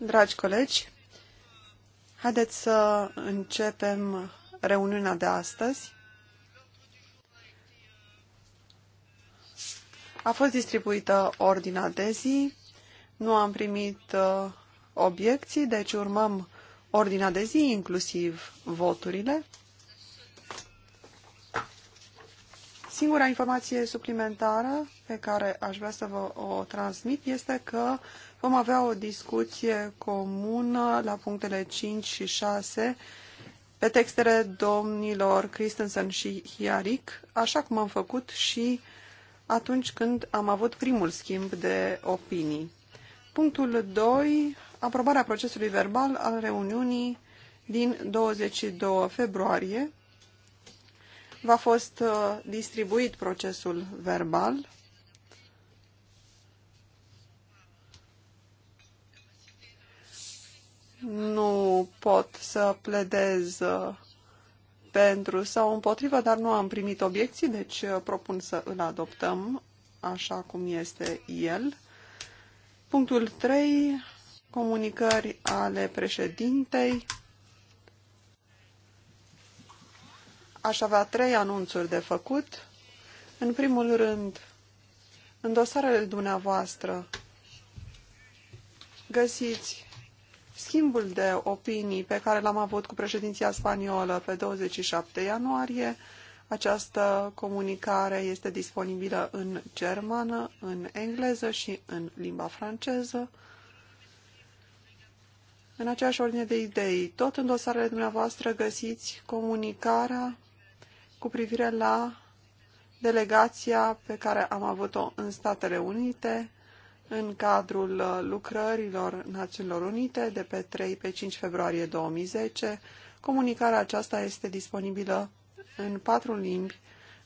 Dragi colegi, haideți să începem reuniunea de astăzi. A fost distribuită ordinea de zi, nu am primit uh, obiecții, deci urmăm ordinea de zi, inclusiv voturile. Singura informație suplimentară pe care aș vrea să vă o transmit este că vom avea o discuție comună la punctele 5 și 6 pe textele domnilor Christensen și Hiaric, așa cum am făcut și atunci când am avut primul schimb de opinii. Punctul 2. Aprobarea procesului verbal al reuniunii din 22 februarie V-a fost uh, distribuit procesul verbal. Nu pot să pledez uh, pentru sau împotrivă, dar nu am primit obiecții, deci uh, propun să îl adoptăm așa cum este el. Punctul 3. Comunicări ale președintei. aș avea trei anunțuri de făcut. În primul rând, în dosarele dumneavoastră găsiți schimbul de opinii pe care l-am avut cu președinția spaniolă pe 27 ianuarie. Această comunicare este disponibilă în germană, în engleză și în limba franceză. În aceeași ordine de idei, tot în dosarele dumneavoastră găsiți comunicarea cu privire la delegația pe care am avut-o în Statele Unite în cadrul uh, lucrărilor Națiunilor Unite de pe 3 pe 5 februarie 2010. Comunicarea aceasta este disponibilă în patru limbi,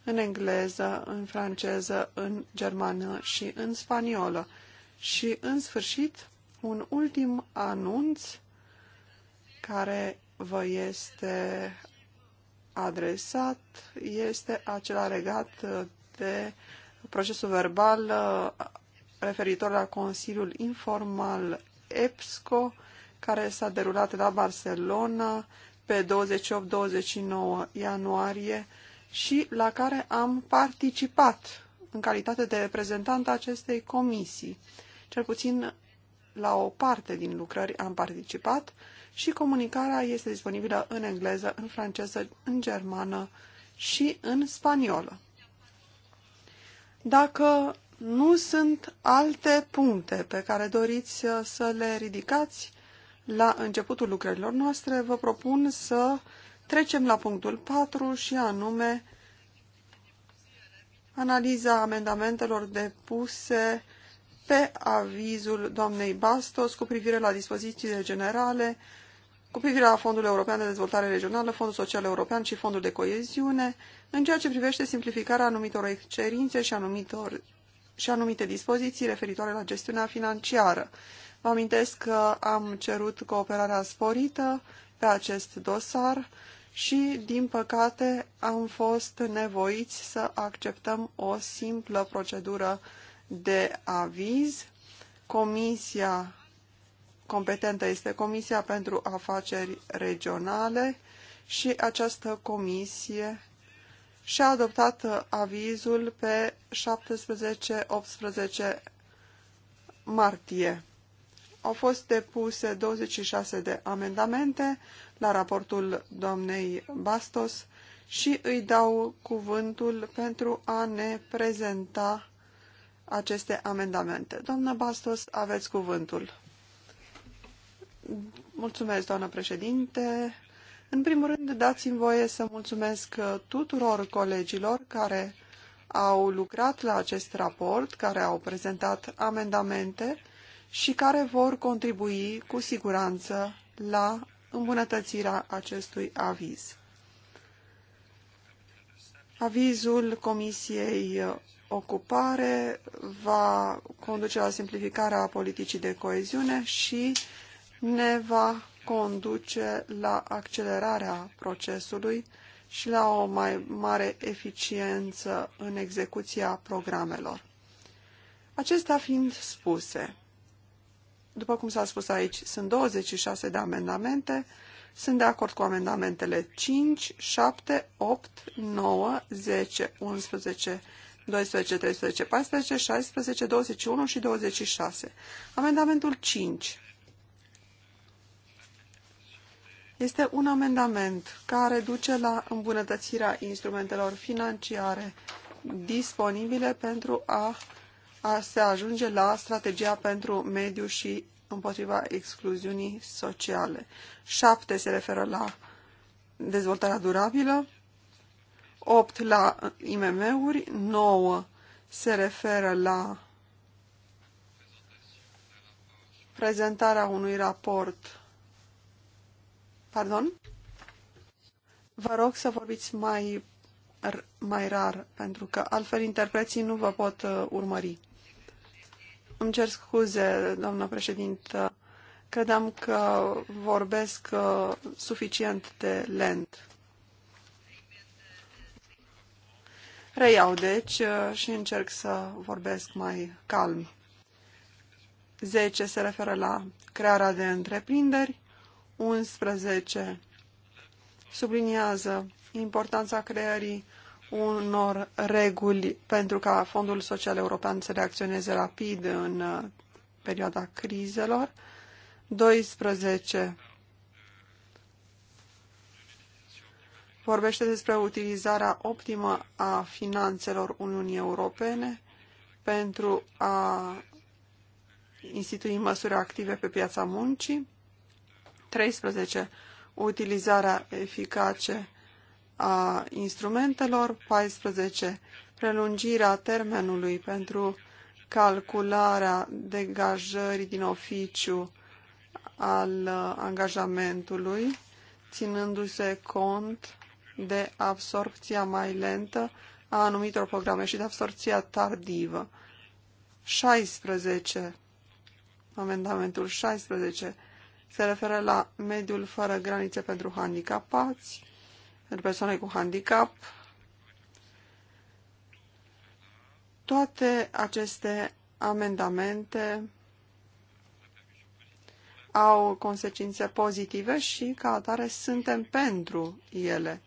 în engleză, în franceză, în germană și în spaniolă. Și, în sfârșit, un ultim anunț care vă este adresat este acela legat uh, de procesul verbal uh, referitor la Consiliul Informal EPSCO, care s-a derulat la Barcelona pe 28-29 ianuarie și la care am participat în calitate de reprezentant acestei comisii. Cel puțin la o parte din lucrări am participat, și comunicarea este disponibilă în engleză, în franceză, în germană și în spaniolă. Dacă nu sunt alte puncte pe care doriți uh, să le ridicați la începutul lucrărilor noastre, vă propun să trecem la punctul 4 și anume analiza amendamentelor depuse pe avizul doamnei Bastos cu privire la dispozițiile generale cu privire la Fondul European de Dezvoltare Regională, Fondul Social European și Fondul de Coeziune, în ceea ce privește simplificarea anumitor cerințe și, anumitor, și anumite dispoziții referitoare la gestiunea financiară. Vă amintesc că am cerut cooperarea sporită pe acest dosar și, din păcate, am fost nevoiți să acceptăm o simplă procedură de aviz. Comisia competentă este Comisia pentru Afaceri Regionale și această comisie și-a adoptat avizul pe 17-18 martie. Au fost depuse 26 de amendamente la raportul doamnei Bastos și îi dau cuvântul pentru a ne prezenta aceste amendamente. Doamna Bastos, aveți cuvântul. Mulțumesc, doamnă președinte. În primul rând, dați-mi voie să mulțumesc uh, tuturor colegilor care au lucrat la acest raport, care au prezentat amendamente și care vor contribui cu siguranță la îmbunătățirea acestui aviz. Avizul Comisiei uh, Ocupare va conduce la simplificarea politicii de coeziune și ne va conduce la accelerarea procesului și la o mai mare eficiență în execuția programelor. Acestea fiind spuse, după cum s-a spus aici, sunt 26 de amendamente, sunt de acord cu amendamentele 5, 7, 8, 9, 10, 11, 12, 13, 14, 16, 21 și 26. Amendamentul 5. Este un amendament care duce la îmbunătățirea instrumentelor financiare disponibile pentru a, a se ajunge la strategia pentru mediu și împotriva excluziunii sociale. 7 se referă la dezvoltarea durabilă, 8 la IMM-uri, 9 se referă la prezentarea unui raport Pardon? Vă rog să vorbiți mai, mai rar, pentru că altfel interpreții nu vă pot uh, urmări. Îmi cer scuze, doamnă președintă. Credeam că vorbesc uh, suficient de lent. Reiau, deci, uh, și încerc să vorbesc mai calm. 10 se referă la crearea de întreprinderi, 11 subliniază importanța creării unor reguli pentru ca Fondul Social European să reacționeze rapid în uh, perioada crizelor. 12 vorbește despre utilizarea optimă a finanțelor Uniunii Europene pentru a institui măsuri active pe piața muncii. 13. Utilizarea eficace a instrumentelor. 14. Prelungirea termenului pentru calcularea degajării din oficiu al uh, angajamentului, ținându-se cont de absorpția mai lentă a anumitor programe și de absorpția tardivă. 16. Amendamentul 16 se referă la mediul fără granițe pentru handicapați, pentru persoane cu handicap. Toate aceste amendamente au consecințe pozitive și, ca atare, suntem pentru ele.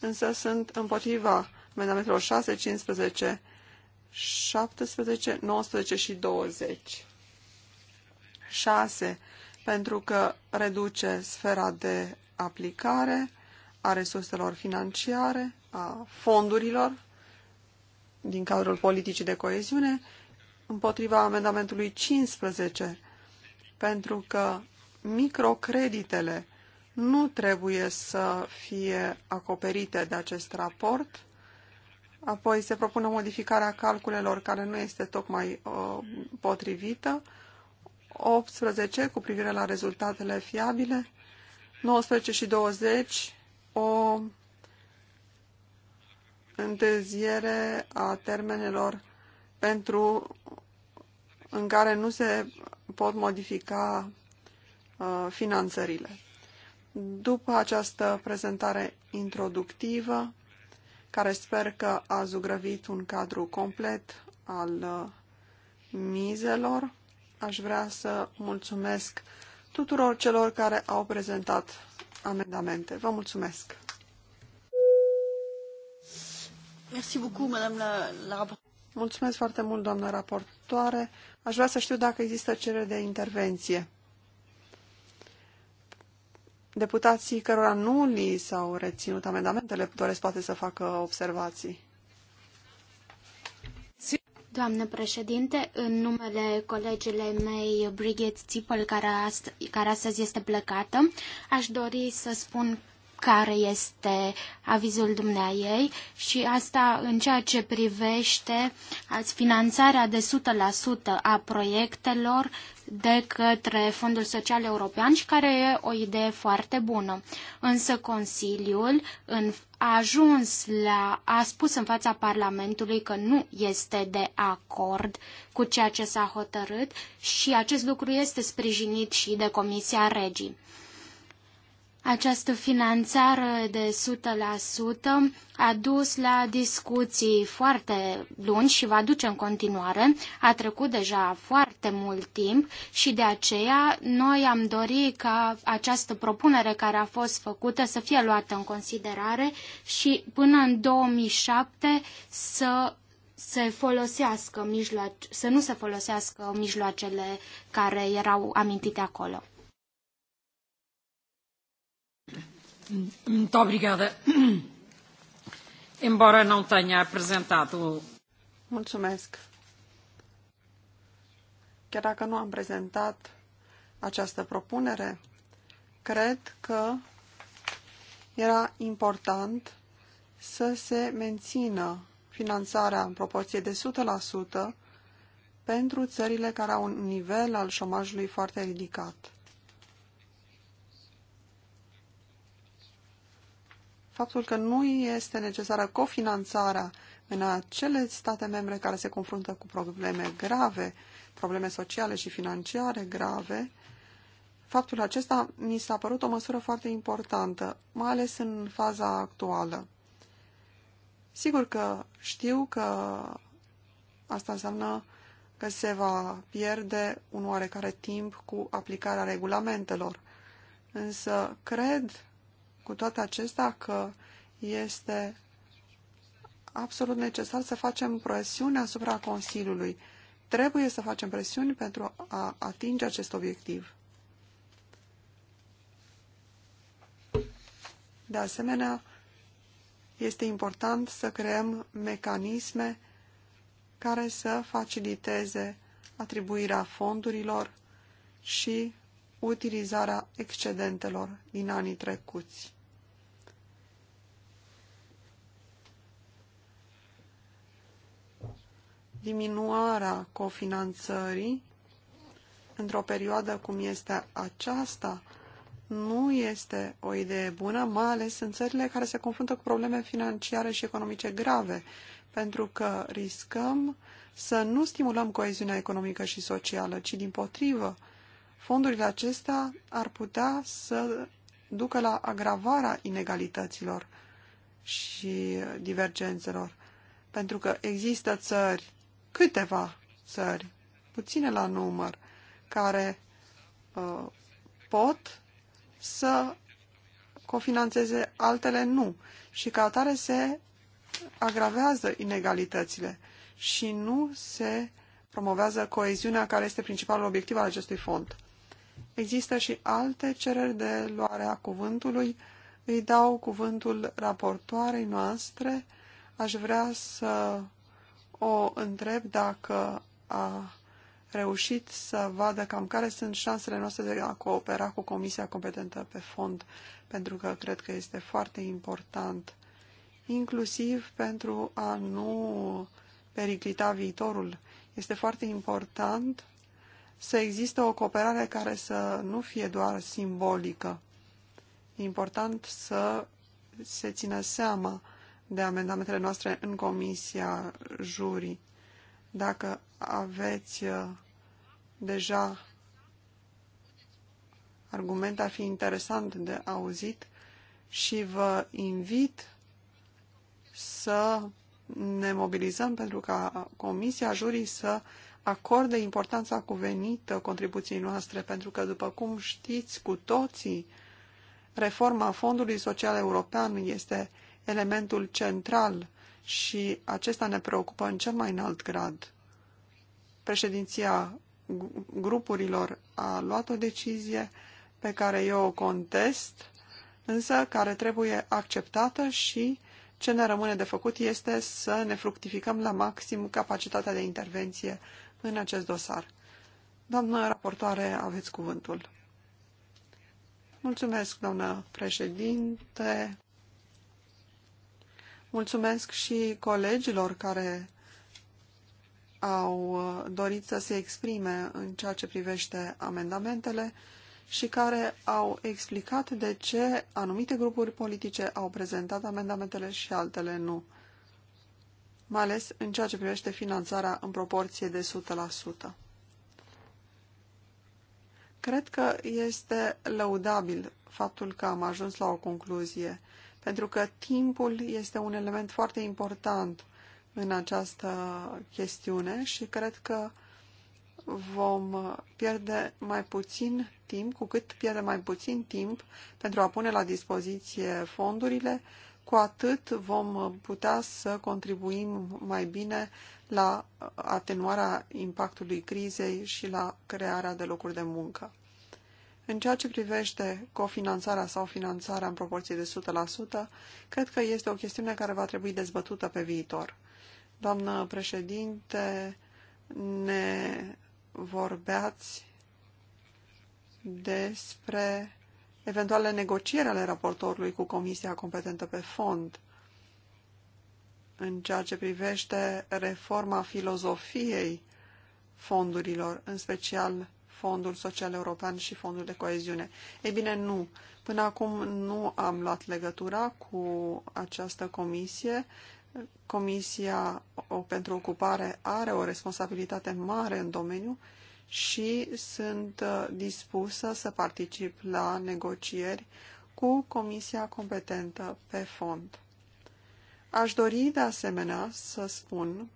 Însă sunt împotriva amendamentelor 6, 15, 17, 19 și 20. 6 pentru că reduce sfera de aplicare a resurselor financiare, a fondurilor din cadrul politicii de coeziune, împotriva amendamentului 15, pentru că microcreditele nu trebuie să fie acoperite de acest raport. Apoi se propune modificarea calculelor care nu este tocmai uh, potrivită 18 cu privire la rezultatele fiabile, 19 și 20 o întârziere a termenelor pentru în care nu se pot modifica uh, finanțările. După această prezentare introductivă, care sper că a zugrăvit un cadru complet al uh, mizelor, aș vrea să mulțumesc tuturor celor care au prezentat amendamente. Vă mulțumesc! Mulțumesc foarte mult, doamnă raportoare. Aș vrea să știu dacă există cerere de intervenție. Deputații cărora nu li s-au reținut amendamentele doresc poate să facă observații. Doamnă președinte, în numele colegilei mei Brigitte Țipăl, care, ast- care astăzi este plecată, aș dori să spun care este avizul dumneaei și asta în ceea ce privește finanțarea de 100% a proiectelor de către Fondul Social European și care e o idee foarte bună. Însă Consiliul în, a ajuns la, a spus în fața Parlamentului că nu este de acord cu ceea ce s-a hotărât și acest lucru este sprijinit și de Comisia Regii. Această finanțare de 100% a dus la discuții foarte lungi și va duce în continuare. A trecut deja foarte mult timp și de aceea noi am dorit ca această propunere care a fost făcută să fie luată în considerare și până în 2007 să se folosească mijloace, să nu se folosească mijloacele care erau amintite acolo. Muito obrigada. Chiar dacă nu am prezentat această propunere, cred că era important să se mențină finanțarea în proporție de 100% pentru țările care au un nivel al șomajului foarte ridicat. faptul că nu este necesară cofinanțarea în acele state membre care se confruntă cu probleme grave, probleme sociale și financiare grave, faptul acesta mi s-a părut o măsură foarte importantă, mai ales în faza actuală. Sigur că știu că asta înseamnă că se va pierde un oarecare timp cu aplicarea regulamentelor, însă cred cu toate acestea că este absolut necesar să facem presiune asupra Consiliului. Trebuie să facem presiuni pentru a atinge acest obiectiv. De asemenea, este important să creăm mecanisme care să faciliteze atribuirea fondurilor și utilizarea excedentelor din anii trecuți. diminuarea cofinanțării într-o perioadă cum este aceasta nu este o idee bună, mai ales în țările care se confruntă cu probleme financiare și economice grave, pentru că riscăm să nu stimulăm coeziunea economică și socială, ci din potrivă, fondurile acestea ar putea să ducă la agravarea inegalităților și divergențelor. Pentru că există țări câteva țări, puține la număr, care uh, pot să cofinanțeze, altele nu. Și ca atare se agravează inegalitățile și nu se promovează coeziunea care este principalul obiectiv al acestui fond. Există și alte cereri de luare a cuvântului. Îi dau cuvântul raportoarei noastre. Aș vrea să o întreb dacă a reușit să vadă cam care sunt șansele noastre de a coopera cu Comisia competentă pe fond, pentru că cred că este foarte important, inclusiv pentru a nu periclita viitorul. Este foarte important să existe o cooperare care să nu fie doar simbolică. E important să se țină seama de amendamentele noastre în comisia jurii. Dacă aveți uh, deja argumente, ar fi interesant de auzit și vă invit să ne mobilizăm pentru ca comisia jurii să acorde importanța cuvenită contribuției noastre, pentru că, după cum știți cu toții, reforma Fondului Social European este elementul central și acesta ne preocupă în cel mai înalt grad. Președinția grupurilor a luat o decizie pe care eu o contest, însă care trebuie acceptată și ce ne rămâne de făcut este să ne fructificăm la maxim capacitatea de intervenție în acest dosar. Doamnă raportoare, aveți cuvântul. Mulțumesc, doamnă președinte. Mulțumesc și colegilor care au uh, dorit să se exprime în ceea ce privește amendamentele și care au explicat de ce anumite grupuri politice au prezentat amendamentele și altele nu, mai ales în ceea ce privește finanțarea în proporție de 100%. Cred că este lăudabil faptul că am ajuns la o concluzie pentru că timpul este un element foarte important în această chestiune și cred că vom pierde mai puțin timp, cu cât pierde mai puțin timp pentru a pune la dispoziție fondurile, cu atât vom putea să contribuim mai bine la atenuarea impactului crizei și la crearea de locuri de muncă. În ceea ce privește cofinanțarea sau finanțarea în proporție de 100%, cred că este o chestiune care va trebui dezbătută pe viitor. Doamnă președinte, ne vorbeați despre eventuale negocieri ale raportorului cu Comisia competentă pe fond în ceea ce privește reforma filozofiei fondurilor, în special Fondul Social European și Fondul de Coeziune. Ei bine, nu. Până acum nu am luat legătura cu această comisie. Comisia pentru ocupare are o responsabilitate mare în domeniu și sunt uh, dispusă să particip la negocieri cu comisia competentă pe fond. Aș dori de asemenea să spun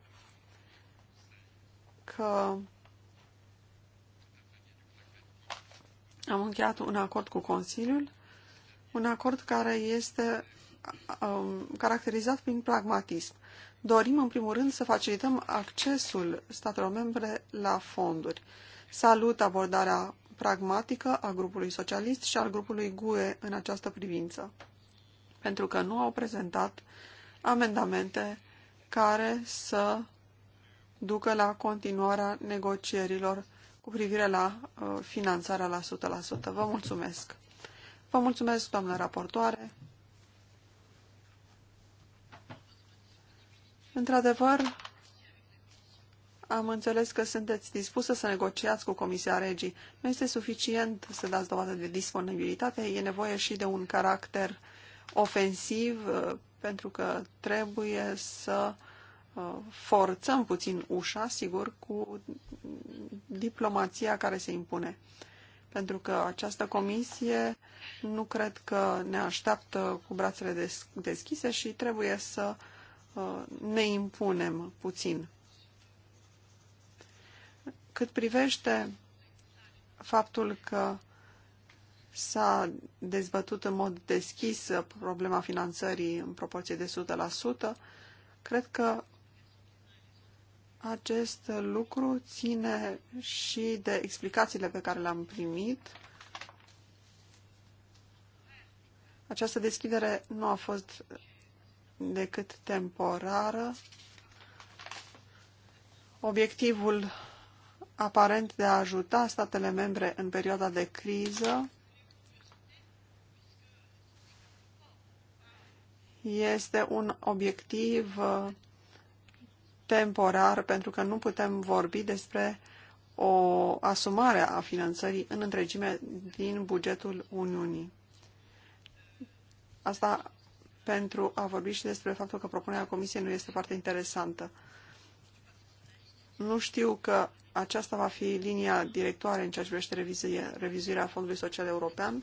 că Am încheiat un acord cu Consiliul, un acord care este um, caracterizat prin pragmatism. Dorim, în primul rând, să facilităm accesul statelor membre la fonduri. Salut abordarea pragmatică a grupului socialist și al grupului GUE în această privință, pentru că nu au prezentat amendamente care să ducă la continuarea negocierilor cu privire la uh, finanțarea la 100%. Vă mulțumesc! Vă mulțumesc, doamnă raportoare! Într-adevăr, am înțeles că sunteți dispusă să negociați cu Comisia Regii. Nu este suficient să dați dovadă de disponibilitate, e nevoie și de un caracter ofensiv, uh, pentru că trebuie să uh, Uh, forțăm puțin ușa, sigur, cu diplomația care se impune. Pentru că această comisie nu cred că ne așteaptă cu brațele deschise și trebuie să uh, ne impunem puțin. Cât privește faptul că s-a dezbătut în mod deschis problema finanțării în proporție de 100%, cred că acest lucru ține și de explicațiile pe care le-am primit. Această deschidere nu a fost decât temporară. Obiectivul aparent de a ajuta statele membre în perioada de criză este un obiectiv temporar pentru că nu putem vorbi despre o asumare a finanțării în întregime din bugetul Uniunii. Asta pentru a vorbi și despre faptul că propunerea Comisiei nu este foarte interesantă. Nu știu că aceasta va fi linia directoare în ceea ce privește revizuie, revizuirea Fondului Social European.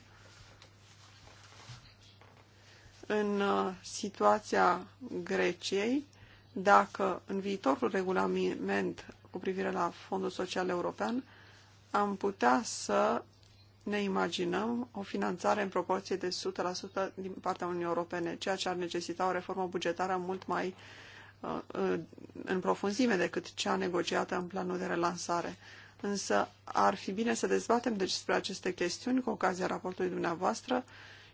În uh, situația Greciei, dacă în viitorul regulament cu privire la Fondul Social European am putea să ne imaginăm o finanțare în proporție de 100% din partea Uniunii Europene, ceea ce ar necesita o reformă bugetară mult mai uh, în profunzime decât cea negociată în planul de relansare. Însă ar fi bine să dezbatem despre aceste chestiuni cu ocazia raportului dumneavoastră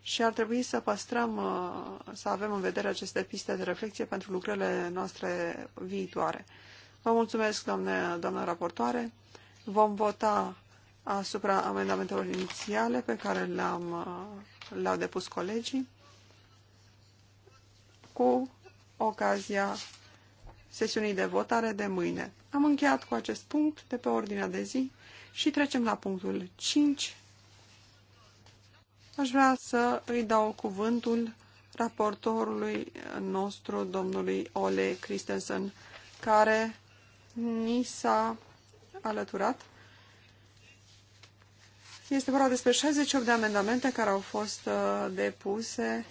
și ar trebui să păstrăm, uh, să avem în vedere aceste piste de reflexie pentru lucrările noastre viitoare. Vă mulțumesc, doamne, doamnă raportoare. Vom vota asupra amendamentelor inițiale pe care le-am uh, le depus colegii cu ocazia sesiunii de votare de mâine. Am încheiat cu acest punct de pe ordinea de zi și trecem la punctul 5 Aș vrea să îi dau cuvântul raportorului nostru, domnului Ole Christensen, care ni s-a alăturat. Este vorba despre 68 de amendamente care au fost uh, depuse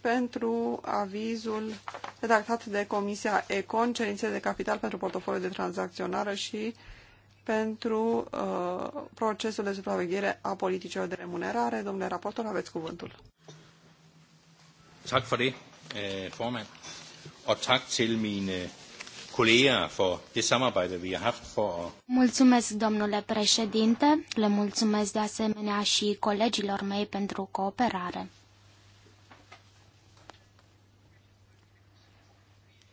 pentru avizul redactat de Comisia Econ, cerințe de capital pentru portofoliul de tranzacționare și uh, pentru uh, procesul de supraveghere a politicilor de remunerare. Domnule raportor, aveți cuvântul. Tak for det, eh, formand. Og tak til mine kolleger for det samarbejde, vi har haft for at... Mulțumesc, domnule președinte. Le mulțumesc de asemenea și colegilor mei pentru cooperare.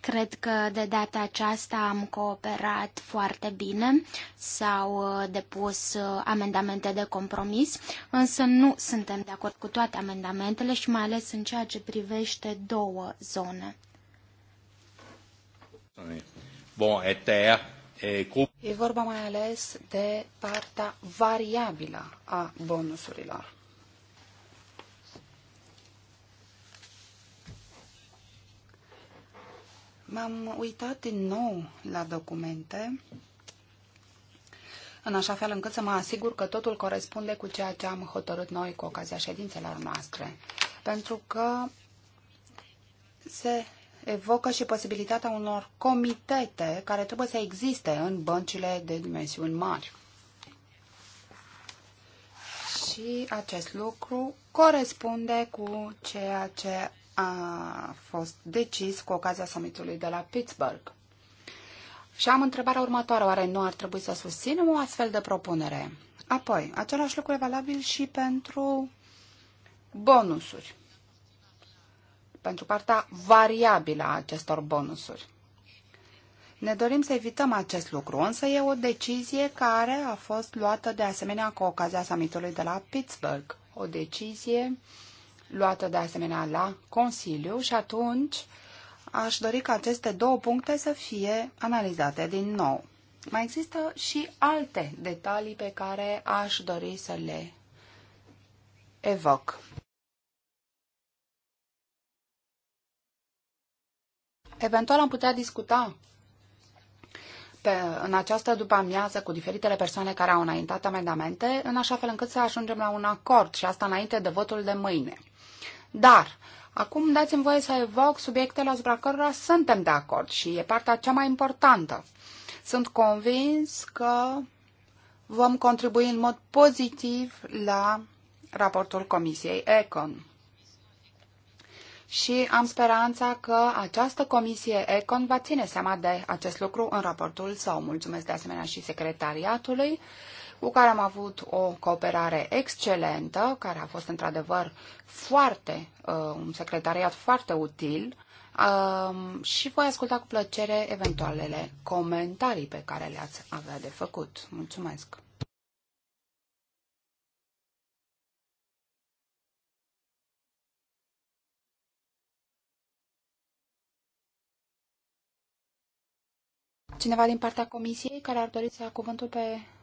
Cred că de data aceasta am cooperat foarte bine, s-au uh, depus uh, amendamente de compromis, însă nu suntem de acord cu toate amendamentele și mai ales în ceea ce privește două zone. E vorba mai ales de partea variabilă a bonusurilor. M-am uitat din nou la documente, în așa fel încât să mă asigur că totul corespunde cu ceea ce am hotărât noi cu ocazia ședințelor noastre. Pentru că se evocă și posibilitatea unor comitete care trebuie să existe în băncile de dimensiuni mari. Și acest lucru corespunde cu ceea ce a fost decis cu ocazia summitului de la Pittsburgh. Și am întrebarea următoare, oare nu ar trebui să susținem o astfel de propunere? Apoi, același lucru e valabil și pentru bonusuri, pentru partea variabilă a acestor bonusuri. Ne dorim să evităm acest lucru, însă e o decizie care a fost luată de asemenea cu ocazia summitului de la Pittsburgh. O decizie uh, luată de asemenea la Consiliu și atunci aș dori ca aceste două puncte să fie analizate din nou. Mai există și alte detalii pe care aș dori să le evoc. Eventual am putea discuta pe, în această după-amiază cu diferitele persoane care au înaintat amendamente, în așa fel încât să ajungem la un acord și asta înainte de votul de mâine. Dar, acum dați-mi voie să evoc subiectele asupra cărora suntem de acord și e partea cea mai importantă. Sunt convins că vom contribui în mod pozitiv la raportul Comisiei Econ. Și am speranța că această comisie Econ va ține seama de acest lucru în raportul său. Mulțumesc de asemenea și secretariatului cu care am avut o cooperare excelentă, care a fost într-adevăr foarte, uh, un secretariat foarte util uh, și voi asculta cu plăcere eventualele comentarii pe care le-ați avea de făcut. Mulțumesc! Cineva din partea comisiei care ar dori să ia cuvântul pe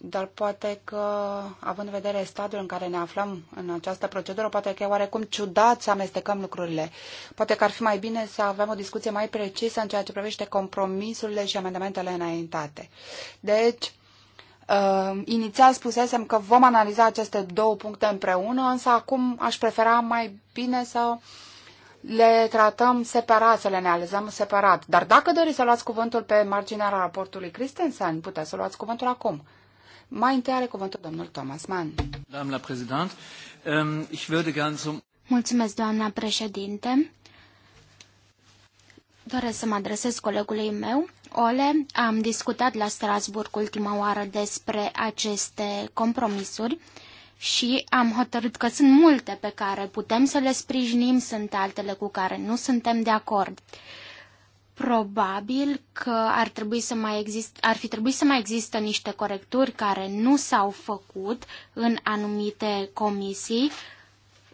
dar poate că, având în vedere stadiul în care ne aflăm în această procedură, poate că e oarecum ciudat să amestecăm lucrurile. Poate că ar fi mai bine să avem o discuție mai precisă în ceea ce privește compromisurile și amendamentele înaintate. Deci, Uh, inițial spusesem că vom analiza aceste două puncte împreună, însă acum aș prefera mai bine să le tratăm separat, să le analizăm separat. Dar dacă doriți să luați cuvântul pe marginea raportului Christensen, puteți să luați cuvântul acum. Mai întâi are cuvântul domnul Thomas Mann. Doamna președinte, um, ich würde gern zum... Mulțumesc, doamna președinte. Doresc să mă adresez colegului meu, Ole. Am discutat la Strasburg ultima oară despre aceste compromisuri și am hotărât că sunt multe pe care putem să le sprijinim, sunt altele cu care nu suntem de acord. Uh, Probabil că ar, trebui să mai exist, ar fi trebuit să mai există niște corecturi care nu s-au făcut în anumite comisii,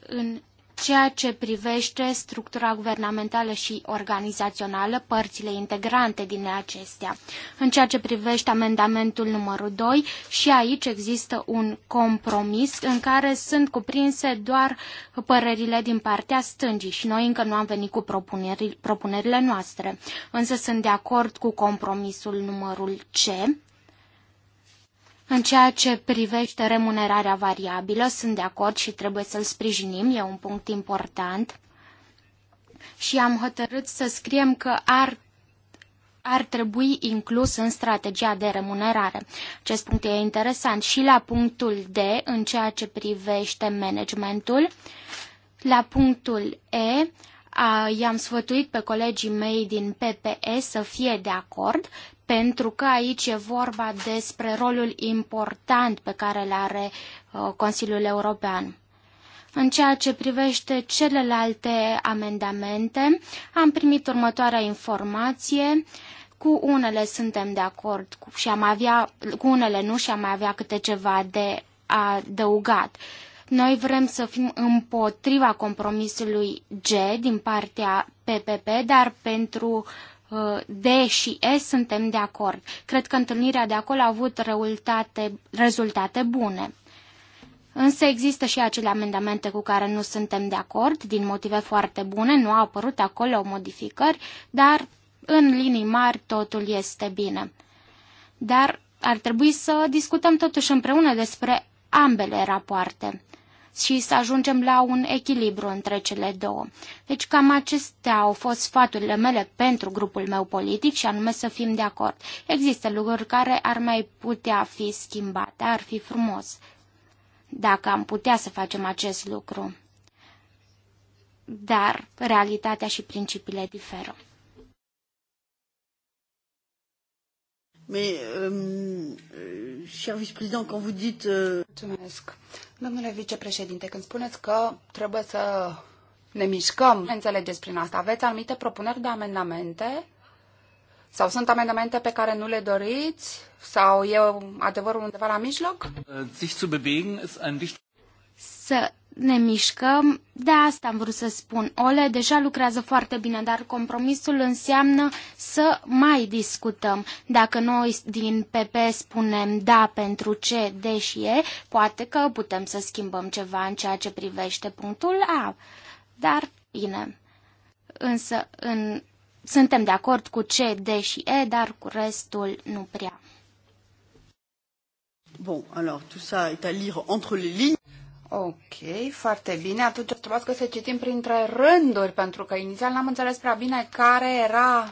în ceea ce privește structura guvernamentală și organizațională, părțile integrante din acestea. În ceea ce privește amendamentul numărul 2, și aici există un compromis în care sunt cuprinse doar părerile din partea stângii și noi încă nu am venit cu propunerile noastre. Însă sunt de acord cu compromisul numărul C în ceea ce privește remunerarea variabilă, sunt de acord și trebuie să-l sprijinim, e un punct important. Și am hotărât să scriem că ar ar trebui inclus în strategia de remunerare. Acest punct e interesant și la punctul D, în ceea ce privește managementul, la punctul E, i-am sfătuit pe colegii mei din PPE să fie de acord, pentru că aici e vorba despre rolul important pe care îl are uh, Consiliul European. În ceea ce privește celelalte amendamente, am primit următoarea informație. Cu unele suntem de acord și am avea, cu unele nu și am mai avea câte ceva de adăugat. Noi vrem să fim împotriva compromisului G din partea PPP, dar pentru uh, D și E suntem de acord. Cred că întâlnirea de acolo a avut rezultate, rezultate bune. Însă există și acele amendamente cu care nu suntem de acord, din motive foarte bune, nu au apărut acolo modificări, dar în linii mari totul este bine. Dar ar trebui să discutăm totuși împreună despre ambele rapoarte și să ajungem la un echilibru între cele două. Deci cam acestea au fost sfaturile mele pentru grupul meu politic și anume să fim de acord. Există lucruri care ar mai putea fi schimbate, ar fi frumos dacă am putea să facem acest lucru. Dar realitatea și principiile diferă. Mais, euh, euh cher vice quand vous dites... Euh... Mulțumesc. Domnule vicepreședinte, când spuneți că trebuie să ne mișcăm, înțelegeți prin asta, aveți anumite propuneri de amendamente? Sau sunt amendamente pe care nu le doriți? Sau e adevărul undeva la mijloc? Äh, sich zu bewegen ist ein să ne mișcăm. De asta am vrut să spun. Ole deja lucrează foarte bine, dar compromisul înseamnă să mai discutăm. Dacă noi din PP spunem da pentru ce, deși e, poate că putem să schimbăm ceva în ceea ce privește punctul A. Dar, bine. Însă, în... suntem de acord cu ce, deși e, dar cu restul nu prea. Bun, alors, tout ça est à lire entre les lignes. Ok, foarte bine. Atunci o să să citim printre rânduri, pentru că inițial n-am înțeles prea bine care era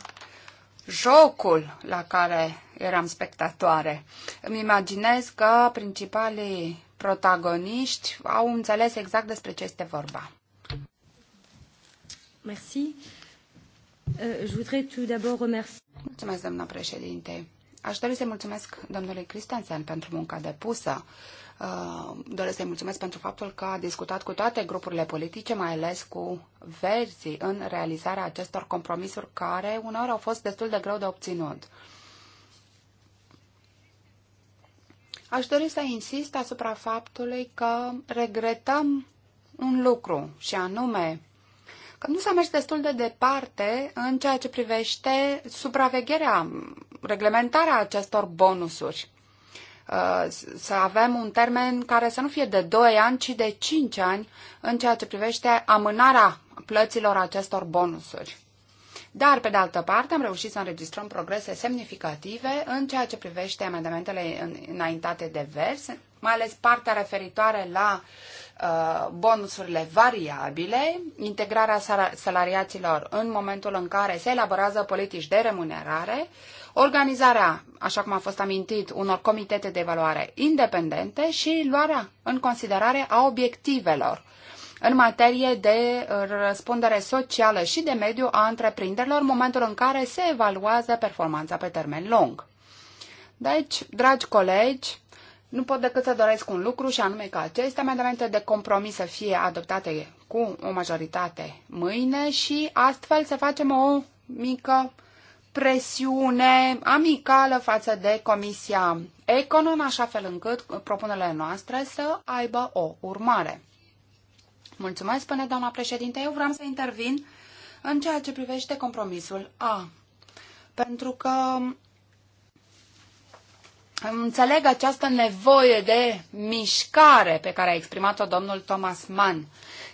jocul la care eram spectatoare. Îmi imaginez că principalii protagoniști au înțeles exact despre ce este vorba. Merci. Euh, je voudrais tout d'abord remercier. Mulțumesc, doamna președinte. Aș dori să mulțumesc domnului Cristensen pentru munca depusă. Uh, doresc să-i mulțumesc pentru faptul că a discutat cu toate grupurile politice, mai ales cu verzii, în realizarea acestor compromisuri care uneori au fost destul de greu de obținut. Aș dori să insist asupra faptului că regretăm un lucru, și anume că nu s-a mers destul de departe în ceea ce privește supravegherea, reglementarea acestor bonusuri. Uh, să avem un termen care să nu fie de 2 ani, ci de 5 ani în ceea ce privește amânarea plăților acestor bonusuri. Dar, pe de altă parte, am reușit să înregistrăm progrese semnificative în ceea ce privește amendamentele înaintate de vers, mai ales partea referitoare la uh, bonusurile variabile, integrarea salariaților în momentul în care se elaborează politici de remunerare, uh, organizarea, așa cum a fost amintit, unor comitete de evaluare independente și luarea în considerare a obiectivelor în materie de uh, răspundere socială și de mediu a întreprinderilor în momentul în care se evaluează performanța pe termen lung. Deci, dragi colegi, nu pot decât să doresc un lucru și anume că aceste amendamente de compromis să fie adoptate cu o majoritate mâine și astfel să facem o mică presiune amicală față de Comisia Econ, în așa fel încât propunerile noastre să aibă o urmare. Mulțumesc, spune doamna președinte. Eu vreau să intervin în ceea ce privește compromisul A. Pentru că înțeleg această nevoie de mișcare pe care a exprimat-o domnul Thomas Mann.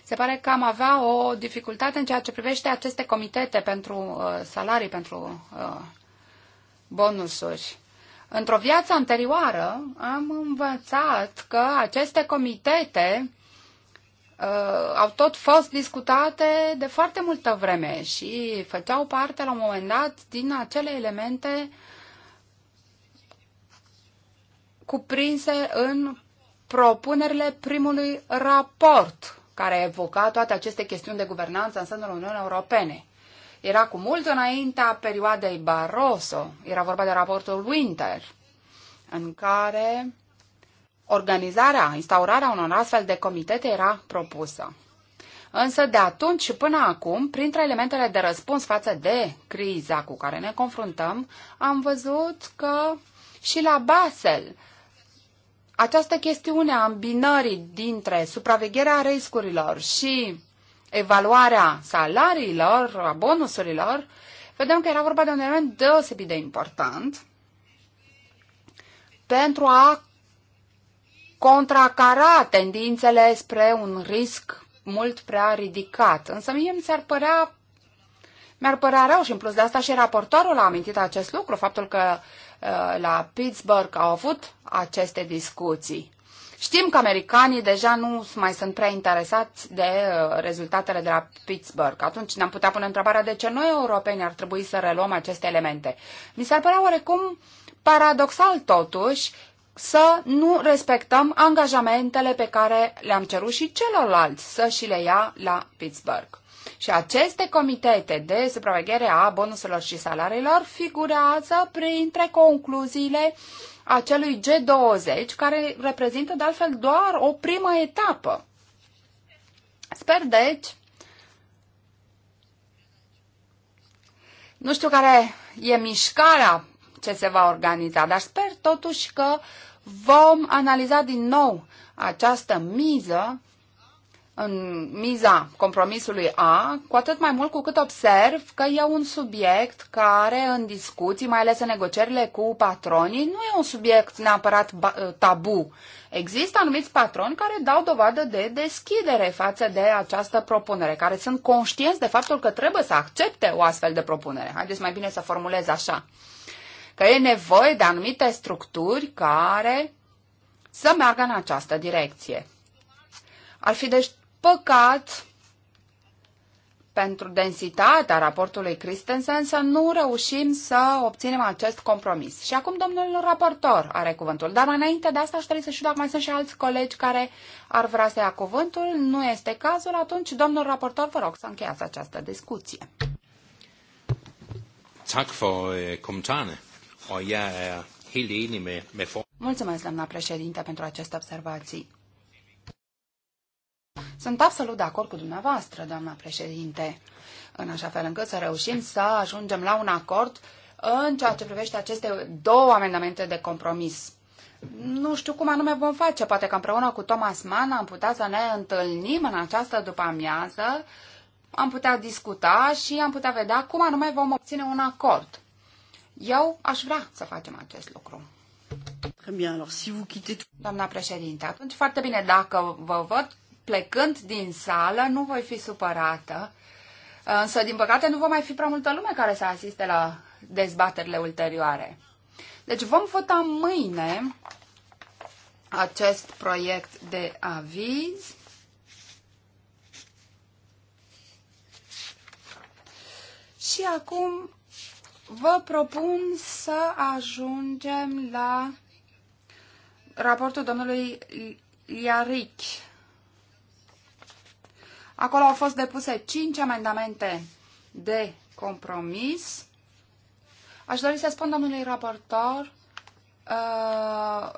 Se pare că am avea o dificultate în ceea ce privește aceste comitete pentru uh, salarii, pentru uh, bonusuri. Într-o viață anterioară am învățat că aceste comitete uh, au tot fost discutate de foarte multă vreme și făceau parte la un moment dat din acele elemente cuprinse în propunerile primului raport care evoca toate aceste chestiuni de guvernanță în sânul Uniunii Europene. Era cu mult înaintea perioadei Barroso, era vorba de raportul Winter, în care organizarea, instaurarea unor astfel de comitete era propusă. Însă de atunci și până acum, printre elementele de răspuns față de criza cu care ne confruntăm, am văzut că și la Basel această chestiune a îmbinării dintre supravegherea riscurilor și evaluarea salariilor, a bonusurilor, vedem că era vorba de un element deosebit de important pentru a contracara tendințele spre un risc mult prea ridicat. Însă mie mi s-ar părea mi-ar părea rău și în plus de asta și raportorul a amintit acest lucru, faptul că Uh, la Pittsburgh au avut aceste discuții. Știm că americanii deja nu mai sunt prea interesați de uh, rezultatele de la Pittsburgh. Atunci ne-am putea pune întrebarea de ce noi europeni ar trebui să reluăm aceste elemente. Mi s-ar părea oarecum paradoxal totuși să nu respectăm angajamentele pe care le-am cerut și celorlalți să și le ia la Pittsburgh. Și aceste comitete de supraveghere a bonuselor și salariilor figurează printre concluziile acelui G20, care reprezintă de altfel doar o primă etapă. Sper deci Nu știu care e mișcarea ce se va organiza, dar sper totuși că vom analiza din nou această miză în miza compromisului A, cu atât mai mult cu cât observ că e un subiect care în discuții, mai ales în negocierile cu patronii, nu e un subiect neapărat ă, tabu. Există anumiți patroni care dau dovadă de deschidere față de această propunere, care sunt conștienți de faptul că trebuie să accepte o astfel de propunere. Haideți mai bine să formulez așa. Că e nevoie de anumite structuri care să meargă în această direcție. Ar fi deci Păcat pentru densitatea raportului Christensen să nu reușim să obținem acest compromis. Și acum domnul raportor are cuvântul. Dar înainte de asta aș trebui să știu dacă mai sunt și alți colegi care ar vrea să ia cuvântul. Nu este cazul, atunci domnul raportor vă rog să încheiați această discuție. Øh, er Mulțumesc, doamna președinte, pentru aceste observații. Sunt absolut de acord cu dumneavoastră, doamna președinte, în așa fel încât să reușim să ajungem la un acord în ceea ce privește aceste două amendamente de compromis. Nu știu cum anume vom face, poate că împreună cu Thomas Mann am putea să ne întâlnim în această după-amiază, am putea discuta și am putea vedea cum anume vom obține un acord. Eu aș vrea să facem acest lucru. Doamna președinte, atunci foarte bine, dacă vă văd plecând din sală, nu voi fi supărată, însă, din păcate, nu va mai fi prea multă lume care să asiste la dezbaterile ulterioare. Deci vom vota mâine acest proiect de aviz. Și acum vă propun să ajungem la raportul domnului Iaric Acolo au fost depuse 5 amendamente de compromis. Aș dori să spun domnului raportor uh,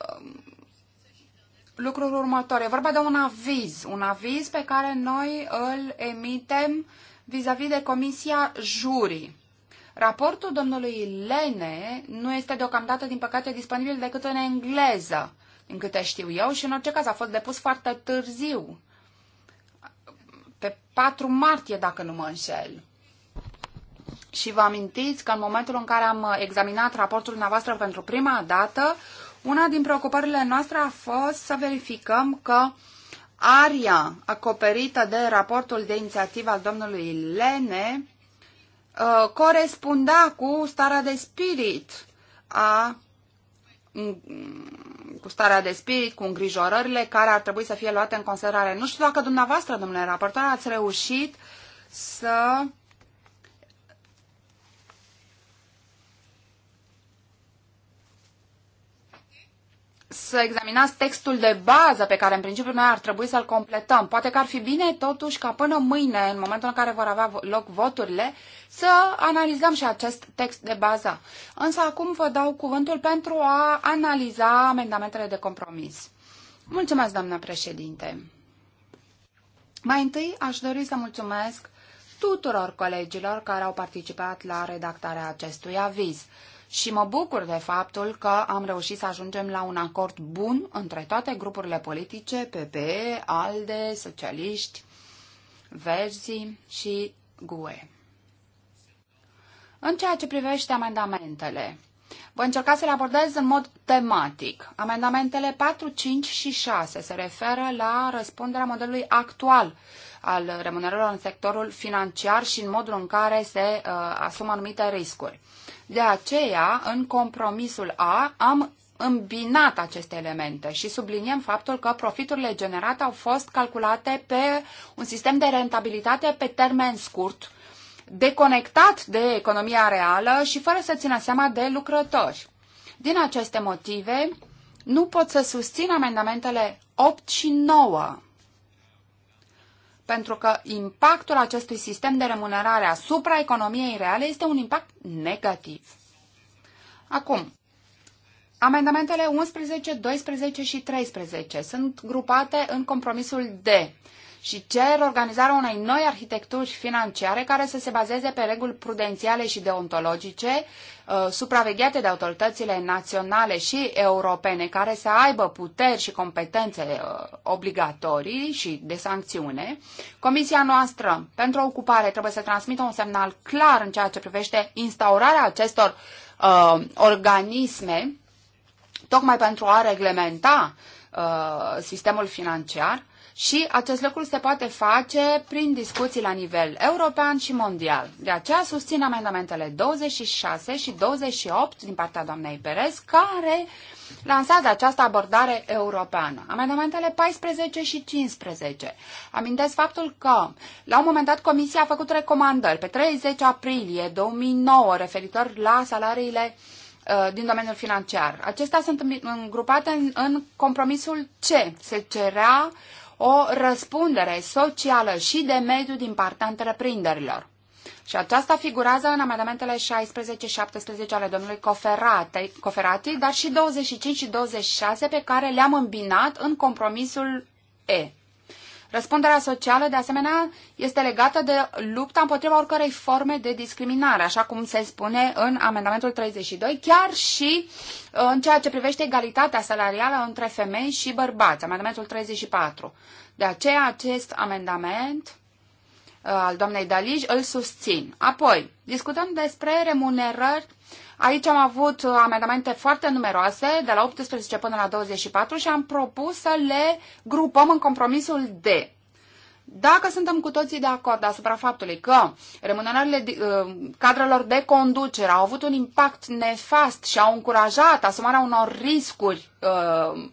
lucrul următor. E vorba de un aviz, un aviz pe care noi îl emitem vis-a-vis -vis de Comisia Jurii. Raportul domnului Lene nu este deocamdată, din păcate, disponibil decât în engleză, din câte știu eu, și în orice caz a fost depus foarte târziu pe 4 martie, dacă nu mă înșel. Și vă amintiți că în momentul în care am examinat raportul dumneavoastră pentru prima dată, una din preocupările noastre a fost să verificăm că aria acoperită de raportul de inițiativă al domnului Lene uh, corespundea cu starea de spirit a mm, cu starea de spirit, cu îngrijorările care ar trebui să fie luate în considerare. Nu știu dacă dumneavoastră, domnule raportor, ați reușit să să examinați textul de bază pe care în principiu noi ar trebui să-l completăm. Poate că ar fi bine totuși ca până mâine, în momentul în care vor avea loc voturile, să analizăm și acest text de bază. Însă acum vă dau cuvântul pentru a analiza amendamentele de compromis. Mulțumesc, doamna președinte. Mai întâi aș dori să mulțumesc tuturor colegilor care au participat la redactarea acestui aviz și mă bucur de faptul că am reușit să ajungem la un acord bun între toate grupurile politice, PPE, ALDE, Socialiști, Verzi și GUE. În ceea ce privește amendamentele, voi încerca să le abordez în mod tematic. Amendamentele 4, 5 și 6 se referă la răspunderea modelului actual al remunerărilor în sectorul financiar și în modul în care se uh, asumă anumite riscuri. De aceea, în compromisul A, am îmbinat aceste elemente și subliniem faptul că profiturile generate au fost calculate pe un sistem de rentabilitate pe termen scurt, deconectat de economia reală și fără să țină seama de lucrători. Din aceste motive, nu pot să susțin amendamentele 8 și 9, pentru că impactul acestui sistem de remunerare asupra economiei reale este un impact negativ. Acum, amendamentele 11, 12 și 13 sunt grupate în compromisul D și cer organizarea unei noi arhitecturi financiare care să se bazeze pe reguli prudențiale și deontologice, uh, supravegheate de autoritățile naționale și europene, care să aibă puteri și competențe uh, obligatorii și de sancțiune. Comisia noastră pentru ocupare trebuie să transmită un semnal clar în ceea ce privește instaurarea acestor uh, organisme, tocmai pentru a reglementa uh, sistemul financiar și acest lucru se poate face prin discuții la nivel european și mondial. De aceea susțin amendamentele 26 și 28 din partea doamnei Perez, care lansează această abordare europeană. Amendamentele 14 și 15. Amintesc faptul că, la un moment dat, Comisia a făcut recomandări pe 30 aprilie 2009 referitor la salariile uh, din domeniul financiar. Acestea sunt îngrupate în, în compromisul C. Se cerea uh, o răspundere socială și de mediu din partea întreprinderilor. Și aceasta figurează în amendamentele 16-17 ale domnului Coferate, Coferati, dar și 25 și 26 pe care le-am îmbinat în compromisul E. Răspunderea socială, de asemenea, este legată de lupta împotriva oricărei forme de discriminare, așa cum se spune în amendamentul 32, chiar și uh, în ceea ce privește egalitatea salarială între femei și bărbați, amendamentul 34. De aceea, acest amendament uh, al doamnei Dalij îl susțin. Apoi, discutăm despre remunerări Aici am avut uh, amendamente foarte numeroase, de la 18 până la 24 și am propus să le grupăm în compromisul D. Dacă suntem cu toții de acord asupra faptului că remunerările uh, cadrelor de conducere au avut un impact nefast și au încurajat asumarea unor riscuri uh,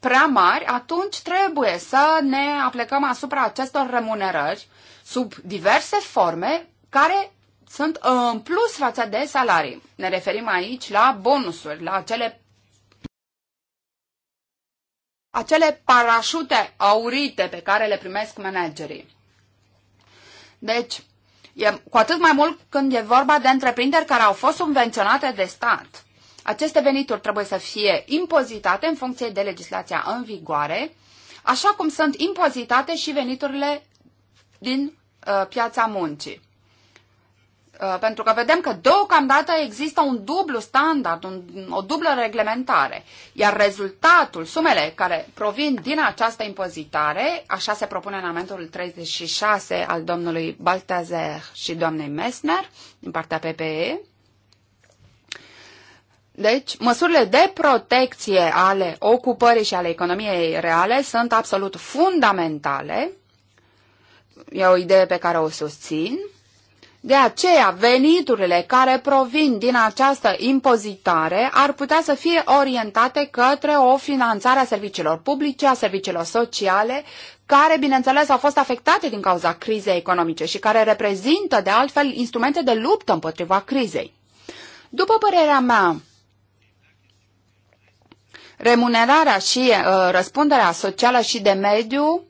prea mari, atunci trebuie să ne aplecăm asupra acestor remunerări sub diverse forme care sunt uh, în plus față de salarii. Ne referim aici la bonusuri, la acele acele parașute aurite pe care le primesc managerii. Deci, e cu atât mai mult când e vorba de întreprinderi care au fost subvenționate de stat. Aceste venituri trebuie să fie impozitate în funcție de legislația în vigoare, așa cum sunt impozitate și veniturile din uh, piața muncii. Uh, pentru că vedem că deocamdată există un dublu standard, un, o dublă reglementare, iar rezultatul, sumele care provin din această impozitare, așa se propune în amendul 36 al domnului Baltazer și doamnei Messner din partea PPE, deci, măsurile de protecție ale ocupării și ale economiei reale sunt absolut fundamentale. E o idee pe care o susțin de aceea, veniturile care provin din această impozitare ar putea să fie orientate către o finanțare a serviciilor publice, a serviciilor sociale, care, bineînțeles, au fost afectate din cauza crizei economice și care reprezintă, de altfel, instrumente de luptă împotriva crizei. După părerea mea, remunerarea și uh, răspunderea socială și de mediu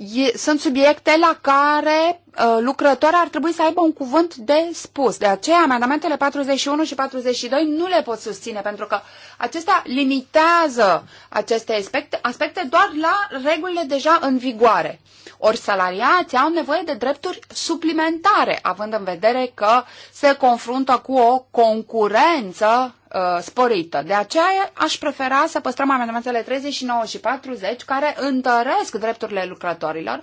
e, sunt subiecte la care uh, lucrătoarea ar trebui să aibă un cuvânt de spus. De aceea, amendamentele 41 și 42 nu le pot susține, pentru că acestea limitează aceste aspecte, aspecte doar la regulile deja în vigoare. Ori salariații au nevoie de drepturi suplimentare, având în vedere că se confruntă cu o concurență Uh, sporită. De aceea aș prefera să păstrăm amendamentele 39 și 40 care întăresc drepturile lucrătorilor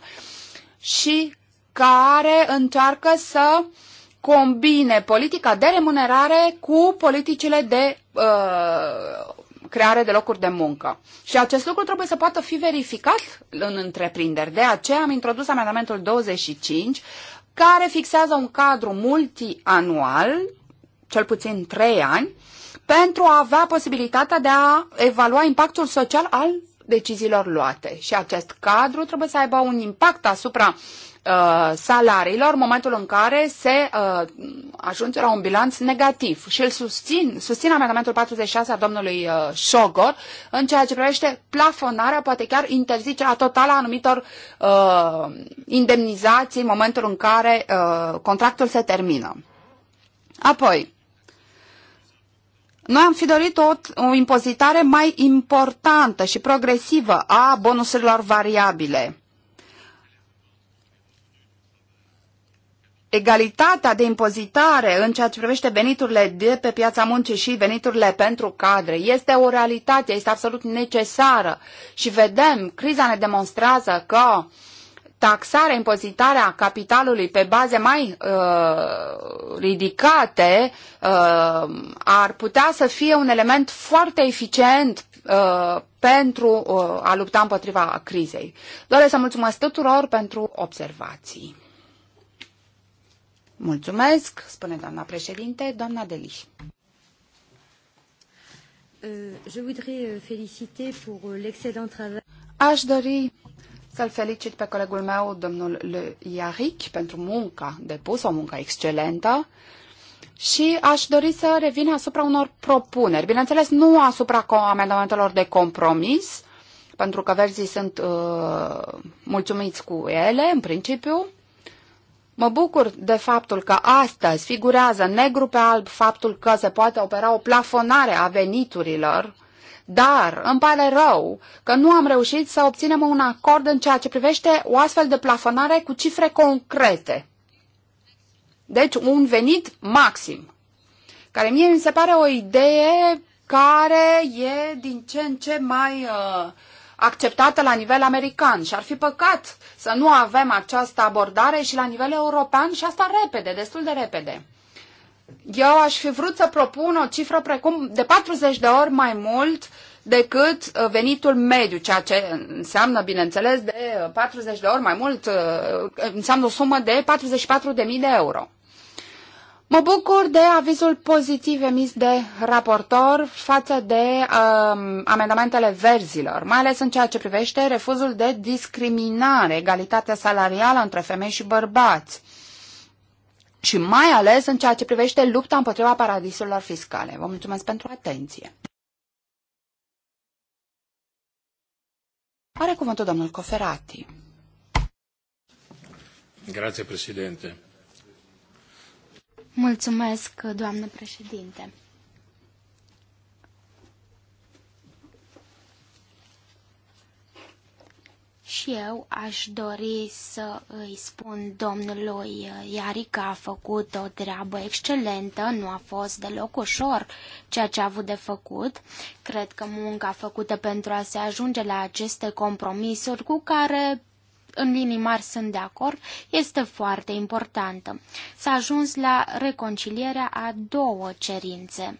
și care încearcă să combine politica de remunerare cu politicile de uh, creare de locuri de muncă. Și acest lucru trebuie să poată fi verificat în întreprinderi. De aceea am introdus amendamentul 25, care fixează un cadru multianual, cel puțin 3 ani, pentru a avea posibilitatea de a evalua impactul social al deciziilor luate. Și acest cadru trebuie să aibă un impact asupra uh, salariilor în momentul în care se uh, ajunge la un bilanț negativ. Și îl susțin, susțin amendamentul 46 a domnului uh, Șogor în ceea ce privește plafonarea, poate chiar interzicerea totală a anumitor uh, indemnizații în momentul în care uh, contractul se termină. Apoi, noi am fi dorit o, o impozitare mai importantă și progresivă a bonusurilor variabile. egalitatea de impozitare în ceea ce privește veniturile de pe piața muncii și veniturile pentru cadre este o realitate, este absolut necesară și vedem, criza ne demonstrează că taxarea, impozitarea capitalului pe baze mai uh, ridicate uh, ar putea să fie un element foarte eficient uh, pentru uh, a lupta împotriva crizei. Doresc să mulțumesc tuturor pentru observații. Mulțumesc, spune doamna președinte, doamna Deli. Euh, je voudrais euh, féliciter pour euh, l'excellent travail. Aș dori să-l felicit pe colegul meu, domnul Le Iaric, pentru munca depusă, o muncă excelentă. Și aș dori să revin asupra unor propuneri. Bineînțeles, nu asupra amendamentelor de compromis, pentru că verzii sunt uh, mulțumiți cu ele, în principiu. Mă bucur de faptul că astăzi figurează negru pe alb faptul că se poate opera o plafonare a veniturilor uh, dar îmi pare rău că nu am reușit să obținem un acord în ceea ce privește o astfel de plafonare cu cifre concrete. Deci un venit maxim, care mie mi se pare o idee care e din ce în ce mai uh, acceptată la nivel american și ar fi păcat să nu avem această abordare și la nivel european și asta repede, destul de repede. Eu aș fi vrut să propun o cifră precum de 40 de ori mai mult decât uh, venitul mediu, ceea ce înseamnă, bineînțeles, de 40 uh, de ori mai mult, uh, înseamnă o sumă de 44.000 de euro. Mă bucur de avizul pozitiv emis de raportor față de um, amendamentele verzilor, mai ales în ceea ce privește refuzul de discriminare, egalitatea salarială între femei și bărbați și mai ales în ceea ce privește lupta împotriva paradisurilor fiscale. Vă mulțumesc pentru atenție. Are cuvântul domnul Coferati. Grazie, președinte. Mulțumesc, doamnă președinte. Și eu aș dori să îi spun domnului Iari că a făcut o treabă excelentă, nu a fost deloc ușor ceea ce a avut de făcut. Cred că munca făcută pentru a se ajunge la aceste compromisuri cu care în linii mari sunt de acord, este foarte importantă. S-a ajuns la reconcilierea a două cerințe.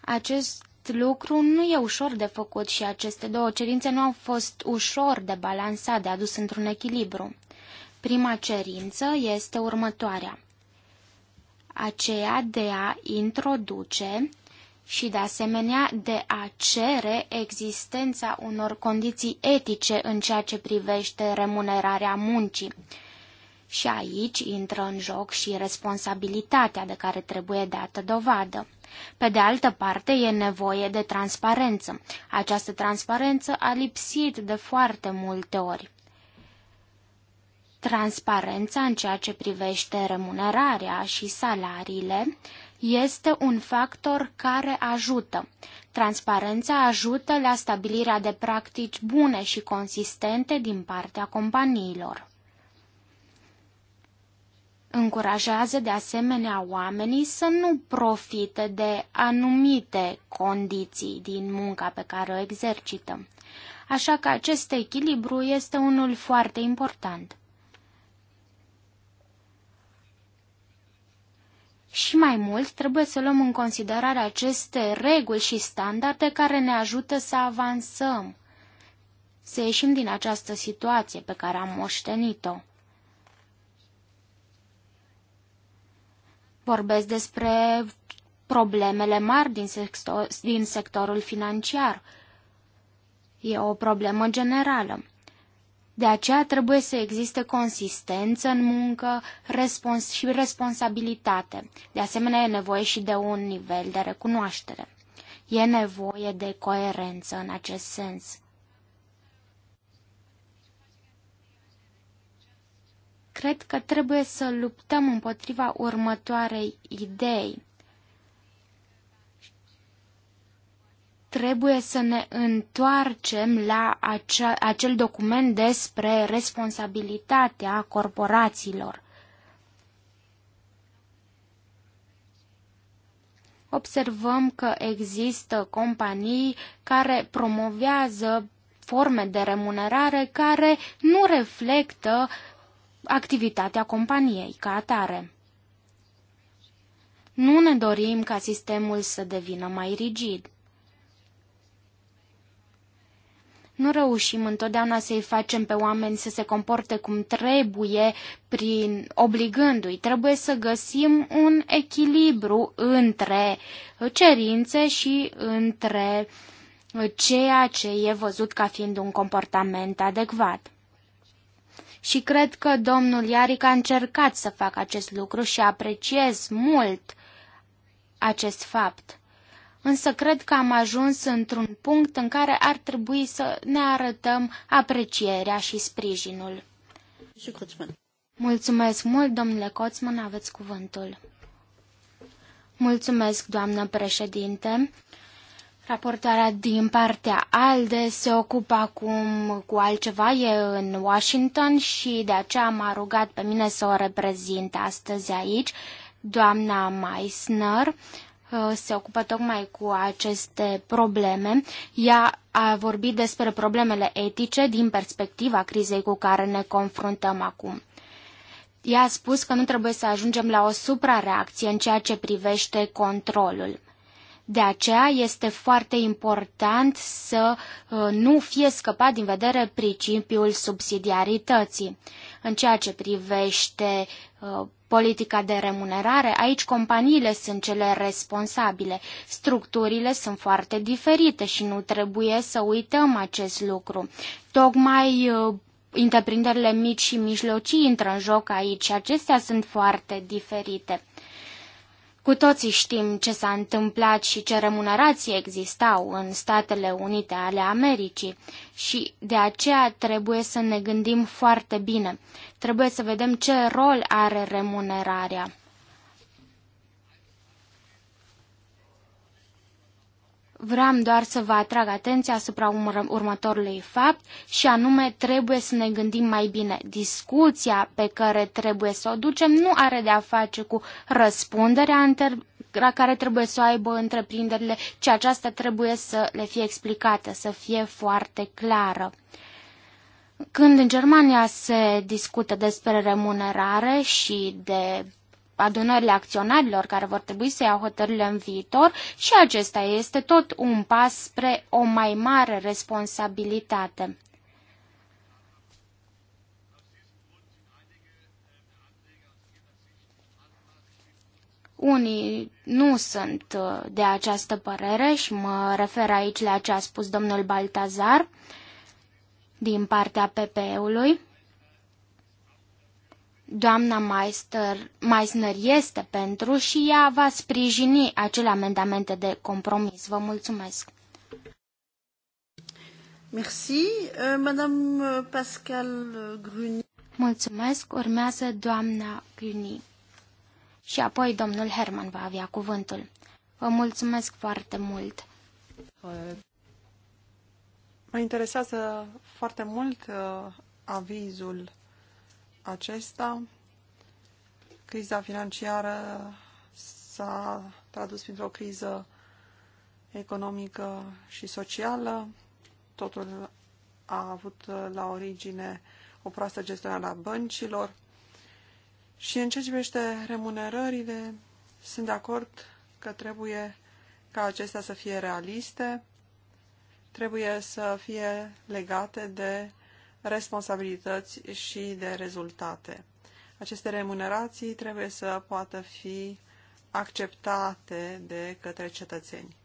Acest lucru nu e ușor de făcut și aceste două cerințe nu au fost ușor de balansat, de adus într-un echilibru. Prima cerință este următoarea. Aceea de a introduce și de asemenea de a cere existența unor condiții etice în ceea ce privește remunerarea muncii. Și aici intră în joc și responsabilitatea de care trebuie dată dovadă. Pe de altă parte, e nevoie de transparență. Această transparență a lipsit de foarte multe ori. Transparența în ceea ce privește remunerarea și salariile este un factor care ajută. Transparența ajută la stabilirea de practici bune și consistente din partea companiilor încurajează de asemenea oamenii să nu profite de anumite condiții din munca pe care o exercită. Așa că acest echilibru este unul foarte important. Și mai mult, trebuie să luăm în considerare aceste reguli și standarde care ne ajută să avansăm, să ieșim din această situație pe care am moștenit-o. Vorbesc despre problemele mari din, sector, din sectorul financiar. E o problemă generală. De aceea trebuie să existe consistență în muncă respons și responsabilitate. De asemenea, e nevoie și de un nivel de recunoaștere. E nevoie de coerență în acest sens. Cred că trebuie să luptăm împotriva următoarei idei. Trebuie să ne întoarcem la acea, acel document despre responsabilitatea corporațiilor. observăm că există companii care promovează forme de remunerare care nu reflectă activitatea companiei ca atare. Nu ne dorim ca sistemul să devină mai rigid. Nu reușim întotdeauna să-i facem pe oameni să se comporte cum trebuie, prin obligându-i. Trebuie să găsim un echilibru între cerințe și între ceea ce e văzut ca fiind un comportament adecvat și cred că domnul Iaric a încercat să facă acest lucru și apreciez mult acest fapt. Însă cred că am ajuns într-un punct în care ar trebui să ne arătăm aprecierea și sprijinul. Mulțumesc mult, domnule Coțman, aveți cuvântul. Mulțumesc, doamnă președinte. Raportarea din partea ALDE se ocupă acum cu altceva, e în Washington și de aceea m-a rugat pe mine să o reprezint astăzi aici. Doamna Meissner uh, se ocupă tocmai cu aceste probleme. Ea a vorbit despre problemele etice din perspectiva crizei cu care ne confruntăm acum. Ea a spus că nu trebuie să ajungem la o suprareacție în ceea ce privește controlul. De aceea este foarte important să uh, nu fie scăpat din vedere principiul subsidiarității. În ceea ce privește uh, politica de remunerare, aici companiile sunt cele responsabile. Structurile sunt foarte diferite și nu trebuie să uităm acest lucru. Tocmai uh, întreprinderile mici și mijlocii intră în joc aici și acestea sunt foarte diferite. Cu toții știm ce s-a întâmplat și ce remunerații existau în Statele Unite ale Americii și de aceea trebuie să ne gândim foarte bine. Trebuie să vedem ce rol are remunerarea. Vreau doar să vă atrag atenția asupra următorului fapt și anume trebuie să ne gândim mai bine. Discuția pe care trebuie să o ducem nu are de a face cu răspunderea la care trebuie să o aibă întreprinderile, ci aceasta trebuie să le fie explicată, să fie foarte clară. Când în Germania se discută despre remunerare și de adunările acționarilor care vor trebui să iau hotările în viitor și acesta este tot un pas spre o mai mare responsabilitate. Unii nu sunt uh, de această părere și mă refer aici la ce a spus domnul Baltazar din partea PPE-ului. Doamna Meister, Meisner este pentru și ea va sprijini acele amendamente de compromis. Vă mulțumesc. Merci, uh, Madame Pascal Gruny. Mulțumesc, urmează doamna Gruny. Și apoi domnul Herman va avea cuvântul. Vă mulțumesc foarte mult. Mă interesează foarte mult uh, avizul acesta, criza financiară s-a tradus printr-o criză economică și socială. Totul a avut la origine o proastă gestionare a băncilor. Și în ce privește remunerările, sunt de acord că trebuie ca acestea să fie realiste, trebuie să fie legate de responsabilități și de rezultate. Aceste remunerații trebuie să poată fi acceptate de către cetățeni.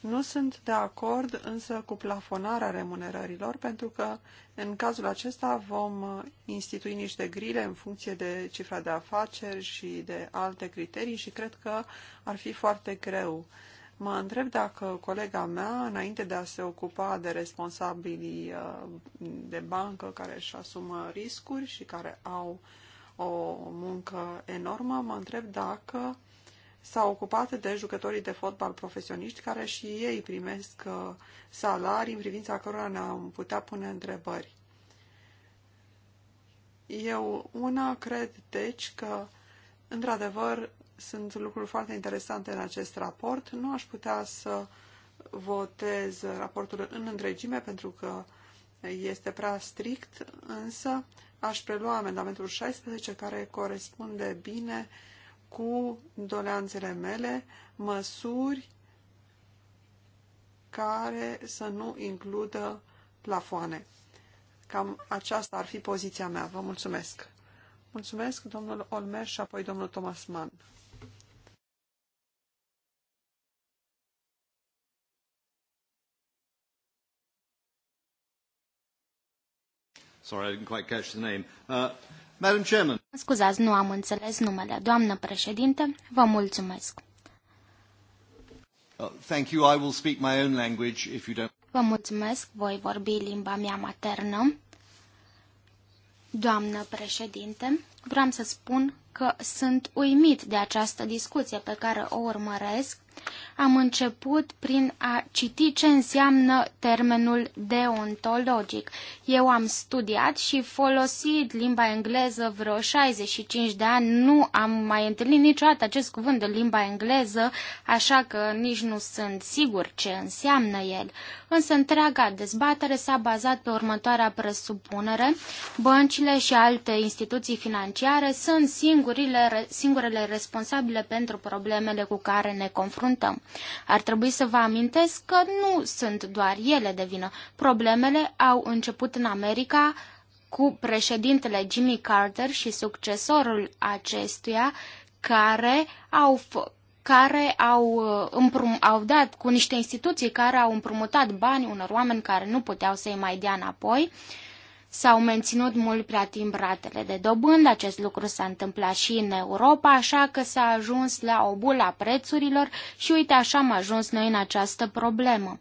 Nu sunt de acord însă cu plafonarea remunerărilor, pentru că în cazul acesta vom institui niște grile în funcție de cifra de afaceri și de alte criterii și cred că ar fi foarte greu Mă întreb dacă colega mea, înainte de a se ocupa de responsabilii uh, de bancă care își asumă riscuri și care au o muncă enormă, mă întreb dacă s-a ocupat de jucătorii de fotbal profesioniști care și ei primesc uh, salarii în privința cărora ne-am putea pune întrebări. Eu una cred, deci, că într-adevăr sunt lucruri foarte interesante în acest raport. Nu aș putea să votez raportul în întregime pentru că este prea strict, însă aș prelua amendamentul 16 care corespunde bine cu doleanțele mele, măsuri care să nu includă plafoane. Cam aceasta ar fi poziția mea. Vă mulțumesc. Mulțumesc, domnul Olmer și apoi domnul Thomas Mann. Uh, scuzați, nu am înțeles numele. Doamnă președinte, vă mulțumesc. Uh, thank you. I will speak my own language if you don't. Vă mulțumesc, voi vorbi limba mea maternă. Doamnă președinte, vreau să spun că sunt uimit de această discuție pe care o urmăresc. Am început prin a citi ce înseamnă termenul deontologic. Eu am studiat și folosit limba engleză vreo 65 de ani. Nu am mai întâlnit niciodată acest cuvânt de limba engleză, așa că nici nu sunt sigur ce înseamnă el. Însă întreaga dezbatere s-a bazat pe următoarea presupunere. Băncile și alte instituții financiare financiare sunt singurile, singurele responsabile pentru problemele cu care ne confruntăm. Ar trebui să vă amintesc că nu sunt doar ele de vină. Problemele au început în America cu președintele Jimmy Carter și succesorul acestuia care au care au, uh, împrum, au dat cu niște instituții care au împrumutat bani unor oameni care nu puteau să-i mai dea înapoi. Uh, S-au menținut mult prea timp ratele de dobândă, acest lucru s-a întâmplat și în Europa, așa că s-a ajuns la o bulă a prețurilor și uite așa am ajuns noi în această problemă.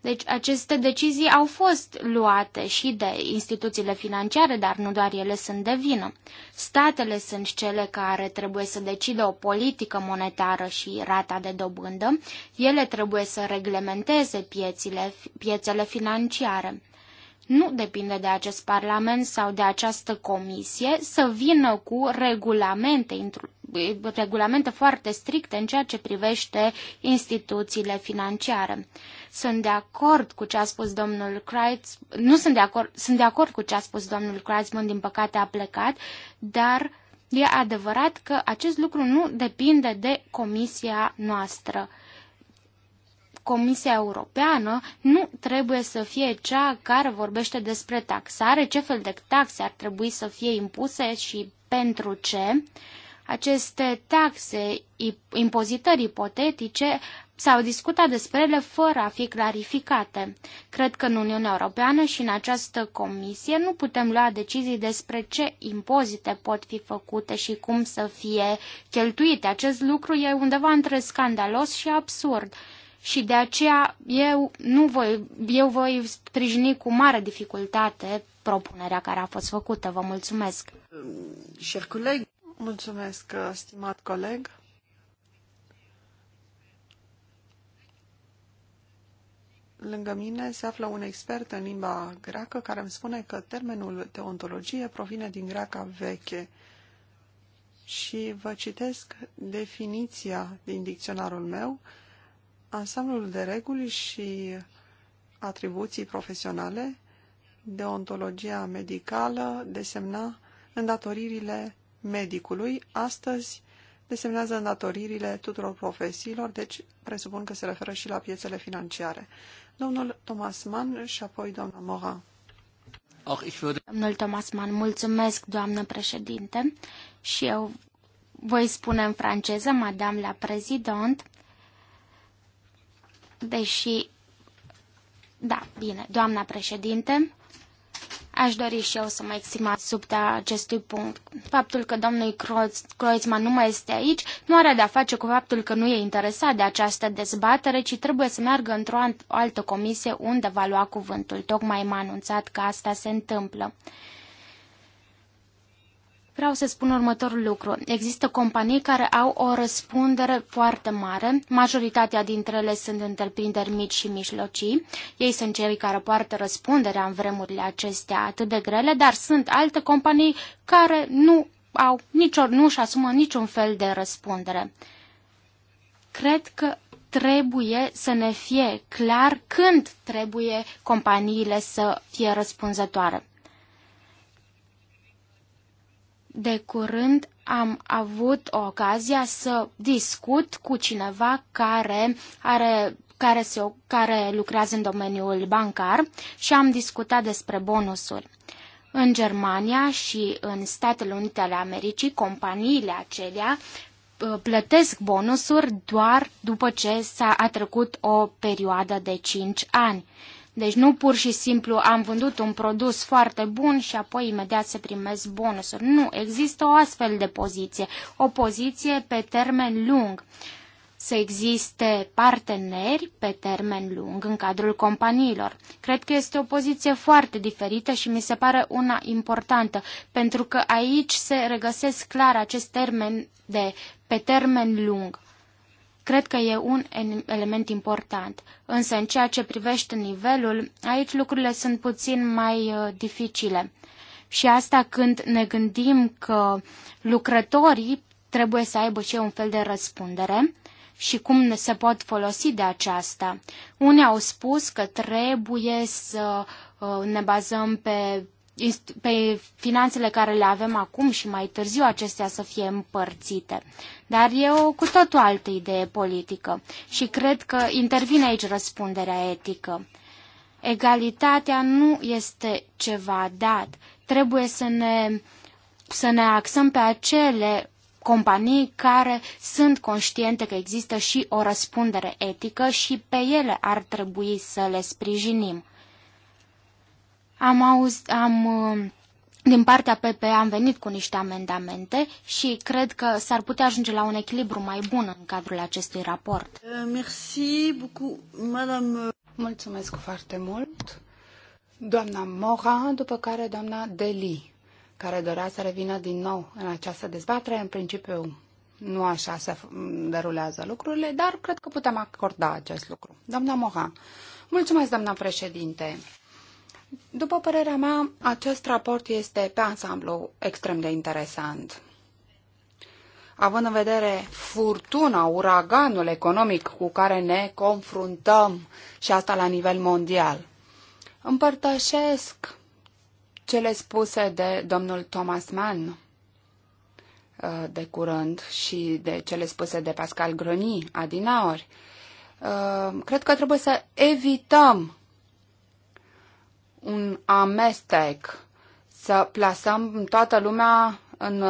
Deci aceste decizii au fost luate și de instituțiile financiare, dar nu doar ele sunt de vină. Statele sunt cele care trebuie să decidă o politică monetară și rata de dobândă. Ele trebuie să reglementeze piețile, piețele financiare nu depinde de acest Parlament sau de această comisie să vină cu regulamente, regulamente foarte stricte în ceea ce privește instituțiile financiare. Sunt de acord cu ce a spus domnul Kreitz, nu sunt de acord, sunt de acord cu ce a spus domnul Kreitzman, din păcate a plecat, dar e adevărat că acest lucru nu depinde de comisia noastră. Comisia Europeană nu trebuie să fie cea care vorbește despre taxare, ce fel de taxe ar trebui să fie impuse și pentru ce. Aceste taxe, impozitări ipotetice, s-au discutat despre ele fără a fi clarificate. Cred că în Uniunea Europeană și în această comisie nu putem lua decizii despre ce impozite pot fi făcute și cum să fie cheltuite. Acest lucru e undeva între scandalos și absurd și de aceea eu, nu voi, eu voi sprijini cu mare dificultate propunerea care a fost făcută. Vă mulțumesc! Cher coleg, mulțumesc, uh, stimat coleg! Lângă mine se află un expert în limba greacă care îmi spune că termenul teontologie provine din greaca veche. Și vă citesc definiția din dicționarul meu, ansamblul de reguli și atribuții profesionale, deontologia medicală desemna îndatoririle medicului, astăzi desemnează îndatoririle tuturor profesiilor, deci presupun că se referă și la piețele financiare. Domnul Thomas Mann și apoi doamna Morin. Domnul Thomas Mann, mulțumesc, doamnă președinte, și eu voi spune în franceză, Madame la Présidente, deși... Da, bine, doamna președinte, aș dori și eu să mă exprim asupra acestui punct. Faptul că domnul Kreuzmann nu mai este aici nu are de-a face cu faptul că nu e interesat de această dezbatere, ci trebuie să meargă într-o altă comisie unde va lua cuvântul. Tocmai m-a anunțat că asta se întâmplă. Vreau să spun următorul lucru. Există companii care au o răspundere foarte mare. Majoritatea dintre ele sunt întreprinderi mici și mijlocii. Ei sunt cei care poartă răspunderea în vremurile acestea atât de grele, dar sunt alte companii care nu au nicio, nu își asumă niciun fel de răspundere. Cred că trebuie să ne fie clar când trebuie companiile să fie răspunzătoare. De curând am avut ocazia să discut cu cineva care are care, se, care lucrează în domeniul bancar și am discutat despre bonusuri. În Germania și în Statele Unite ale Americii, companiile acelea uh, plătesc bonusuri doar după ce s-a trecut o perioadă de 5 ani. Deci nu pur și simplu am vândut un produs foarte bun și apoi imediat se primesc bonusuri. Nu, există o astfel de poziție, o poziție pe termen lung. Să existe parteneri pe termen lung în cadrul companiilor. Cred că este o poziție foarte diferită și mi se pare una importantă, pentru că aici se regăsesc clar acest termen de pe termen lung. Cred că e un element important, însă în ceea ce privește nivelul, aici lucrurile sunt puțin mai uh, dificile. Și asta când ne gândim că lucrătorii trebuie să aibă și un fel de răspundere și cum se pot folosi de aceasta. Unii au spus că trebuie să uh, ne bazăm pe pe finanțele care le avem acum și mai târziu acestea să fie împărțite. Dar e o cu totul altă idee politică și cred că intervine aici răspunderea etică. Egalitatea nu este ceva dat. Trebuie să ne, să ne axăm pe acele companii care sunt conștiente că există și o răspundere etică și pe ele ar trebui să le sprijinim. Am, auzit, am uh, din partea PP am venit cu niște amendamente și cred că s-ar putea ajunge la un echilibru mai bun în cadrul acestui raport. Eh, merci beaucoup, madame. Euh, mulțumesc foarte mult. Doamna Mora, după care doamna Deli, care dorea să revină din nou în această dezbatere, în principiu nu așa se derulează lucrurile, dar cred că putem acorda acest lucru. Doamna Moha, mulțumesc, doamna președinte. După părerea mea, acest raport este pe ansamblu extrem de interesant. Având în vedere furtuna, uraganul economic cu care ne confruntăm și asta la nivel mondial, împărtășesc cele spuse de domnul Thomas Mann uh, de curând și de cele spuse de Pascal Grăni adinaori. Uh, cred că trebuie să evităm un amestec, să plasăm toată lumea în,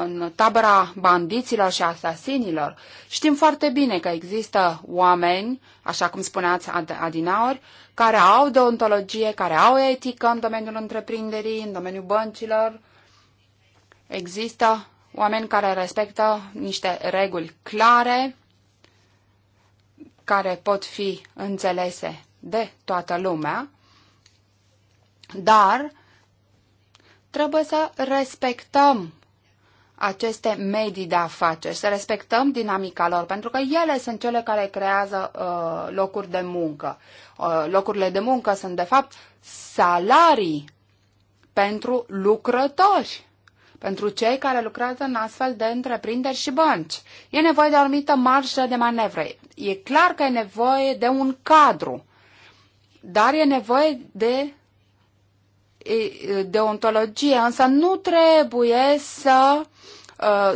în tabăra bandiților și asasinilor. Știm foarte bine că există oameni, așa cum spuneați adinaori, care au deontologie, care au etică în domeniul întreprinderii, în domeniul băncilor. Există oameni care respectă niște reguli clare, care pot fi înțelese de toată lumea dar trebuie să respectăm aceste medii de afaceri, să respectăm dinamica lor, pentru că ele sunt cele care creează uh, locuri de muncă. Uh, locurile de muncă sunt, de fapt, salarii pentru lucrători, pentru cei care lucrează în astfel de întreprinderi și bănci. E nevoie de o anumită marjă de manevră. E clar că e nevoie de un cadru, dar e nevoie de deontologie, însă nu trebuie să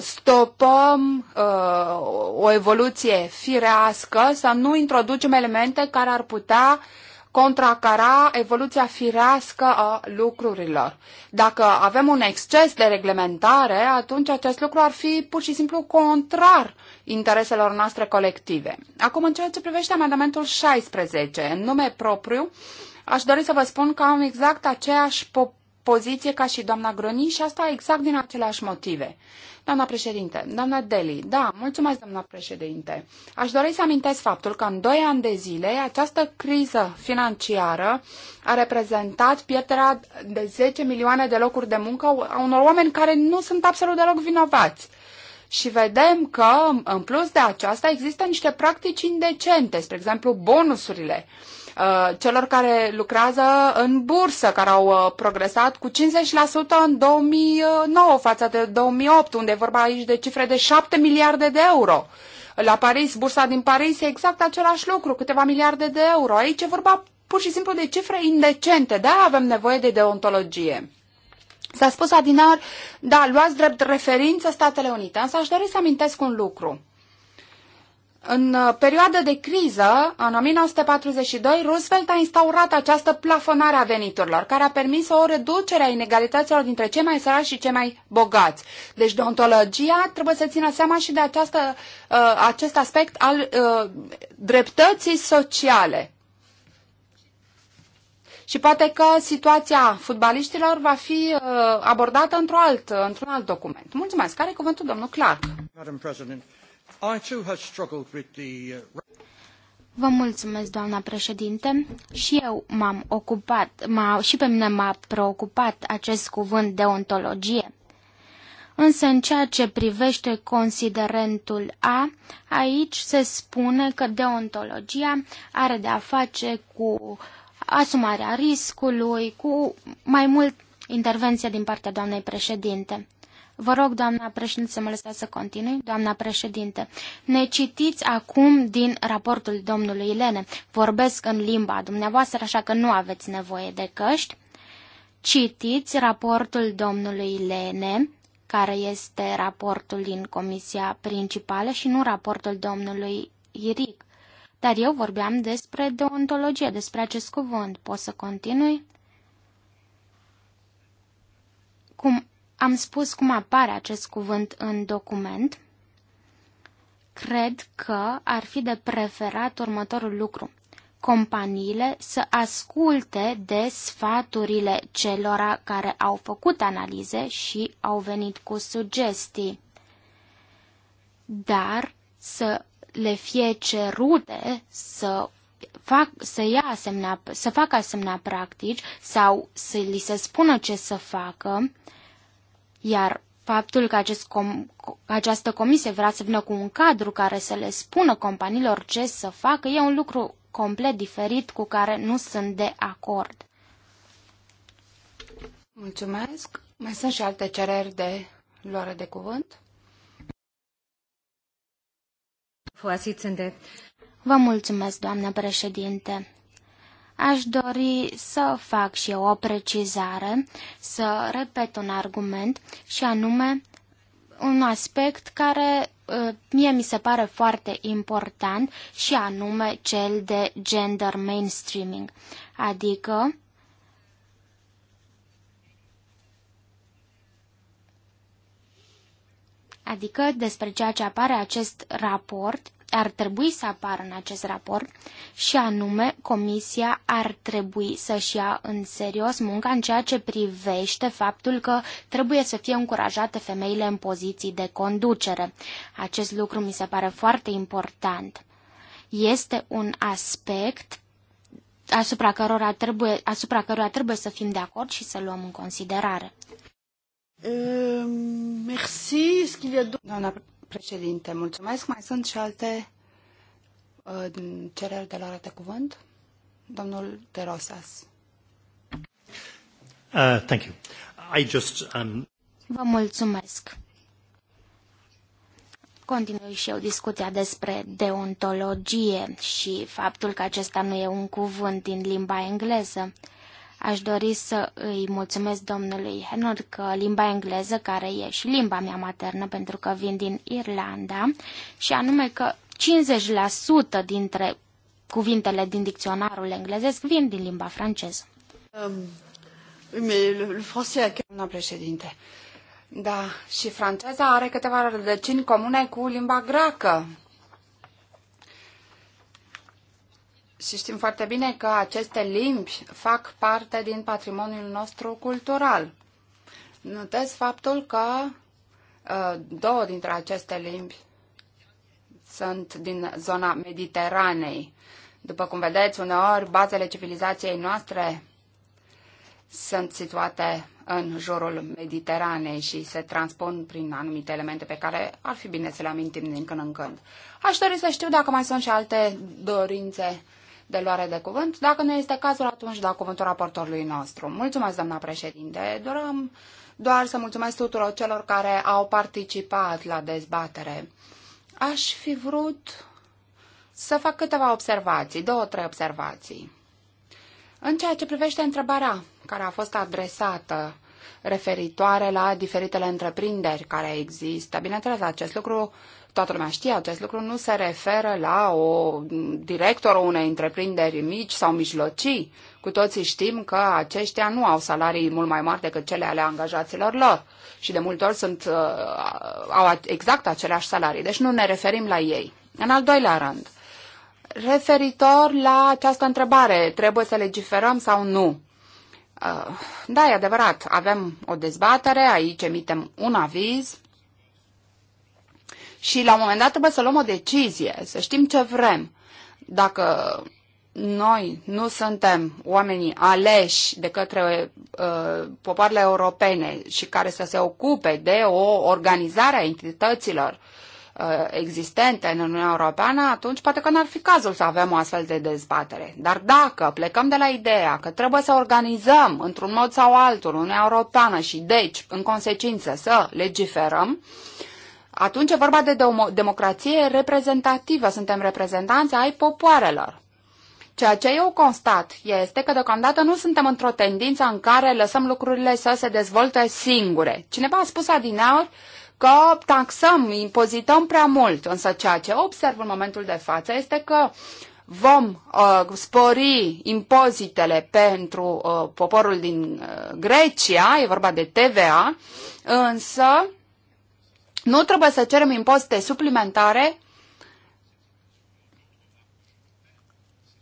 stopăm uh, o evoluție firească, să nu introducem elemente care ar putea contracara evoluția firească a lucrurilor. Dacă avem un exces de reglementare, atunci acest lucru ar fi pur și simplu contrar intereselor noastre colective. Acum, în ceea ce privește amendamentul 16, în nume propriu, uh, Aș dori să vă spun că am exact aceeași poziție ca și doamna Groni și asta exact din aceleași motive. Doamna președinte, doamna Deli, da, mulțumesc doamna președinte. Aș dori să amintesc faptul că în 2 ani de zile această criză financiară a reprezentat pierderea de 10 milioane de locuri de muncă a unor oameni care nu sunt absolut deloc vinovați. Și vedem că, în plus de aceasta, există niște practici indecente, spre exemplu bonusurile. Uh, Uh, celor care lucrează în bursă, care au uh, progresat cu 50% în 2009 față de 2008, unde e vorba aici de cifre de 7 miliarde de euro. La Paris, bursa din Paris e exact același lucru, câteva miliarde de euro. Aici e vorba pur și simplu de cifre indecente, de avem nevoie de deontologie. S-a spus adinar, da, luați drept referință Statele Unite, însă aș dori să amintesc un lucru. În uh, perioada de criză, în 1942, Roosevelt a instaurat această plafonare a veniturilor, care a permis o reducere a inegalităților dintre cei mai săraci și cei mai bogați. Deci deontologia trebuie să țină seama și de această, uh, acest aspect al uh, dreptății sociale. Și poate că situația futbaliștilor va fi abordată într-un alt, într alt document. Mulțumesc. Care cuvântul, domnul Clark? Madam President. Uh, Vă mulțumesc, doamna președinte. Și eu m-am ocupat, și pe mine m-a preocupat acest cuvânt deontologie. Însă în ceea ce privește considerentul A, aici se spune că deontologia are de a face cu asumarea riscului, cu mai mult intervenție din partea doamnei președinte. Vă rog, doamna președinte, să mă lăsați să continui. Doamna președinte, ne citiți acum din raportul domnului Ilene. Vorbesc în limba dumneavoastră, așa că nu aveți nevoie de căști. Citiți raportul domnului Ilene, care este raportul din comisia principală și nu raportul domnului Iric. Dar eu vorbeam despre deontologie, despre acest cuvânt. Pot să continui? Cum am spus cum apare acest cuvânt în document. Cred că ar fi de preferat următorul lucru. Companiile să asculte de sfaturile celora care au făcut analize și au venit cu sugestii, dar să le fie cerute să fac, să, ia asemenea, să facă asemenea practici sau să li se spună ce să facă, uh, iar faptul că acest com această comisie vrea să vină cu un cadru care să le spună companiilor ce să facă e un lucru complet diferit cu care nu sunt de acord. Mulțumesc. Mai sunt și alte cereri de luare de cuvânt? Vă mulțumesc, doamnă președinte. Aș dori să fac și eu o precizare, să repet un argument și anume un aspect care ă, mie mi se pare foarte important și anume cel de gender mainstreaming, adică adică despre ceea ce apare acest raport ar trebui să apară în acest raport și anume Comisia ar trebui să-și ia în serios munca în ceea ce privește faptul că trebuie să fie încurajate femeile în poziții de conducere. Acest lucru mi se pare foarte important. Este un aspect asupra cărora trebuie, asupra cărora trebuie să fim de acord și să luăm în considerare. Uh, merci. Est-ce qu'il y a Președinte, mulțumesc. Mai sunt și alte uh, cereri de la de cuvânt? Domnul De Rosas. Uh, thank you. I just, um... Vă mulțumesc. Continui și eu discuția despre deontologie și faptul că acesta nu e un cuvânt din limba engleză. Uh, Aș dori să îi mulțumesc domnului Henor că limba engleză, care e și limba mea maternă pentru că vin din Irlanda, și anume că 50% dintre cuvintele din dicționarul englezesc vin din limba franceză. Um, Doamna președinte, da, și franceza are câteva rădăcini comune cu limba greacă. și știm foarte bine că aceste limbi fac parte din patrimoniul nostru cultural. Notez faptul că uh, două dintre aceste limbi sunt din zona Mediteranei. După cum vedeți, uneori bazele civilizației noastre sunt situate în jurul Mediteranei și se transpun prin anumite elemente pe care ar fi bine să le amintim din când în când. Aș dori să știu dacă mai sunt și alte dorințe de luare de cuvânt. Dacă nu este cazul, atunci dau cuvântul raportorului nostru. Mulțumesc, doamna președinte. Dorăm doar să mulțumesc tuturor celor care au participat la dezbatere. Aș fi vrut să fac câteva observații, două, trei observații. În ceea ce privește întrebarea care a fost adresată referitoare la diferitele întreprinderi care există, bineînțeles, acest lucru toată lumea știe acest lucru, nu se referă la o directorul unei întreprinderi mici sau mijlocii. Cu toții știm că aceștia nu au salarii mult mai mari decât cele ale angajaților lor și de multe ori sunt, uh, au exact aceleași salarii, deci nu ne referim la ei. În al doilea rând, referitor la această întrebare, trebuie să legiferăm sau nu? Uh, da, e adevărat, avem o dezbatere, aici emitem un aviz, și la un moment dat trebuie să luăm o decizie, să știm ce vrem. Dacă noi nu suntem oamenii aleși de către uh, popoarele europene și care să se ocupe de o organizare a entităților uh, existente în Uniunea Europeană, atunci poate că n-ar fi cazul să avem o astfel de dezbatere. Dar dacă plecăm de la ideea că trebuie să organizăm într-un mod sau altul Uniunea Europeană și deci, în consecință, să legiferăm, uh, atunci e vorba de democrație reprezentativă, suntem reprezentanți ai popoarelor. Ceea ce eu constat este că deocamdată nu suntem într-o tendință în care lăsăm lucrurile să se dezvolte singure. Cineva a spus adineori că taxăm, impozităm prea mult, însă ceea ce observ în momentul de față este că vom uh, spori impozitele pentru uh, poporul din uh, Grecia, e vorba de TVA, însă nu trebuie să cerem impozite suplimentare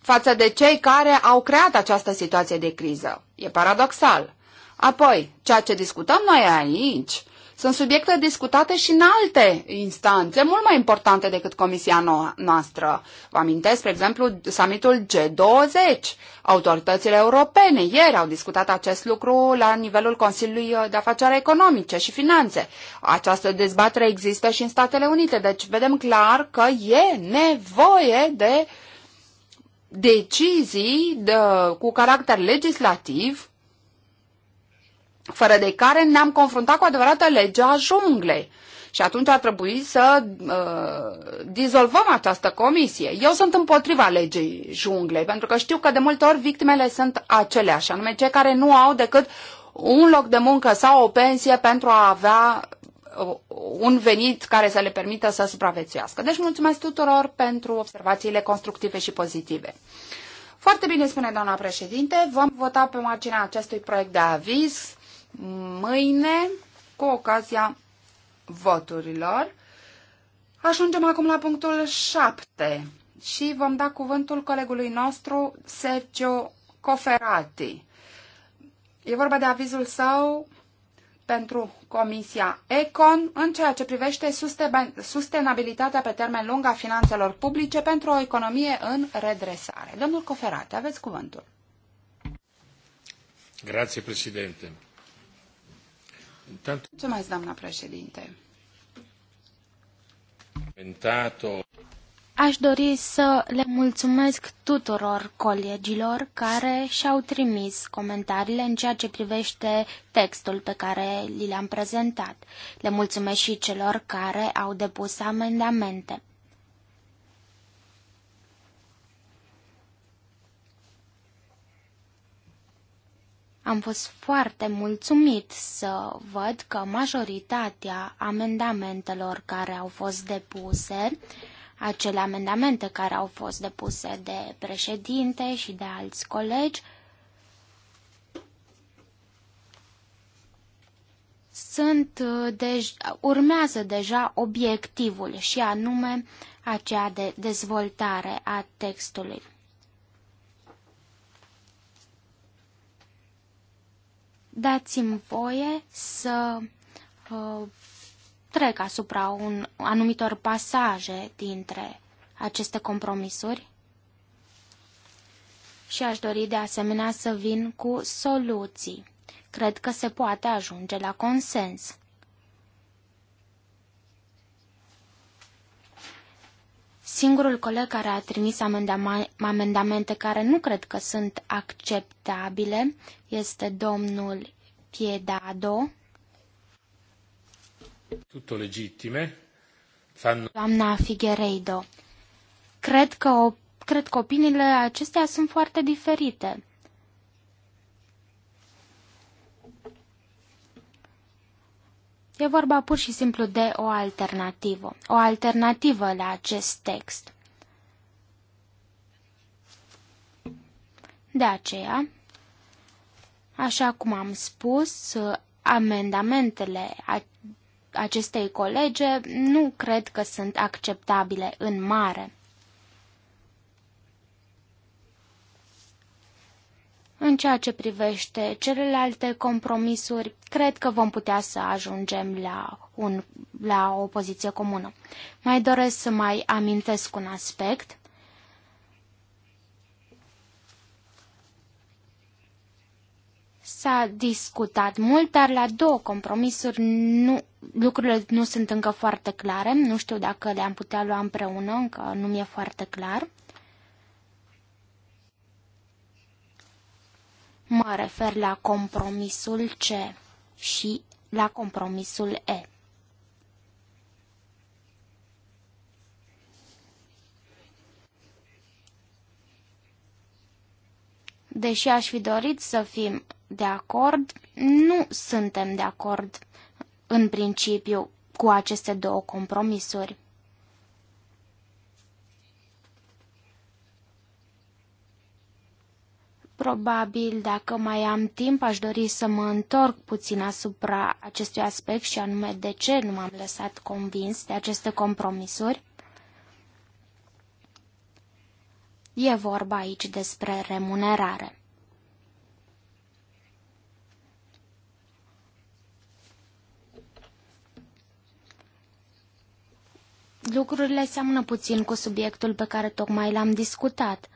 față de cei care au creat această situație de criză. E paradoxal. Apoi, ceea ce discutăm noi aici sunt subiecte discutate și în alte instanțe, mult mai importante decât comisia noastră. Vă amintesc, spre exemplu, summitul G20. Autoritățile europene ieri au discutat acest lucru la nivelul Consiliului de Afaceri Economice și Finanțe. Această dezbatere există și în Statele Unite, deci vedem clar că e nevoie de decizii de, cu caracter legislativ fără de care ne-am confruntat cu adevărată legea junglei. Și atunci ar trebui să uh, dizolvăm această comisie. Eu sunt împotriva legii junglei, pentru că știu că de multe ori victimele sunt aceleași, anume cei care nu au decât un loc de muncă sau o pensie pentru a avea uh, un venit care să le permită să supraviețuiască. Deci mulțumesc tuturor pentru observațiile constructive și pozitive. Foarte bine spune doamna președinte, vom vota pe marginea acestui proiect de aviz mâine cu ocazia voturilor. Ajungem acum la punctul 7 și vom da cuvântul colegului nostru Sergio Coferati. E vorba de avizul său pentru Comisia Econ în ceea ce privește sustenabilitatea pe termen lung a finanțelor publice pentru o economie în redresare. Domnul Coferati, aveți cuvântul. Grazie, președinte. Mulțumesc, doamna președinte. Aș dori să le mulțumesc tuturor colegilor care și-au trimis comentariile în ceea ce privește textul pe care li l-am prezentat. Le mulțumesc și celor care au depus amendamente. Am fost foarte mulțumit să văd că majoritatea amendamentelor care au fost depuse, acele amendamente care au fost depuse de președinte și de alți colegi, sunt uh, dej- urmează deja obiectivul și anume aceea de dezvoltare a textului. Dați-mi voie să uh, trec asupra un, anumitor pasaje dintre aceste compromisuri și aș dori de asemenea să vin cu soluții. Cred că se poate ajunge la consens. Singurul coleg care a trimis amendamente care nu cred că sunt acceptabile este domnul Piedado. Tutto legittime. Fanno... Doamna Figueiredo. Cred că, o, cred că opiniile acestea sunt foarte diferite. E vorba pur și simplu de o alternativă, o alternativă la acest text. De aceea, așa cum am spus, amendamentele acestei colege nu cred că sunt acceptabile în mare. În ceea ce privește celelalte compromisuri, cred că vom putea să ajungem la, un, la o poziție comună. Mai doresc să mai amintesc un aspect. S-a discutat mult, dar la două compromisuri nu, lucrurile nu sunt încă foarte clare. Nu știu dacă le-am putea lua împreună, încă nu mi-e foarte clar. Mă refer la compromisul C și la compromisul E. Deși aș fi dorit să fim de acord, nu suntem de acord în principiu cu aceste două compromisuri. Probabil, dacă mai am timp, aș dori să mă întorc puțin asupra acestui aspect și anume de ce nu m-am lăsat convins de aceste compromisuri. E vorba aici despre remunerare. Lucrurile seamănă puțin cu subiectul pe care tocmai l-am discutat.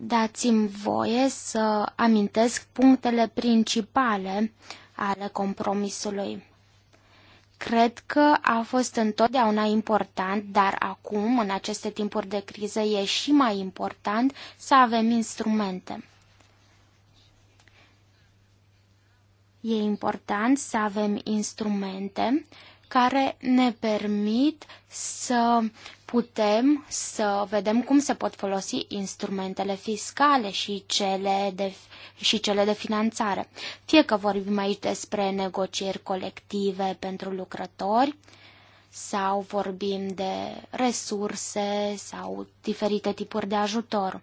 Dați-mi voie să amintesc punctele principale ale compromisului. Cred că a fost întotdeauna important, dar acum, în aceste timpuri de criză, e și mai important să avem instrumente. E important să avem instrumente care ne permit să putem să vedem cum se pot folosi instrumentele fiscale și cele de, și cele de finanțare. Fie că vorbim aici despre negocieri colective pentru lucrători, sau vorbim de resurse sau diferite tipuri de ajutor.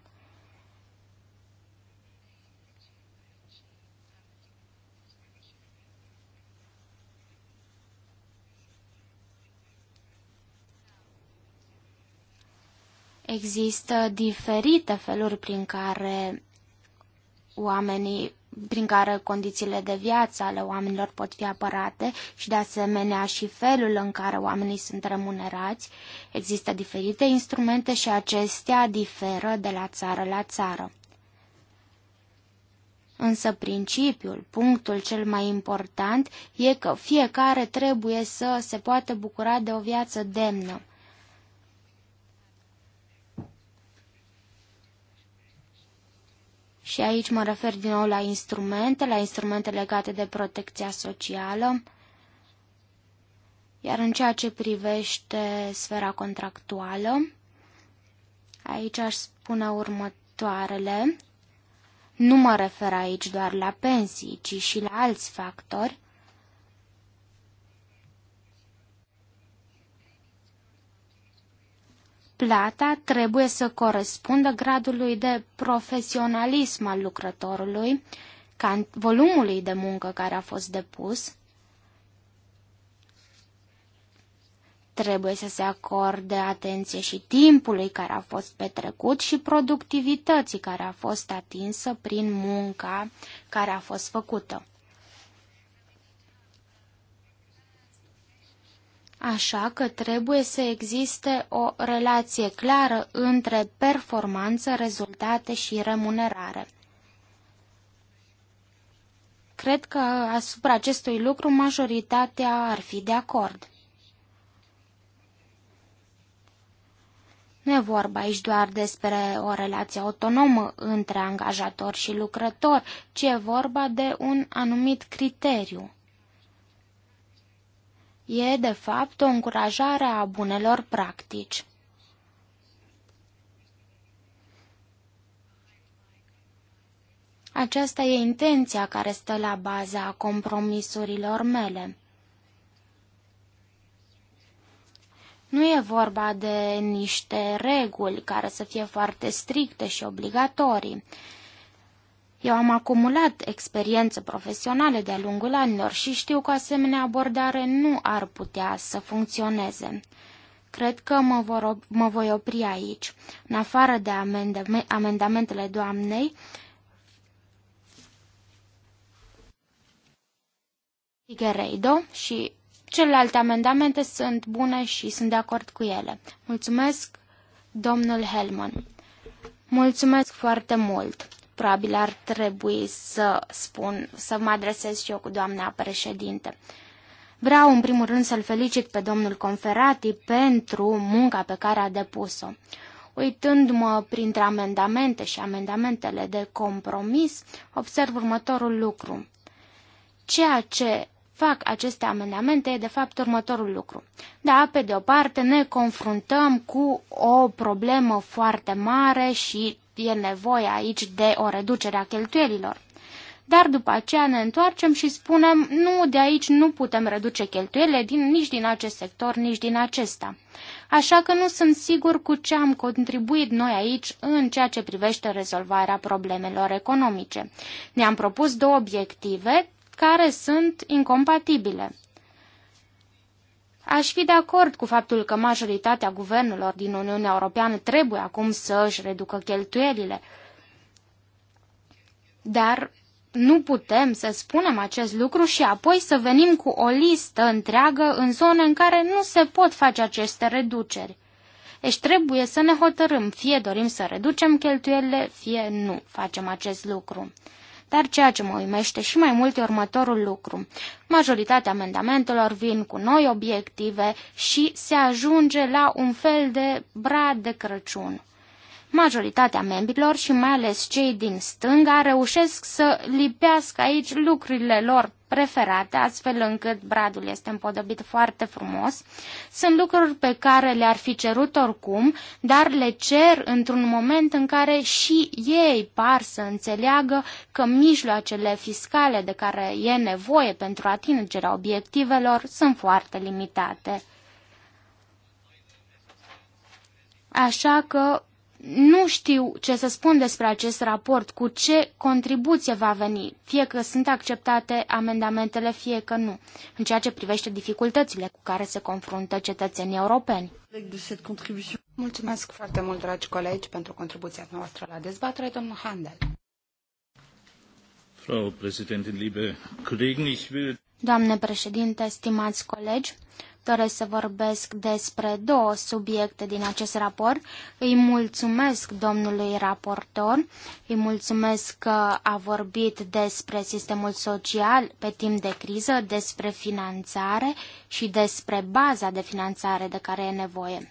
Există diferite feluri prin care oamenii prin care condițiile de viață ale oamenilor pot fi apărate și de asemenea și felul în care oamenii sunt remunerați. Există diferite instrumente și acestea diferă de la țară la țară. Însă principiul, punctul cel mai important, e că fiecare trebuie să se poată bucura de o viață demnă. Și aici mă refer din nou la instrumente, la instrumente legate de protecția socială. Iar în ceea ce privește sfera contractuală, aici aș spune următoarele. Nu mă refer aici doar la pensii, ci și la alți factori. plata trebuie să corespundă gradului de profesionalism al lucrătorului, volumului de muncă care a fost depus, trebuie să se acorde atenție și timpului care a fost petrecut și productivității care a fost atinsă prin munca care a fost făcută. Așa că trebuie să existe o relație clară între performanță, rezultate și remunerare. Cred că asupra acestui lucru majoritatea ar fi de acord. Nu e vorba aici doar despre o relație autonomă între angajator și lucrător, ci e vorba de un anumit criteriu e, de fapt, o încurajare a bunelor practici. Aceasta e intenția care stă la baza compromisurilor mele. Nu e vorba de niște reguli care să fie foarte stricte și obligatorii. Eu am acumulat experiență profesională de-a lungul anilor și știu că asemenea abordare nu ar putea să funcționeze. Cred că mă, vor, mă voi opri aici. În afară de amendame, amendamentele doamnei, Figueiredo și celelalte amendamente sunt bune și sunt de acord cu ele. Mulțumesc, domnul Helman. Mulțumesc foarte mult. Probabil ar trebui să spun, să mă adresez și eu cu doamna președinte. Vreau în primul rând să-l felicit pe domnul Conferati pentru munca pe care a depus-o. Uitându-mă printre amendamente și amendamentele de compromis, observ următorul lucru. Ceea ce fac aceste amendamente e de fapt următorul lucru. Da, pe de o parte ne confruntăm cu o problemă foarte mare și e nevoie aici de o reducere a cheltuielilor. Dar după aceea ne întoarcem și spunem, nu, de aici nu putem reduce cheltuielile din, nici din acest sector, nici din acesta. Așa că nu sunt sigur cu ce am contribuit noi aici în ceea ce privește rezolvarea problemelor economice. Ne-am propus două obiective care sunt incompatibile. Aș fi de acord cu faptul că majoritatea guvernelor din Uniunea Europeană trebuie acum să își reducă cheltuielile. Dar nu putem să spunem acest lucru și apoi să venim cu o listă întreagă în zone în care nu se pot face aceste reduceri. Deci trebuie să ne hotărâm, fie dorim să reducem cheltuielile, fie nu facem acest lucru. Dar ceea ce mă uimește și mai mult e următorul lucru. Majoritatea amendamentelor vin cu noi obiective și se ajunge la un fel de brad de Crăciun majoritatea membrilor și mai ales cei din stânga reușesc să lipească aici lucrurile lor preferate, astfel încât bradul este împodobit foarte frumos. Sunt lucruri pe care le-ar fi cerut oricum, dar le cer într-un moment în care și ei par să înțeleagă că mijloacele fiscale de care e nevoie pentru atingerea obiectivelor sunt foarte limitate. Așa că nu știu ce să spun despre acest raport, cu ce contribuție va veni, fie că sunt acceptate amendamentele, fie că nu, în ceea ce privește dificultățile cu care se confruntă cetățenii europeni. Mulțumesc foarte mult, dragi colegi, pentru contribuția noastră la dezbatere, domnul Handel. Frau Präsidentin, liebe Kollegen, ich will... Doamne președinte, stimați colegi, doresc să vorbesc despre două subiecte din acest raport. Îi mulțumesc domnului raportor, îi mulțumesc că a vorbit despre sistemul social pe timp de criză, despre finanțare și despre baza de finanțare de care e nevoie.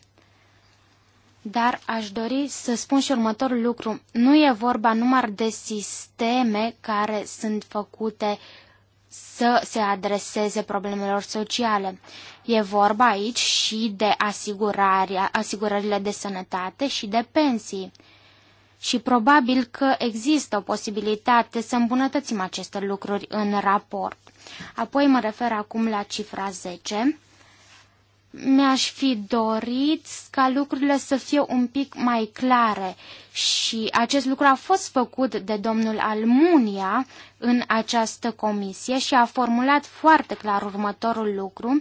Dar aș dori să spun și următorul lucru. Nu e vorba numai de sisteme care sunt făcute uh, să se adreseze problemelor sociale. E vorba aici și de asigurarea, asigurările de sănătate și de pensii. Și probabil că există o posibilitate să îmbunătățim aceste lucruri în raport. Apoi mă refer acum la cifra 10 mi-aș fi dorit ca lucrurile să fie un pic mai clare și acest lucru a fost făcut de domnul Almunia în această comisie și a formulat foarte clar următorul lucru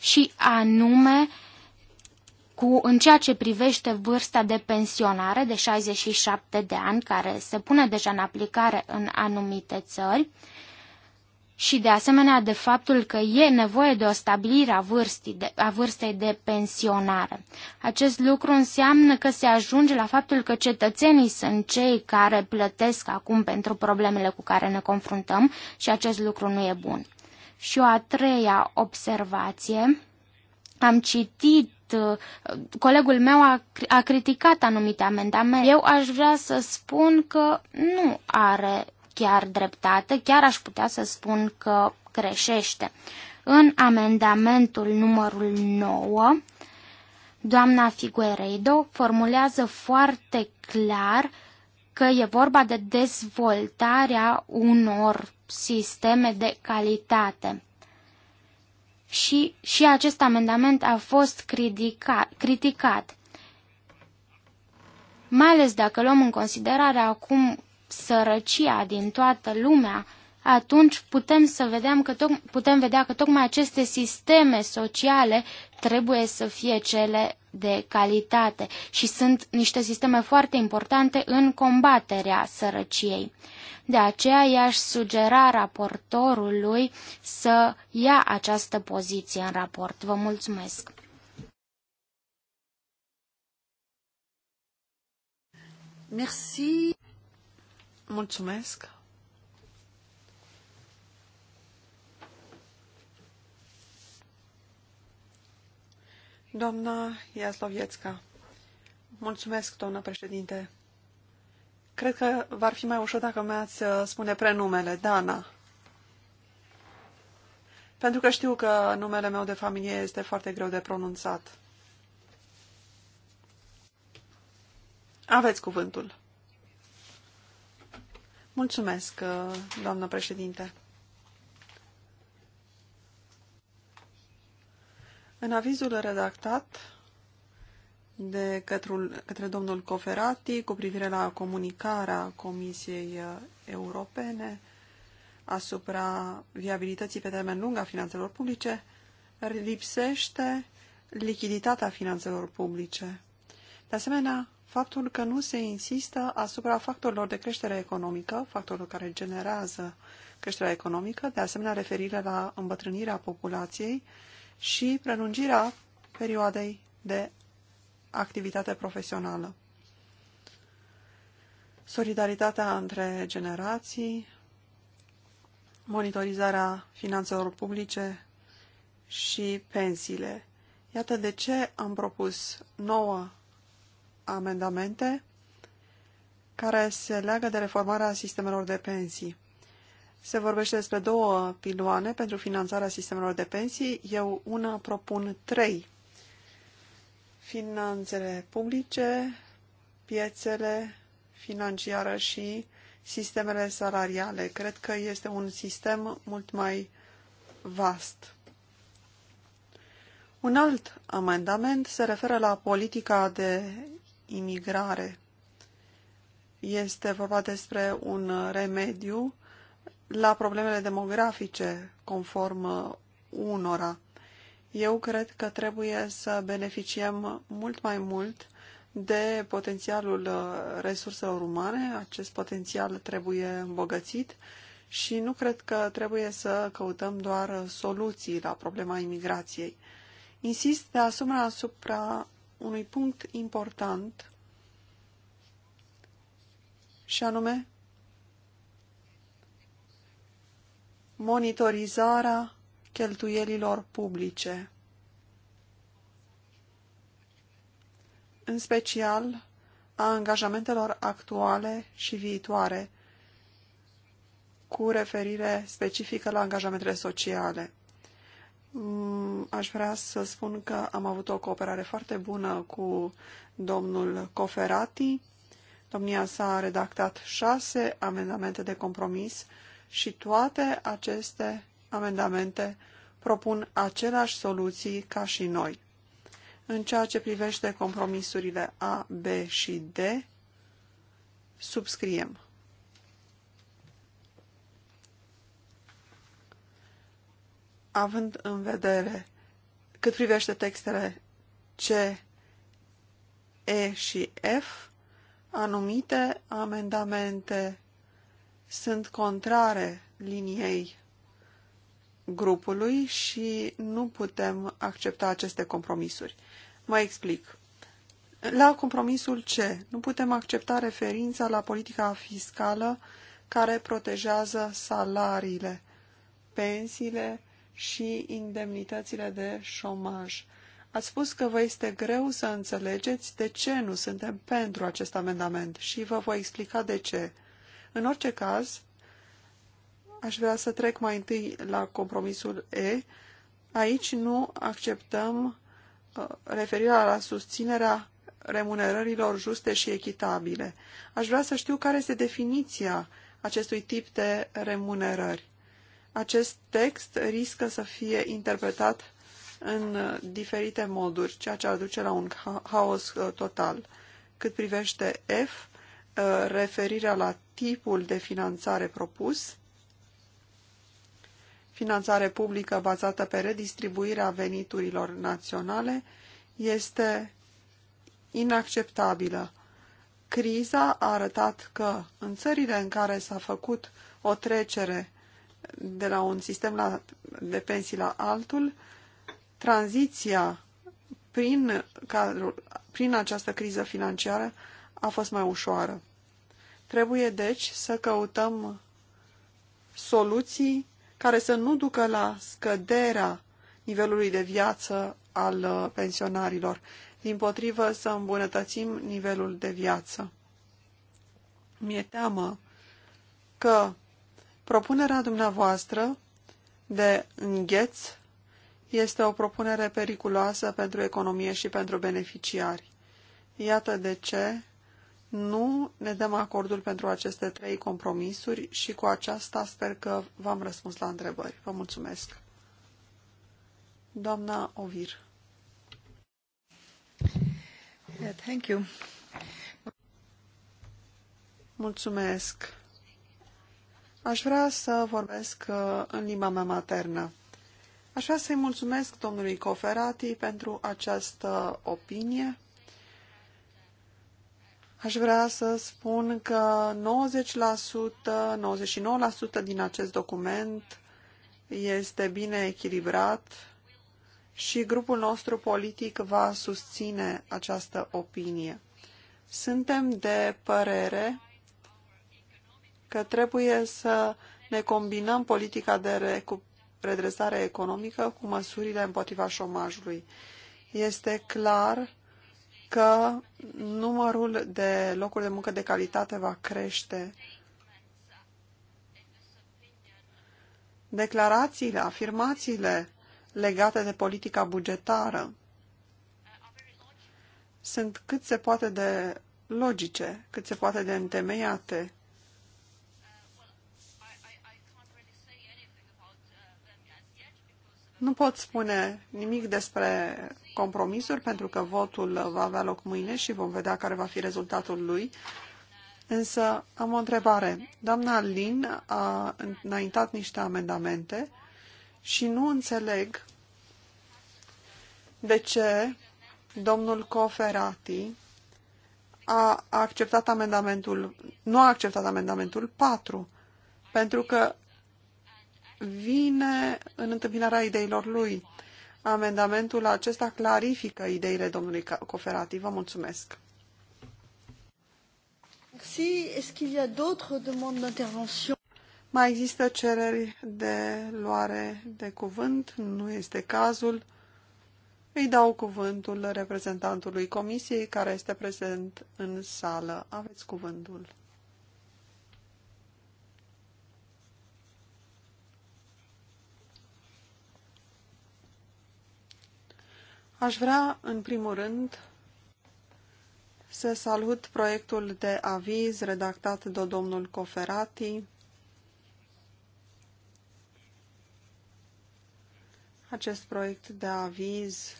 și anume cu, în ceea ce privește vârsta de pensionare de 67 de ani, care se pune deja în aplicare în anumite țări, și de asemenea de faptul că e nevoie de o stabilire a, vârstii, de, a vârstei de pensionare. Acest lucru înseamnă că se ajunge la faptul că cetățenii sunt cei care plătesc acum pentru problemele cu care ne confruntăm și acest lucru nu e bun. Și o a treia observație, am citit uh, colegul meu a, a criticat anumite amendamente. Eu aș vrea să spun că nu are chiar dreptate, chiar aș putea să spun că greșește. În amendamentul numărul 9, doamna Figueredo formulează foarte clar că e vorba de dezvoltarea unor sisteme de calitate. Și, și acest amendament a fost criticat, criticat. Mai ales dacă luăm în considerare acum sărăcia din toată lumea, atunci putem să vedem că toc, putem vedea că tocmai aceste sisteme sociale trebuie să fie cele de calitate și sunt niște sisteme foarte importante în combaterea sărăciei. De aceea i-aș sugera raportorului să ia această poziție în raport. Vă mulțumesc! Merci. Mulțumesc. Doamna Iasloviețca, mulțumesc, doamnă președinte. Cred că v-ar fi mai ușor dacă mi-ați uh, spune prenumele, Dana. Pentru că știu că numele meu de familie este foarte greu de pronunțat. Aveți cuvântul. Mulțumesc, uh, doamnă președinte. În avizul redactat de către, către domnul Coferati cu privire la comunicarea Comisiei uh, Europene asupra viabilității pe termen lung a finanțelor publice, lipsește lichiditatea finanțelor publice. De asemenea, faptul că nu se insistă asupra factorilor de creștere economică, factorul care generează creșterea economică, de asemenea referire la îmbătrânirea populației și prelungirea perioadei de activitate profesională. Solidaritatea între generații, monitorizarea finanțelor publice și pensiile. Iată de ce am propus nouă amendamente care se leagă de reformarea sistemelor de pensii. Se vorbește despre două piloane pentru finanțarea sistemelor de pensii. Eu una propun trei. Finanțele publice, piețele financiară și sistemele salariale. Cred că este un sistem mult mai vast. Un alt amendament se referă la politica de imigrare. Este vorba despre un remediu la problemele demografice, conform uh, unora. Eu cred că trebuie să beneficiem mult mai mult de potențialul uh, resurselor umane. Acest potențial trebuie îmbogățit și nu cred că trebuie să căutăm doar uh, soluții la problema imigrației. Insist de asemenea asupra unui punct important și anume monitorizarea cheltuielilor publice, în special a angajamentelor actuale și viitoare, cu referire specifică la angajamentele sociale. Mm, aș vrea să spun că am avut o cooperare foarte bună cu domnul Coferati. Domnia s-a redactat șase amendamente de compromis și toate aceste amendamente propun aceleași soluții ca și noi. În ceea ce privește compromisurile A, B și D, subscriem. având în vedere cât privește textele C, E și F, anumite amendamente sunt contrare liniei grupului și nu putem accepta aceste compromisuri. Mai explic. La compromisul C, nu putem accepta referința la politica fiscală care protejează salariile, pensiile și indemnitățile de șomaj. Ați spus că vă este greu să înțelegeți de ce nu suntem pentru acest amendament și vă voi explica de ce. În orice caz, aș vrea să trec mai întâi la compromisul E. Aici nu acceptăm uh, referirea la susținerea remunerărilor juste și echitabile. Aș vrea să știu care este definiția acestui tip de remunerări acest text riscă să fie interpretat în diferite moduri, ceea ce ar duce la un haos uh, total. Cât privește F, uh, referirea la tipul de finanțare propus, finanțare publică bazată pe redistribuirea veniturilor naționale, este inacceptabilă. Criza a arătat că în țările în care s-a făcut o trecere de la un sistem la, de pensii la altul, tranziția prin, cadrul, prin această criză financiară a fost mai ușoară. Trebuie, deci, să căutăm soluții care să nu ducă la scăderea nivelului de viață al uh, pensionarilor, din potrivă să îmbunătățim nivelul de viață. Mi-e teamă că Propunerea dumneavoastră de îngheț este o propunere periculoasă pentru economie și pentru beneficiari. Iată de ce nu ne dăm acordul pentru aceste trei compromisuri și cu aceasta sper că v-am răspuns la întrebări. Vă mulțumesc. Doamna Ovir. Yeah, thank you. Mulțumesc. Aș vrea să vorbesc uh, în limba mea maternă. Aș vrea să-i mulțumesc domnului Coferati pentru această opinie. Aș vrea să spun că 90%, 99% din acest document este bine echilibrat și grupul nostru politic va susține această opinie. Suntem de părere că trebuie să ne combinăm politica de redresare economică cu măsurile împotriva șomajului. Este clar că numărul de locuri de muncă de calitate va crește. Declarațiile, afirmațiile legate de politica bugetară sunt cât se poate de logice, cât se poate de întemeiate. Nu pot spune nimic despre compromisuri pentru că votul va avea loc mâine și vom vedea care va fi rezultatul lui. Însă am o întrebare. Doamna Lin a înaintat niște amendamente și nu înțeleg de ce domnul Coferati a acceptat amendamentul, nu a acceptat amendamentul 4, pentru că vine în întâmpinarea ideilor lui. Amendamentul acesta clarifică ideile domnului Coferati. Vă mulțumesc. Mai există cereri de luare de cuvânt? Nu este cazul. Îi dau cuvântul reprezentantului comisiei care este prezent în sală. Aveți cuvântul. Aș vrea, în primul rând, să salut proiectul de aviz redactat de domnul Coferati. Acest proiect de aviz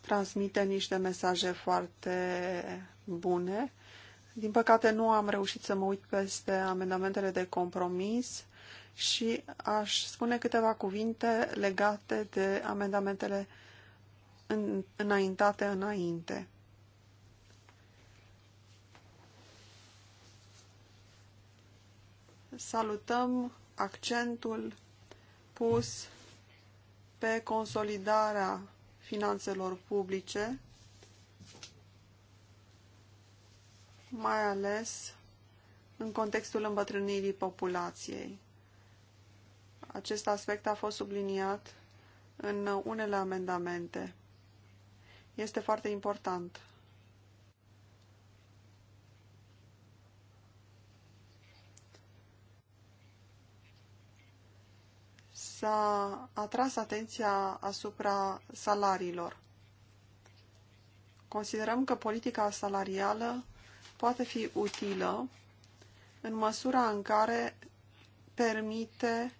transmite niște mesaje foarte bune. Din păcate nu am reușit să mă uit peste amendamentele de compromis și aș spune câteva cuvinte legate de amendamentele în, înaintate înainte. Salutăm accentul pus pe consolidarea finanțelor publice, mai ales în contextul îmbătrânirii populației. Acest aspect a fost subliniat în unele amendamente este foarte important. S-a atras atenția asupra salariilor. Considerăm că politica salarială poate fi utilă în măsura în care permite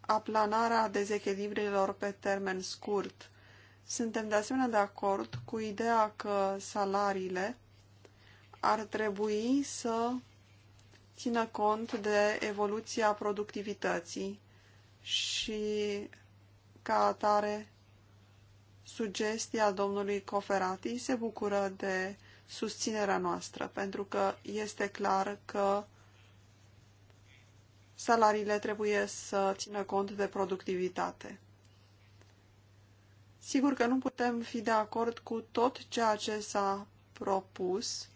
aplanarea dezechilibrelor pe termen scurt suntem de asemenea de acord cu ideea că salariile ar trebui să țină cont de evoluția productivității și ca atare sugestia domnului Coferati se bucură de susținerea noastră, pentru că este clar că salariile trebuie să țină cont de productivitate. Sigur că nu putem fi de acord cu tot ceea ce s-a propus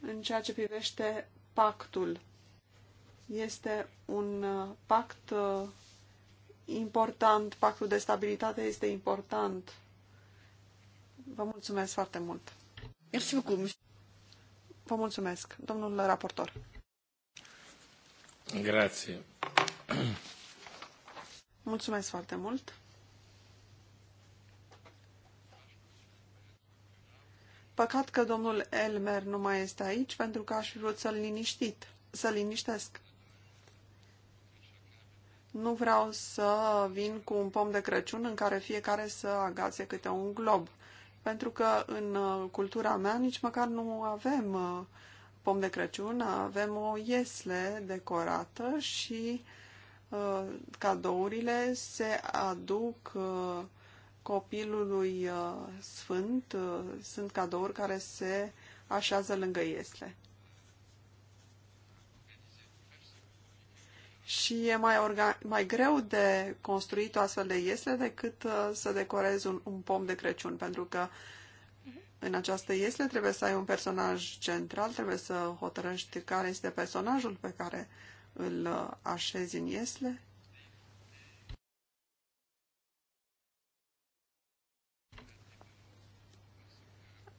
în ceea ce privește pactul. Este un uh, pact uh, important, pactul de stabilitate este important. Vă mulțumesc foarte mult. beaucoup. Vă mulțumesc, domnul raportor. Grazie. Mulțumesc foarte mult! Păcat că domnul Elmer nu mai este aici, pentru că aș fi vrut să-l liniștit, să l liniștesc. Nu vreau să vin cu un pom de Crăciun în care fiecare să agațe câte un glob, pentru că în uh, cultura mea nici măcar nu avem uh, pom de Crăciun, avem o iesle decorată și uh, Uh, cadourile se aduc uh, copilului uh, sfânt, sunt cadouri care se așează lângă iesle. Și e mai, organ... mai greu de construit o astfel de iesle decât să decorezi un, un pom de Crăciun, pentru că în această iesle trebuie să ai un personaj central, trebuie să hotărăști care este personajul pe care îl uh, așez în iesle.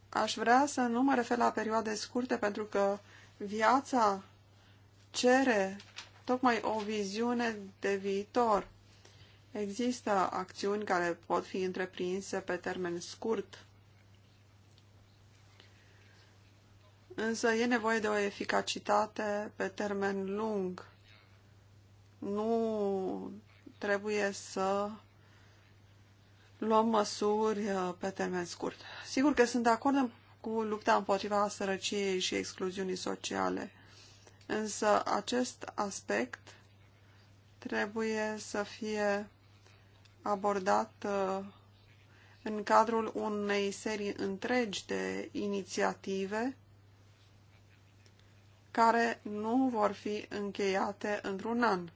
Aș vrea să nu mă refer la perioade scurte, pentru că viața cere tocmai o viziune de viitor. Există acțiuni care pot fi întreprinse pe termen scurt, Însă e nevoie de o eficacitate pe termen lung. Nu trebuie să luăm măsuri uh, pe termen scurt. Sigur că sunt de acord cu lupta împotriva sărăciei și excluziunii sociale, însă acest aspect trebuie să fie abordat uh, în cadrul unei serii întregi de inițiative care nu vor fi încheiate într-un an.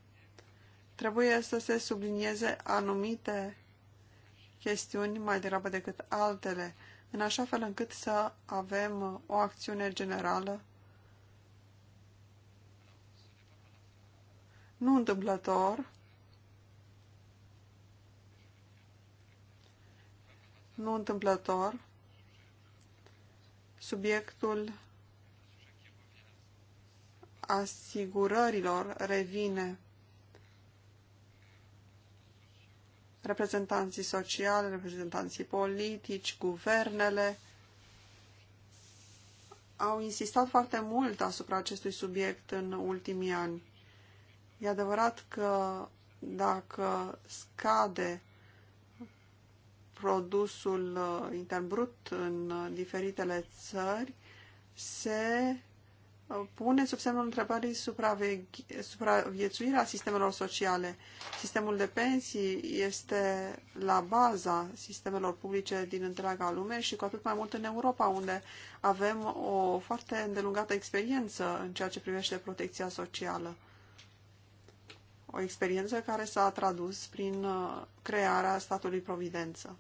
Trebuie să se sublinieze anumite chestiuni mai degrabă decât altele, în așa fel încât să avem o acțiune generală. Nu întâmplător, nu întâmplător, subiectul asigurărilor revine reprezentanții sociale, reprezentanții politici, guvernele au insistat foarte mult asupra acestui subiect în ultimii ani. E adevărat că dacă scade produsul uh, intern brut în uh, diferitele țări, se pune sub semnul întrebării supraviețuirea sistemelor sociale. Sistemul de pensii este la baza sistemelor publice din întreaga lume și cu atât mai mult în Europa, unde avem o foarte îndelungată experiență în ceea ce privește protecția socială. O experiență care s-a tradus prin uh, crearea statului providență.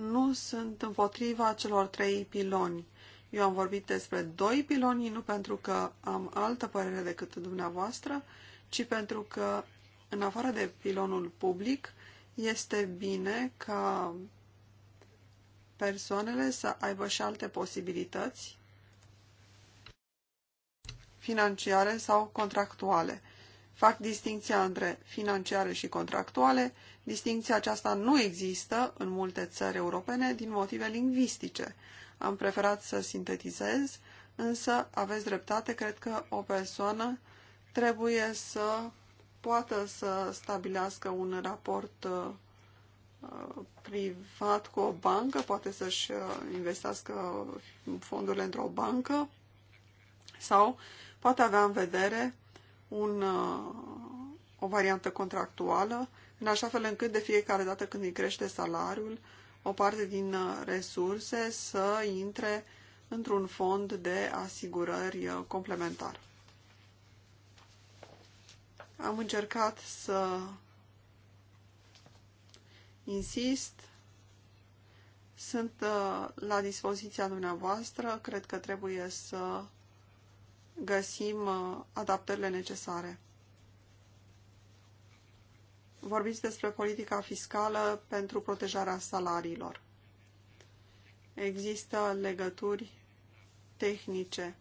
nu sunt împotriva celor trei piloni. Eu am vorbit despre doi piloni, nu pentru că am altă părere decât dumneavoastră, ci pentru că, în afară de pilonul public, este bine ca persoanele să aibă și alte posibilități financiare sau contractuale. Fac distinția între financiare și contractuale Distinția aceasta nu există în multe țări europene din motive lingvistice. Am preferat să sintetizez, însă aveți dreptate, cred că o persoană trebuie să poată să stabilească un raport uh, uh, privat cu o bancă, poate să-și uh, investească fondurile într-o bancă sau poate avea în vedere un, o variantă contractuală în așa fel încât de fiecare dată când îi crește salariul, o parte din uh, resurse să intre într-un fond de asigurări uh, complementar. Am încercat să insist, sunt uh, la dispoziția dumneavoastră, cred că trebuie să găsim adaptările necesare vorbiți despre politica fiscală pentru protejarea salariilor. Există legături tehnice.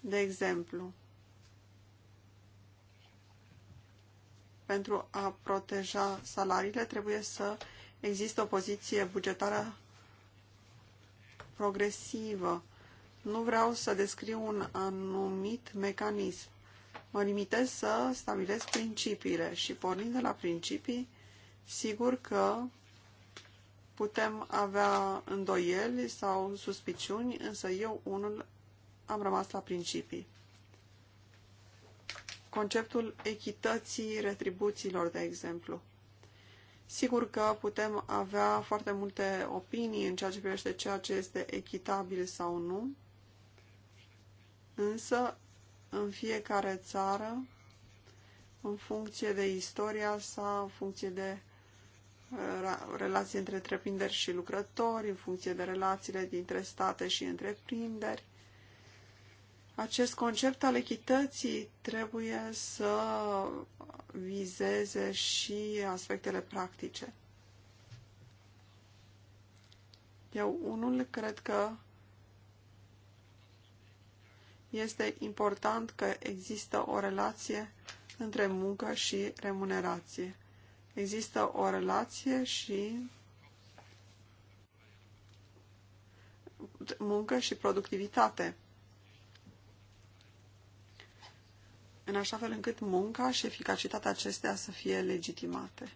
De exemplu, pentru a proteja salariile trebuie să există o poziție bugetară progresivă. Nu vreau să descriu un anumit mecanism mă limitez să stabilesc principiile și pornind de la principii, sigur că putem avea îndoieli sau suspiciuni, însă eu unul am rămas la principii. Conceptul echității retribuțiilor, de exemplu. Sigur că putem avea foarte multe opinii în ceea ce privește ceea ce este echitabil sau nu, însă în fiecare țară, în funcție de istoria sa, în funcție de uh, relații între întreprinderi și lucrători, în funcție de relațiile dintre state și întreprinderi. Acest concept al echității trebuie să vizeze și aspectele practice. Eu unul cred că este important că există o relație între muncă și remunerație. Există o relație și muncă și productivitate. În așa fel încât munca și eficacitatea acestea să fie legitimate.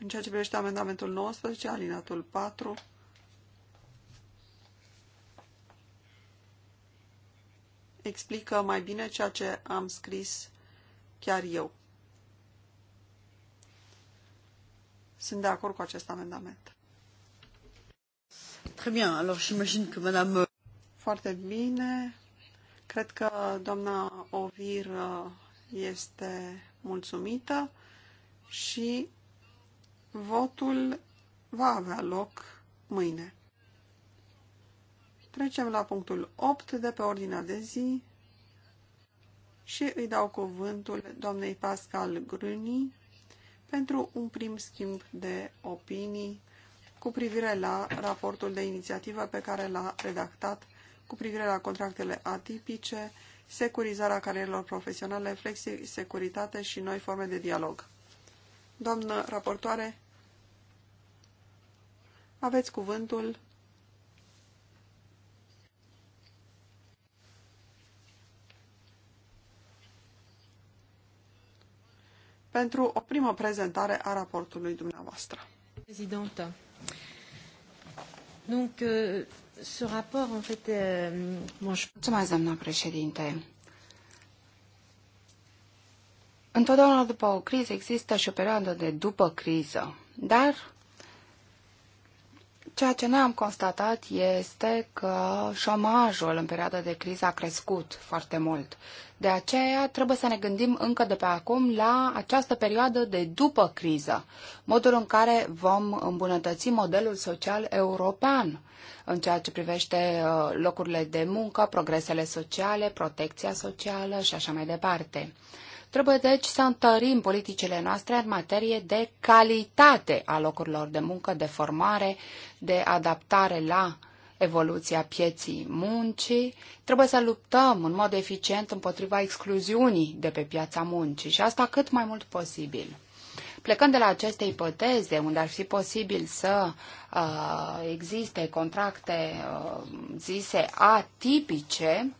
În ceea ce privește amendamentul 19, alinatul 4, explică mai bine ceea ce am scris chiar eu. Sunt de acord cu acest amendament. Très bien. Alors, j'imagine que madame... Foarte bine. Cred că doamna Ovir uh, este mulțumită și votul va avea loc mâine. Trecem la punctul 8 de pe ordinea de zi și îi dau cuvântul doamnei Pascal Gruni pentru un prim schimb de opinii cu privire la raportul de inițiativă pe care l-a redactat cu privire la contractele atipice, securizarea carierelor profesionale, flexi, securitate și noi forme de dialog. Doamnă raportoare, aveți cuvântul pentru o primă prezentare a raportului dumneavoastră. Prezidentă. Donc, euh, ce raport, în fait, euh, Mulțumesc, doamna președinte. Întotdeauna după o criză există și o perioadă de după criză, dar Ceea ce ne-am constatat este că șomajul în perioada de criză a crescut foarte mult. De aceea trebuie să ne gândim încă de pe acum la această perioadă de după criză, modul în care vom îmbunătăți modelul social european în ceea ce privește uh, locurile de muncă, progresele sociale, protecția socială și așa mai departe. Trebuie deci să întărim politicile noastre în materie de calitate a locurilor de muncă, de formare, de adaptare la evoluția pieții muncii, trebuie să luptăm în mod eficient împotriva excluziunii de pe piața muncii și asta cât mai mult posibil. Plecând de la aceste ipoteze, unde ar fi posibil să uh, existe contracte uh, zise atipice,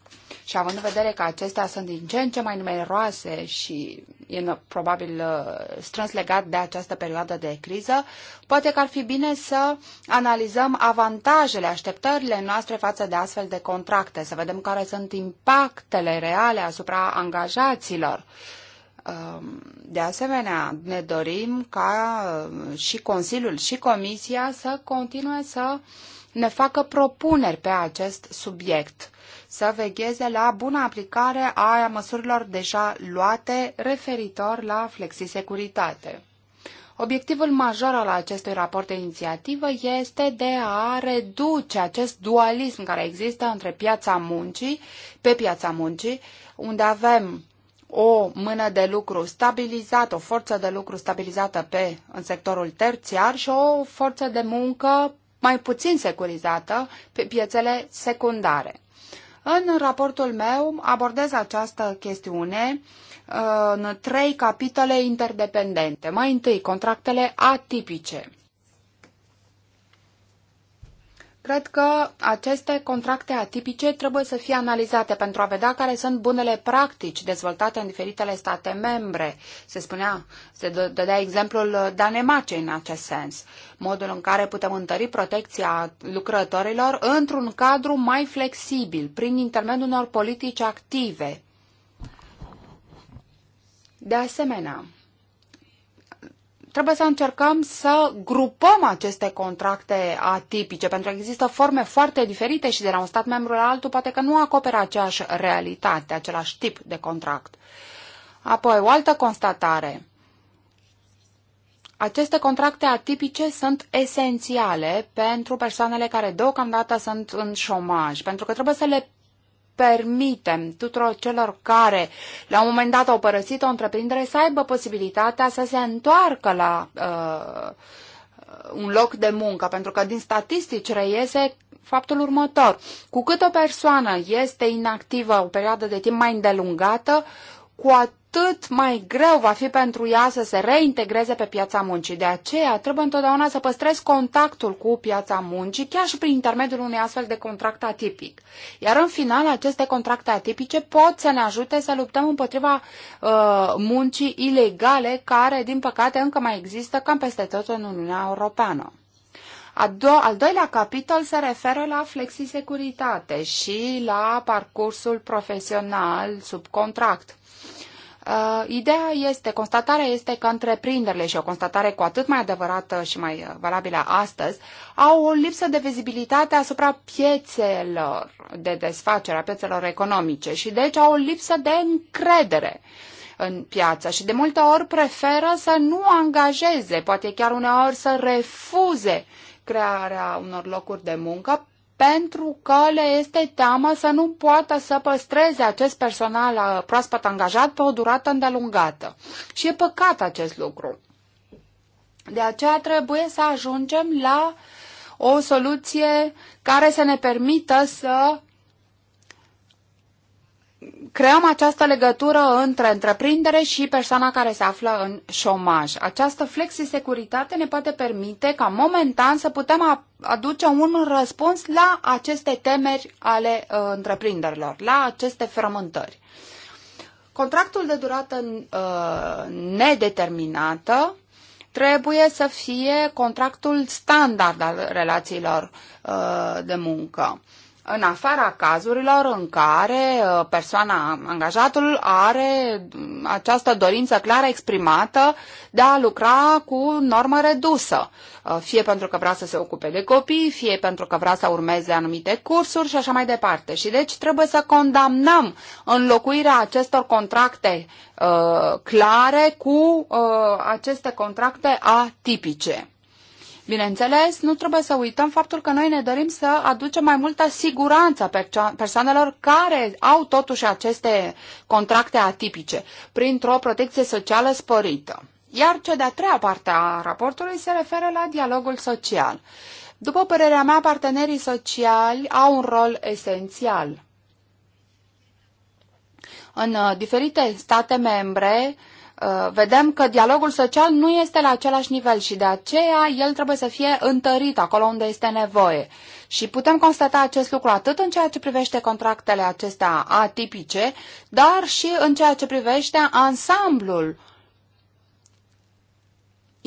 și având în vedere că acestea sunt din ce în ce mai numeroase și e probabil uh, strâns legat de această perioadă de criză, poate că ar fi bine să analizăm avantajele, așteptările noastre față de astfel de contracte, să vedem care sunt impactele reale asupra angajaților Um, de asemenea, ne dorim ca uh, și Consiliul și Comisia să continue să ne facă propuneri pe acest subiect, să vegheze la bună aplicare a măsurilor deja luate referitor la flexisecuritate. Obiectivul major al acestui raport de inițiativă este de a reduce acest dualism care există între piața muncii, pe piața muncii, unde avem o mână de lucru stabilizată, o forță de lucru stabilizată pe în sectorul terțiar și o forță de muncă mai puțin securizată pe piețele secundare. În raportul meu abordez această chestiune uh, în trei capitole interdependente. Mai întâi, contractele atipice. Cred că aceste contracte atipice trebuie să fie analizate pentru a vedea care sunt bunele practici dezvoltate în diferitele state membre. Se spunea, se dădea exemplul Danemarcei în acest sens. Modul în care putem întări protecția lucrătorilor într-un cadru mai flexibil, prin intermediul unor politici active. De asemenea, trebuie să încercăm să grupăm aceste contracte atipice, pentru că există forme foarte diferite și de la un stat membru la altul poate că nu acoperă aceeași realitate, același tip de contract. Apoi, o altă constatare. Aceste contracte atipice sunt esențiale pentru persoanele care deocamdată sunt în șomaj, pentru că trebuie să le permitem tuturor celor care la un moment dat au părăsit o întreprindere să aibă posibilitatea să se întoarcă la uh, un loc de muncă, pentru că din statistici reiese faptul următor. Cu cât o persoană este inactivă o perioadă de timp mai îndelungată, cu atât mai greu va fi pentru ea să se reintegreze pe piața muncii. De aceea trebuie întotdeauna să păstrezi contactul cu piața muncii, chiar și prin intermediul unui astfel de contract atipic. Iar în final, aceste contracte atipice pot să ne ajute să luptăm împotriva uh, muncii ilegale, care, din păcate, încă mai există cam peste tot în Uniunea Europeană. A do- al doilea capitol se referă la flexisecuritate și la parcursul profesional sub contract. Uh, ideea este, constatarea este că întreprinderile și o constatare cu atât mai adevărată și mai uh, valabilă astăzi, au o lipsă de vizibilitate asupra piețelor de desfacere, a piețelor economice și deci au o lipsă de încredere în piață și de multe ori preferă să nu angajeze, poate chiar uneori să refuze crearea unor locuri de muncă pentru că le este teamă să nu poată să păstreze acest personal uh, proaspăt angajat pe o durată îndelungată. Și e păcat acest lucru. De aceea trebuie să ajungem la o soluție care să ne permită să creăm această legătură între întreprindere și persoana care se află în șomaj. Această flexisecuritate ne poate permite ca momentan să putem aduce un răspuns la aceste temeri ale uh, întreprinderilor, la aceste frământări. Contractul de durată uh, nedeterminată trebuie să fie contractul standard al relațiilor uh, de muncă în afara cazurilor în care uh, persoana, angajatul, are mm, această dorință clară exprimată de a lucra cu normă redusă, uh, fie pentru că vrea să se ocupe de copii, fie pentru că vrea să urmeze anumite cursuri și așa mai departe. Și deci trebuie să condamnăm înlocuirea acestor contracte uh, clare cu uh, aceste contracte atipice. Bineînțeles, nu trebuie să uităm faptul că noi ne dorim să aducem mai multă siguranță persoanelor care au totuși aceste contracte atipice printr-o protecție socială sporită. Iar cea de-a treia parte a raportului se referă la dialogul social. După părerea mea, partenerii sociali au un rol esențial. În uh, diferite state membre, uh, Uh, vedem că dialogul social nu este la același nivel și de aceea el trebuie să fie întărit acolo unde este nevoie. Și putem constata acest lucru atât în ceea ce privește contractele acestea atipice, dar și în ceea ce privește ansamblul uh,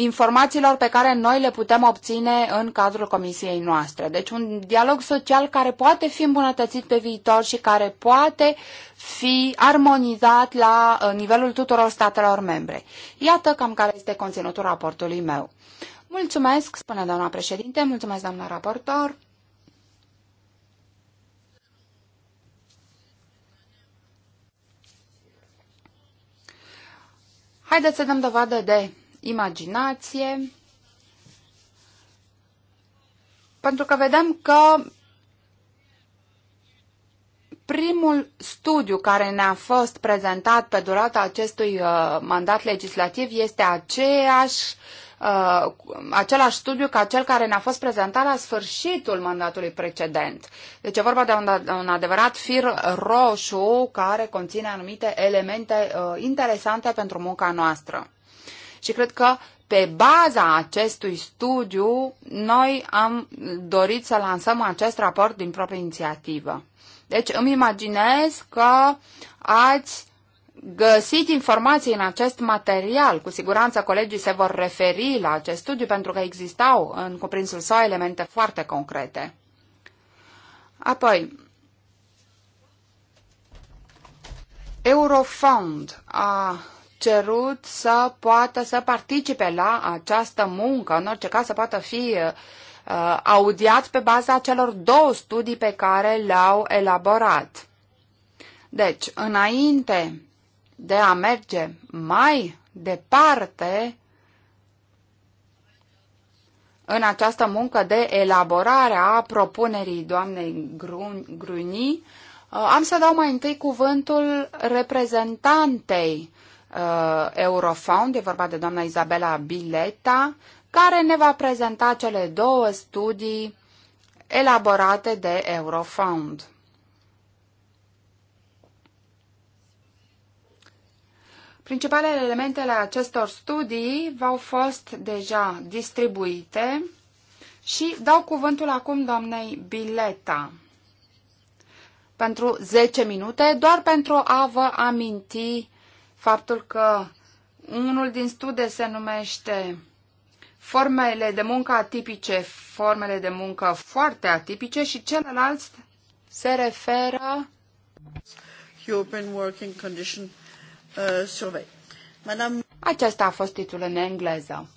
informațiilor pe care noi le putem obține în cadrul comisiei noastre. Deci un dialog social care poate fi îmbunătățit pe viitor și care poate fi armonizat la uh, nivelul tuturor statelor membre. Iată cam care este conținutul raportului meu. Mulțumesc, spune doamna președinte, mulțumesc doamna raportor. Haideți să dăm dovadă de imaginație, pentru că vedem că primul studiu care ne-a fost prezentat pe durata acestui uh, mandat legislativ este aceeași Uh, același studiu ca cel care ne-a fost prezentat la sfârșitul mandatului precedent. Deci e vorba de un, un adevărat fir roșu care conține anumite elemente uh, interesante pentru munca noastră. Și cred că pe baza acestui studiu, noi am dorit să lansăm acest raport din proprie inițiativă. Deci îmi imaginez că ați găsit informații în acest material. Cu siguranță colegii se vor referi la acest studiu pentru că existau în cuprinsul său elemente foarte concrete. Apoi, Eurofond a cerut să poată să participe la această muncă, în orice caz să poată fi uh, audiat pe baza celor două studii pe care le-au elaborat. Deci, înainte de a merge mai departe în această muncă de elaborare a propunerii doamnei Gruni, uh, am să dau mai întâi cuvântul reprezentantei uh, Eurofound, e vorba de doamna Izabela Bileta, care ne va prezenta cele două studii elaborate de Eurofound. Principalele elemente ale acestor studii v-au fost deja distribuite și dau cuvântul acum doamnei Bileta pentru 10 minute, doar pentru a vă aminti faptul că unul din studii se numește formele de muncă atipice, formele de muncă foarte atipice și celălalt se referă European Working Condition uh, Survey. Madame... Acesta a fost titlul în engleză.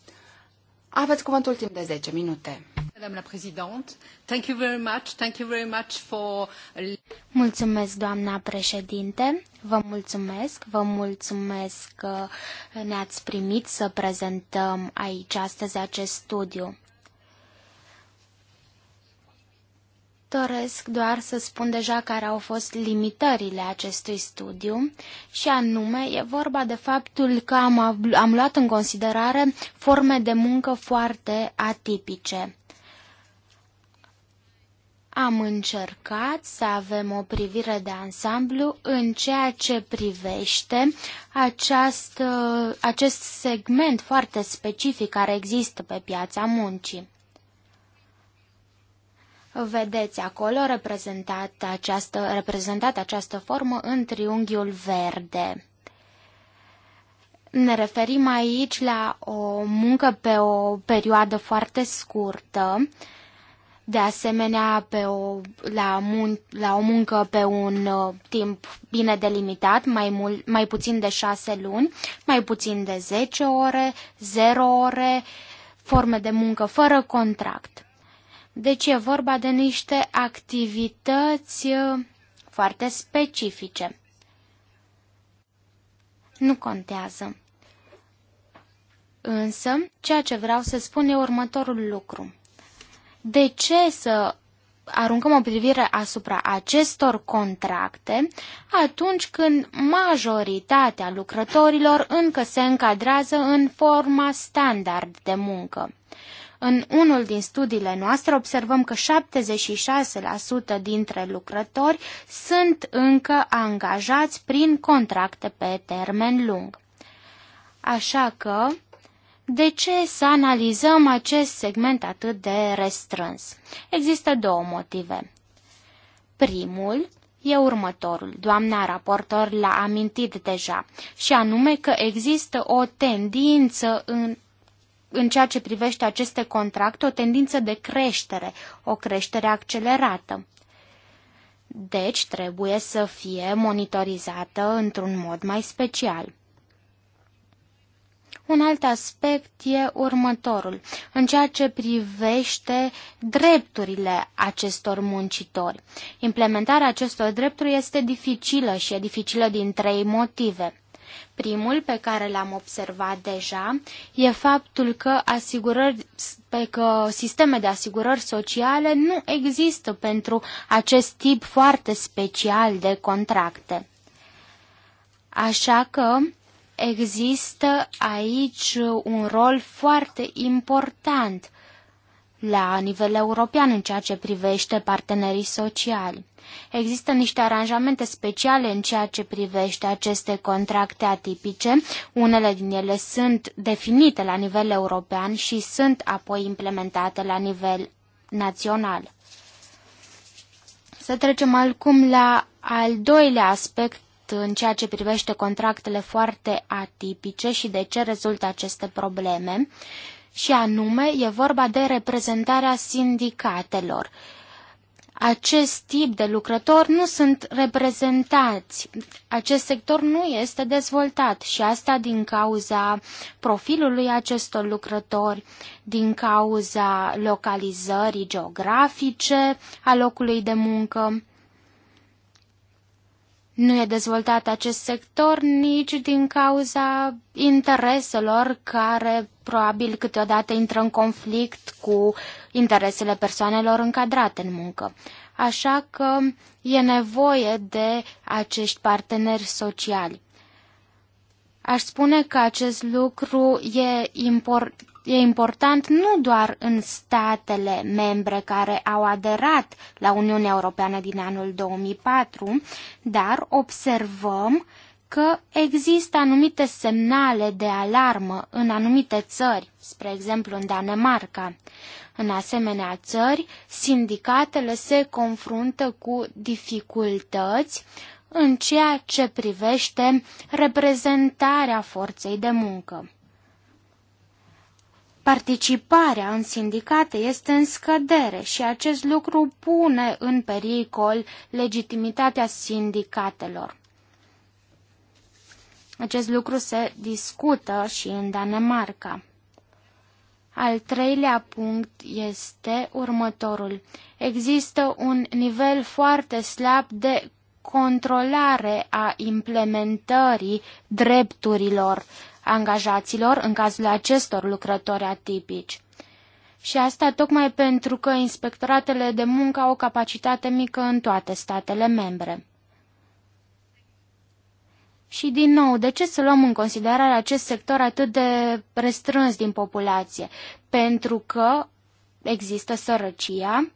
Aveți cuvântul timp de 10 minute. Madame la Présidente, thank you very much, thank you very much for... Uh, mulțumesc, doamna președinte, vă mulțumesc, vă mulțumesc că ne-ați primit să prezentăm aici astăzi acest studiu. doresc doar să spun deja care au fost limitările acestui studiu și anume e vorba de faptul că am, am luat în considerare forme de muncă foarte atipice. Am încercat să avem o privire de ansamblu în ceea ce privește aceast, acest segment foarte specific care există pe piața muncii. Vedeți acolo reprezentat această, reprezentat această formă în triunghiul verde. Ne referim aici la o muncă pe o perioadă foarte scurtă, uh, de asemenea pe o, la, mun, la o muncă pe un uh, timp bine delimitat, mai, mul, mai puțin de 6 luni, mai puțin de 10 ore, 0 ore, forme de muncă fără contract. Deci e vorba de niște activități uh, foarte specifice. Nu contează. Însă, ceea ce vreau să spun e următorul lucru de ce să aruncăm o privire asupra acestor contracte atunci când majoritatea lucrătorilor încă se încadrează în forma standard de muncă. În unul din studiile noastre observăm că 76% dintre lucrători sunt încă angajați prin contracte pe termen lung. Așa că de ce să analizăm acest segment atât de restrâns? Există două motive. Primul e următorul, doamna raportor l-a amintit deja, și anume că există o tendință în în ceea ce privește aceste contracte, o tendință de creștere, o creștere accelerată. Deci trebuie să fie monitorizată într-un mod mai special. Un alt aspect e următorul, în ceea ce privește drepturile acestor muncitori. Implementarea acestor drepturi este dificilă și e dificilă din trei motive. Primul, pe care l-am observat deja, e faptul că, asigurări, pe că sisteme de asigurări sociale nu există pentru acest tip foarte special de contracte. Așa că există aici un rol foarte important la nivel european în ceea ce privește partenerii sociali. Există niște aranjamente speciale în ceea ce privește aceste contracte atipice. Unele din ele sunt definite la nivel european și sunt apoi implementate la nivel național. Să trecem acum la al doilea aspect în ceea ce privește contractele foarte atipice și de ce rezultă aceste probleme, și anume e vorba de reprezentarea sindicatelor. Acest tip de lucrători nu sunt reprezentați. Acest sector nu este dezvoltat și asta din cauza profilului acestor lucrători, din cauza localizării geografice a locului de muncă. Nu e dezvoltat acest sector nici din cauza intereselor care probabil câteodată intră în conflict cu interesele persoanelor încadrate în muncă. Așa că e nevoie de acești parteneri sociali. Aș spune că acest lucru e, import, e important nu doar în statele membre care au aderat la Uniunea Europeană din anul 2004, dar observăm că există anumite semnale de alarmă în anumite țări, spre exemplu în Danemarca. În asemenea țări, sindicatele se confruntă cu dificultăți în ceea ce privește reprezentarea forței de muncă. Participarea în sindicate este în scădere și acest lucru pune în pericol legitimitatea sindicatelor. Acest lucru se discută și în Danemarca. Al treilea punct este următorul. Există un nivel foarte slab de controlare a implementării drepturilor angajaților în cazul acestor lucrători atipici. Și asta tocmai pentru că inspectoratele de muncă au o capacitate mică în toate statele membre. Și din nou, de ce să luăm în considerare acest sector atât de restrâns din populație? Pentru că există sărăcia,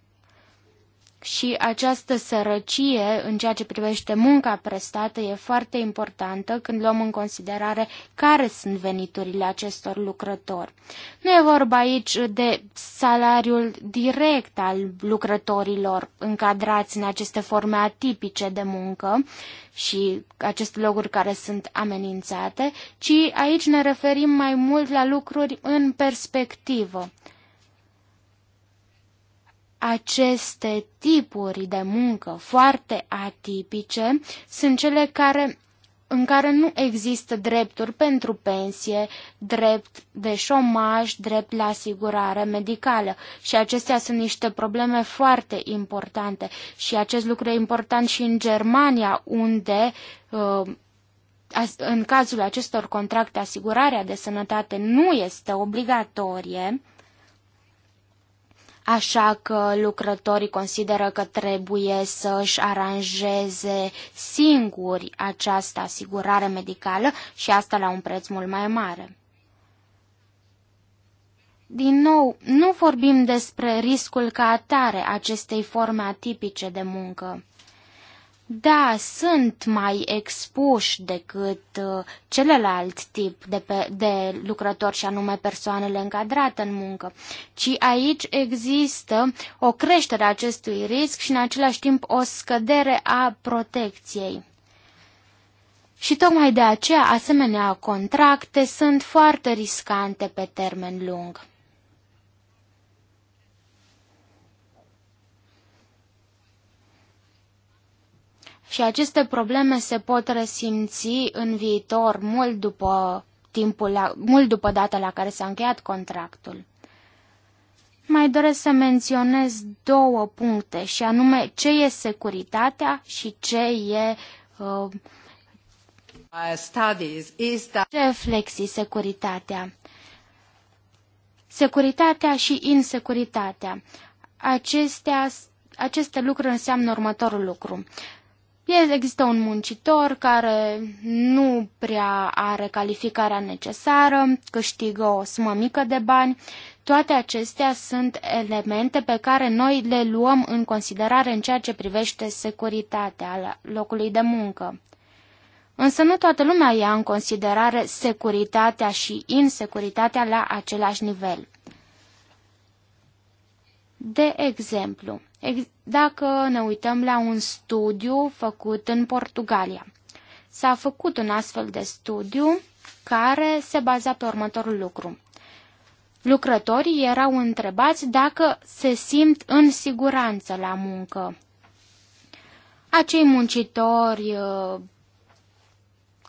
și această sărăcie în ceea ce privește munca prestată e foarte importantă când luăm în considerare care sunt veniturile acestor lucrători. Nu e vorba aici de salariul direct al lucrătorilor încadrați în aceste forme atipice de muncă și aceste locuri care sunt amenințate, ci aici ne referim mai mult la lucruri în perspectivă aceste tipuri de muncă foarte atipice sunt cele care, în care nu există drepturi pentru pensie, drept de șomaj, drept la asigurare medicală. Și acestea sunt niște probleme foarte importante. Și acest lucru e important și în Germania, unde uh, în cazul acestor contracte, asigurarea de sănătate nu este obligatorie, Așa că lucrătorii consideră că trebuie să își aranjeze singuri această asigurare medicală și asta la un preț mult mai mare. Din nou, nu vorbim despre riscul ca atare acestei forme atipice de muncă. Da, sunt mai expuși decât uh, celălalt tip de, pe, de lucrători și anume persoanele încadrate în muncă, ci aici există o creștere a acestui risc și în același timp o scădere a protecției. Și tocmai de aceea asemenea contracte sunt foarte riscante pe termen lung. și aceste probleme se pot resimți în viitor mult după, timpul la, mult după data la care s-a încheiat contractul. Mai doresc să menționez două puncte și anume ce e securitatea și ce e uh, ce flexi securitatea. Securitatea și insecuritatea. Acestea, aceste lucruri înseamnă următorul lucru. Există un muncitor care nu prea are calificarea necesară, câștigă o sumă mică de bani. Toate acestea sunt elemente pe care noi le luăm în considerare în ceea ce privește securitatea locului de muncă. Însă nu toată lumea ia în considerare securitatea și insecuritatea la același nivel. De exemplu, ex dacă ne uităm la un studiu făcut în Portugalia, s-a făcut un astfel de studiu care se baza pe următorul lucru. Lucrătorii erau întrebați dacă se simt în siguranță la muncă. Acei muncitori uh,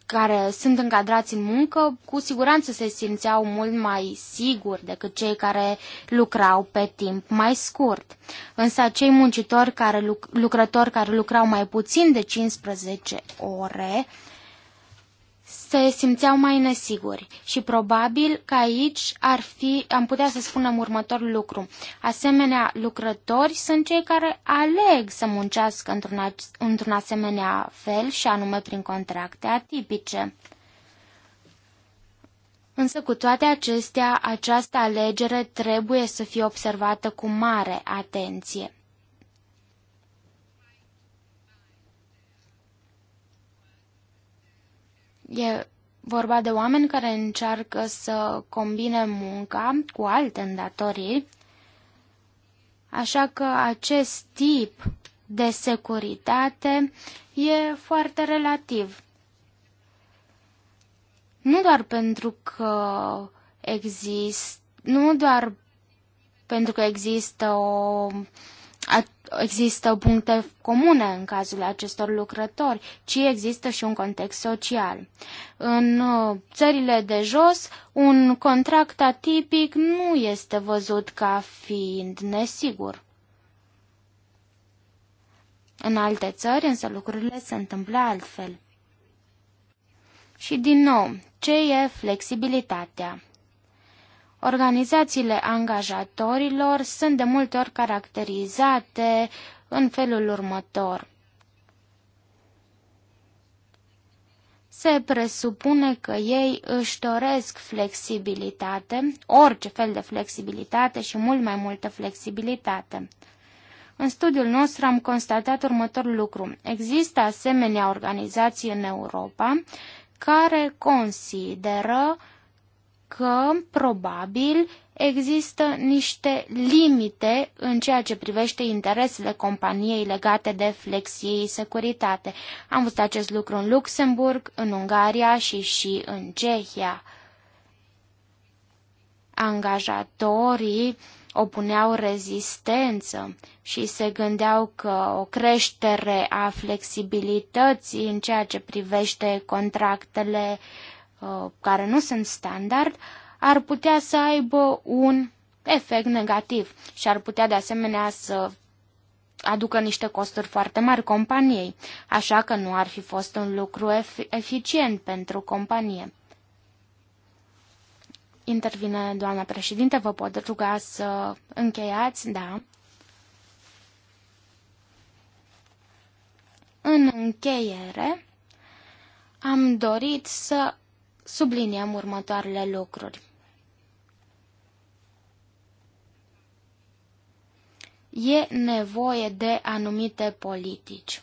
care sunt încadrați în muncă, cu siguranță se simțeau mult mai siguri decât cei care lucrau pe timp mai scurt. Însă cei muncitori care lucrători care lucrau mai puțin de 15 ore se simțeau mai nesiguri și probabil că aici ar fi, am putea să spunem următorul lucru. Asemenea, lucrători sunt cei care aleg să muncească într-un, într-un asemenea fel și anume prin contracte atipice. Însă cu toate acestea, această alegere trebuie să fie observată cu mare atenție. E vorba de oameni care încearcă să combine munca cu alte îndatoriri, așa că acest tip de securitate e foarte relativ. Nu doar pentru că există, nu doar pentru că există o există puncte comune în cazul acestor lucrători, ci există și un context social. În uh, țările de jos, un contract atipic nu este văzut ca fiind nesigur. În alte țări, însă, lucrurile se întâmplă altfel. Și din nou, ce e flexibilitatea? Organizațiile angajatorilor sunt de multe ori caracterizate în felul următor. Se presupune că ei își doresc flexibilitate, orice fel de flexibilitate și mult mai multă flexibilitate. În studiul nostru am constatat următorul lucru. Există asemenea organizații în Europa care consideră că probabil există niște limite în ceea ce privește interesele companiei legate de flexii securitate. Am văzut acest lucru în Luxemburg, în Ungaria și și în Cehia. Angajatorii opuneau rezistență și se gândeau că o creștere a flexibilității în ceea ce privește contractele uh, Uh, care nu sunt standard ar putea să aibă un efect negativ și ar putea de asemenea să aducă niște costuri foarte mari companiei, așa că nu ar fi fost un lucru eficient pentru companie. Intervine doamna președinte, vă pot ruga să încheiați, da. În încheiere, am dorit să subliniem următoarele lucruri. E nevoie de anumite politici.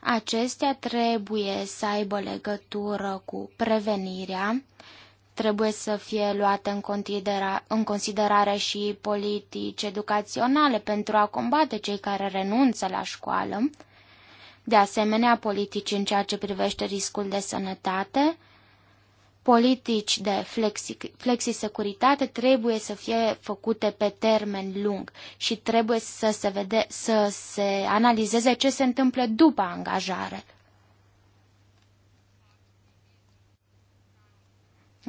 Acestea trebuie să aibă legătură cu prevenirea, trebuie să fie luate în, considera în considerare și politici educaționale pentru a combate cei care renunță la școală, de asemenea politici în ceea ce privește riscul de sănătate, politici de flexi, flexisecuritate trebuie să fie făcute pe termen lung și trebuie să se, vede, să se analizeze ce se întâmplă după angajare.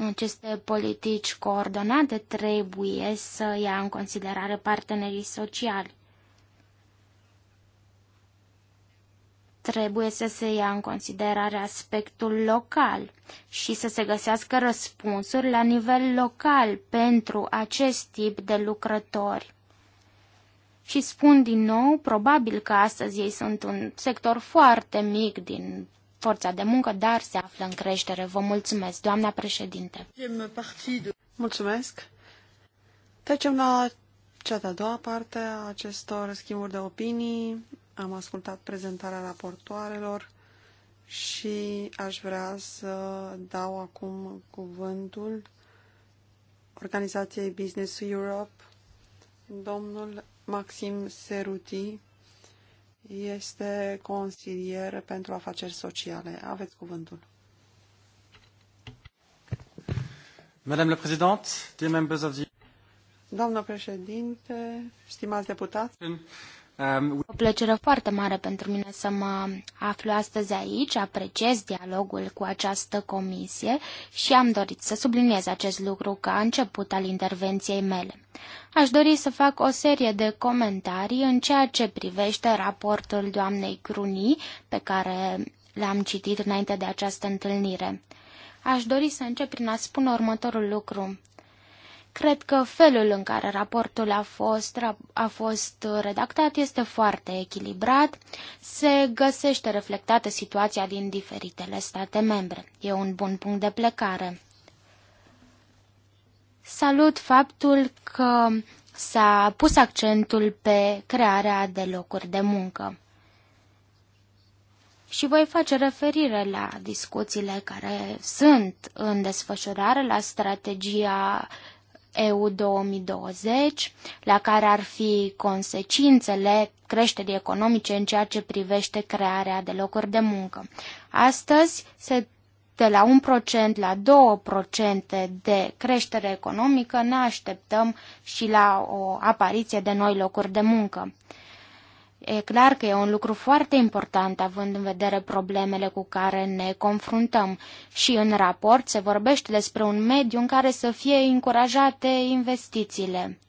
Aceste politici coordonate trebuie să ia în considerare partenerii sociali. trebuie să se ia în considerare aspectul local și să se găsească răspunsuri la nivel local pentru acest tip de lucrători. Și spun din nou, probabil că astăzi ei sunt un sector foarte mic din forța de muncă, dar se află în creștere. Vă mulțumesc, doamna președinte. Mulțumesc. Trecem la cea de-a doua parte a acestor schimburi de opinii am ascultat prezentarea raportoarelor și aș vrea să dau acum cuvântul organizației Business Europe. Domnul Maxim Seruti este consilier pentru afaceri sociale. Aveți cuvântul. Madame la Présidente, dear members of the... Doamnă președinte, stimați deputați, Um, o plăcere foarte mare pentru mine să mă aflu astăzi aici, apreciez dialogul cu această comisie și am dorit să subliniez acest lucru ca început al intervenției mele. Aș dori să fac o serie de comentarii în ceea ce privește raportul doamnei Cruni, pe care l-am citit înainte de această întâlnire. Aș dori să încep prin a spune următorul lucru. Cred că felul în care raportul a fost, a fost redactat este foarte echilibrat, se găsește reflectată situația din diferitele state membre. E un bun punct de plecare. Salut faptul că s-a pus accentul pe crearea de locuri de muncă. Și voi face referire la discuțiile care sunt în desfășurare, la strategia EU 2020, la care ar fi consecințele creșterii economice în ceea ce privește crearea de locuri de muncă. Astăzi se de la 1% la 2% de creștere economică ne așteptăm și la o apariție de noi locuri de muncă. E clar că e un lucru foarte important, având în vedere problemele cu care ne confruntăm. Și în raport se vorbește despre un mediu în care să fie încurajate investițiile.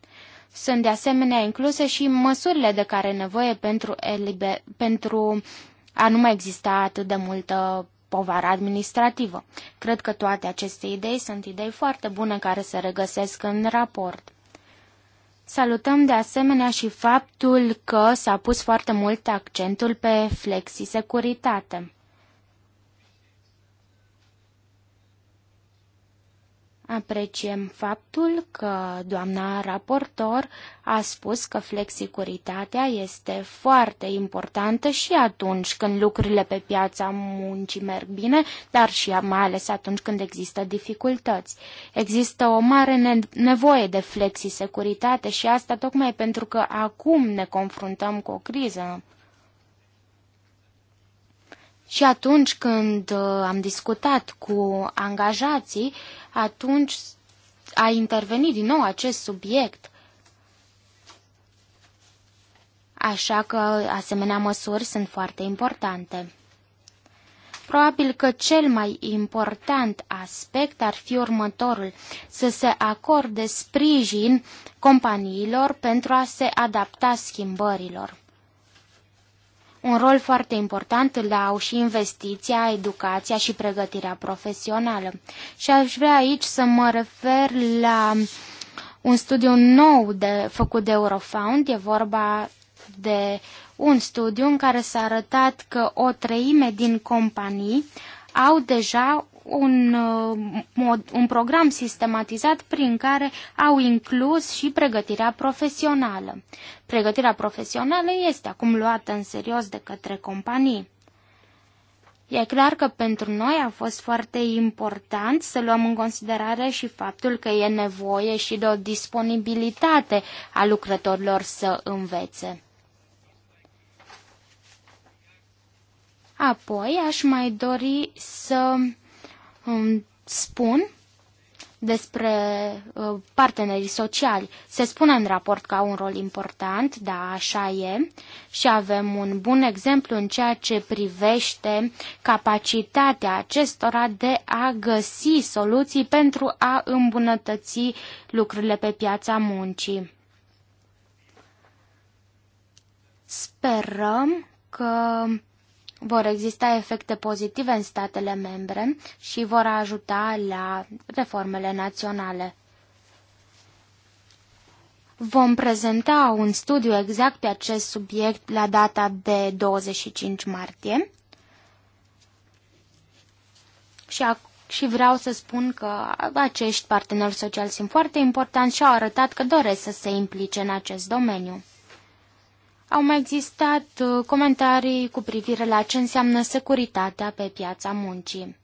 Sunt de asemenea incluse și măsurile de care e nevoie pentru, elibe, pentru a nu mai exista atât de multă povară administrativă. Cred că toate aceste idei sunt idei foarte bune care se regăsesc în raport. Salutăm de asemenea și faptul că s-a pus foarte mult accentul pe flexisecuritate. Apreciem faptul că doamna raportor a spus că flexicuritatea este foarte importantă și atunci când lucrurile pe piața muncii merg bine, dar și mai ales atunci când există dificultăți. Există o mare nevoie de flexisecuritate și asta tocmai pentru că acum ne confruntăm cu o criză și atunci când uh, am discutat cu angajații, atunci a intervenit din nou acest subiect. Așa că asemenea măsuri sunt foarte importante. Probabil că cel mai important aspect ar fi următorul, să se acorde sprijin companiilor pentru a se adapta schimbărilor. Un rol foarte important îl au și investiția, educația și pregătirea profesională. Și aș vrea aici să mă refer la un studiu nou de, făcut de Eurofound. E vorba de un studiu în care s-a arătat că o treime din companii au deja un, uh, mod, un program sistematizat prin care au inclus și pregătirea profesională. Pregătirea profesională este acum luată în serios de către companii. E clar că pentru noi a fost foarte important să luăm în considerare și faptul că e nevoie și de o disponibilitate a lucrătorilor să învețe. Apoi aș mai dori să îmi spun despre uh, partenerii sociali. Se spune în raport că au un rol important, da, așa e, și avem un bun exemplu în ceea ce privește capacitatea acestora de a găsi soluții pentru a îmbunătăți lucrurile pe piața muncii. Sperăm că vor exista efecte pozitive în statele membre și vor ajuta la reformele naționale. Vom prezenta un studiu exact pe acest subiect la data de 25 martie. Și, a, și vreau să spun că acești parteneri sociali sunt foarte importanți și au arătat că doresc să se implice în acest domeniu. Au mai existat uh, comentarii cu privire la ce înseamnă securitatea pe piața muncii.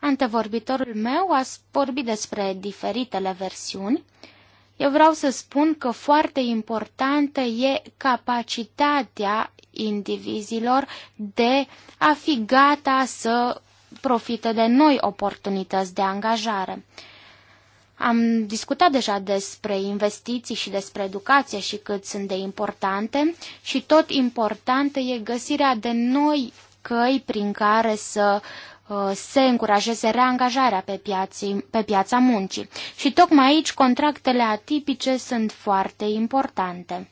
Antevorbitorul meu a vorbit despre diferitele versiuni. Eu vreau să spun că foarte importantă e capacitatea indivizilor de a fi gata să profite de noi oportunități de angajare. Am discutat deja despre investiții și despre educație și cât sunt de importante și tot importantă e găsirea de noi căi prin care să uh, se încurajeze reangajarea pe, piații, pe piața muncii. Și tocmai aici contractele atipice sunt foarte importante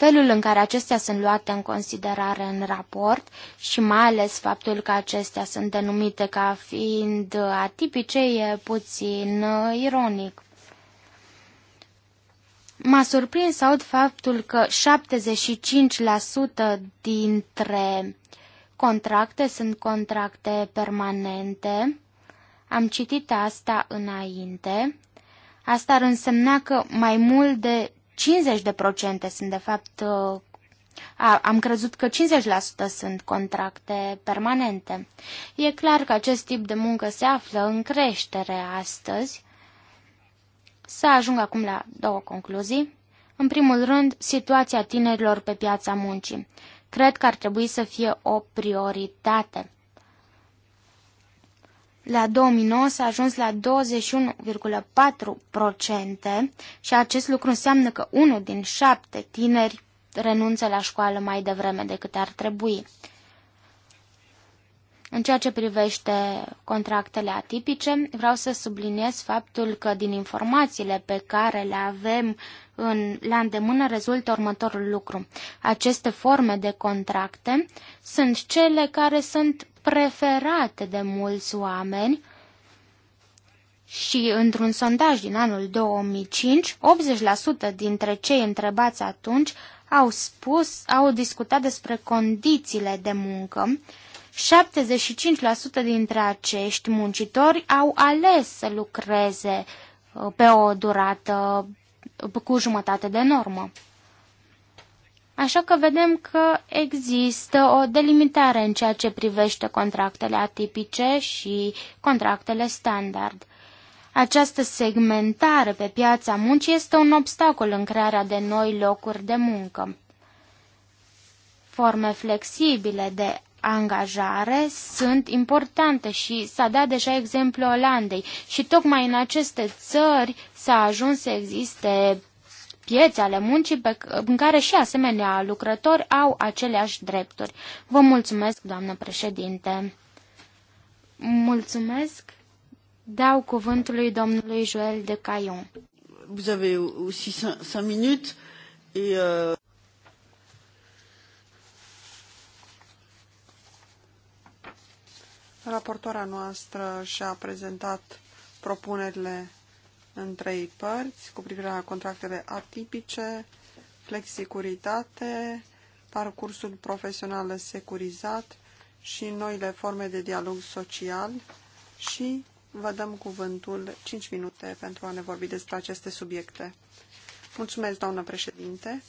felul în care acestea sunt luate în considerare în raport și mai ales faptul că acestea sunt denumite ca fiind atipice e puțin uh, ironic. M-a surprins să aud faptul că 75% dintre contracte sunt contracte permanente. Am citit asta înainte. Asta ar însemna că mai mult de 50% sunt de fapt, uh, a, am crezut că 50% sunt contracte permanente. E clar că acest tip de muncă se află în creștere astăzi. Să ajung acum la două concluzii. În primul rând, situația tinerilor pe piața muncii. Cred că ar trebui să fie o prioritate. La 2009 s-a ajuns la 21,4% și acest lucru înseamnă că unul din șapte tineri renunță la școală mai devreme decât ar trebui. În ceea ce privește contractele atipice, vreau să subliniez faptul că din informațiile pe care le avem în, la îndemână rezultă următorul lucru. Aceste forme de contracte sunt cele care sunt preferate de mulți oameni și într-un sondaj din anul 2005, 80% dintre cei întrebați atunci au spus, au discutat despre condițiile de muncă. 75% dintre acești muncitori au ales să lucreze uh, pe o durată uh, cu jumătate de normă. Așa că vedem că există o delimitare în ceea ce privește contractele atipice și contractele standard. Această segmentare pe piața muncii este un obstacol în crearea de noi locuri de muncă. Forme flexibile de angajare sunt importante și s-a dat deja exemplu Olandei și tocmai în aceste țări s-a ajuns să existe pieți ale muncii pe, în care și asemenea lucrători au aceleași drepturi. Vă mulțumesc, doamnă președinte. Mulțumesc. Dau cuvântul lui domnului Joel de Caillon. Vous avez aussi 5 minutes et euh... Raportoarea noastră și-a prezentat propunerile în trei părți cu privire la contractele atipice, flexicuritate, parcursul profesional securizat și noile forme de dialog social și vă dăm cuvântul 5 minute pentru a ne vorbi despre aceste subiecte. Mulțumesc, doamnă președinte!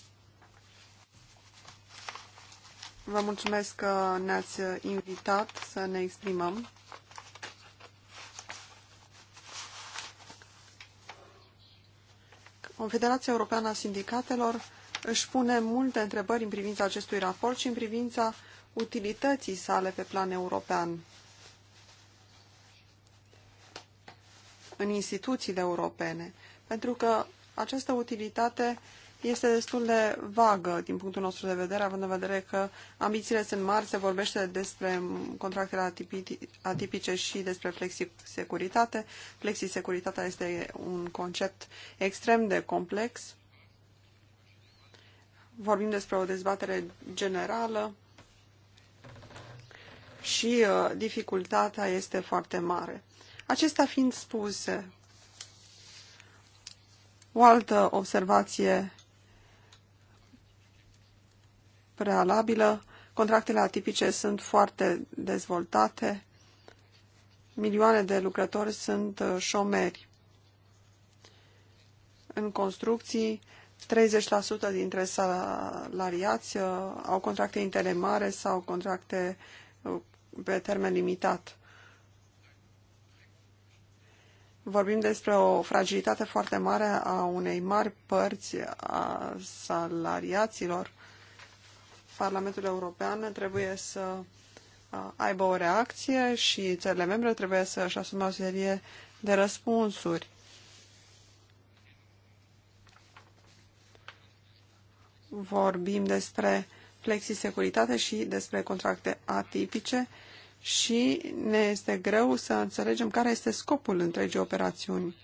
Vă mulțumesc că ne-ați invitat să ne exprimăm. Confederația Europeană a Sindicatelor își pune multe întrebări în privința acestui raport și în privința utilității sale pe plan european. În instituțiile europene, pentru că această utilitate este destul de vagă din punctul nostru de vedere, având în vedere că ambițiile sunt mari, se vorbește despre contractele atipice și despre flexi- securitate. Flexi- securitatea este un concept extrem de complex. Vorbim despre o dezbatere generală și uh, dificultatea este foarte mare. Acestea fiind spuse, o altă observație prealabilă. Contractele atipice sunt foarte dezvoltate. Milioane de lucrători sunt uh, șomeri. În construcții, 30% dintre salariați uh, au contracte interemare sau contracte uh, pe termen limitat. Vorbim despre o fragilitate foarte mare a unei mari părți a salariaților Parlamentul European trebuie să aibă o reacție și țările membre trebuie să își asume o serie de răspunsuri. Vorbim despre flexisecuritate și despre contracte atipice și ne este greu să înțelegem care este scopul întregii operațiuni.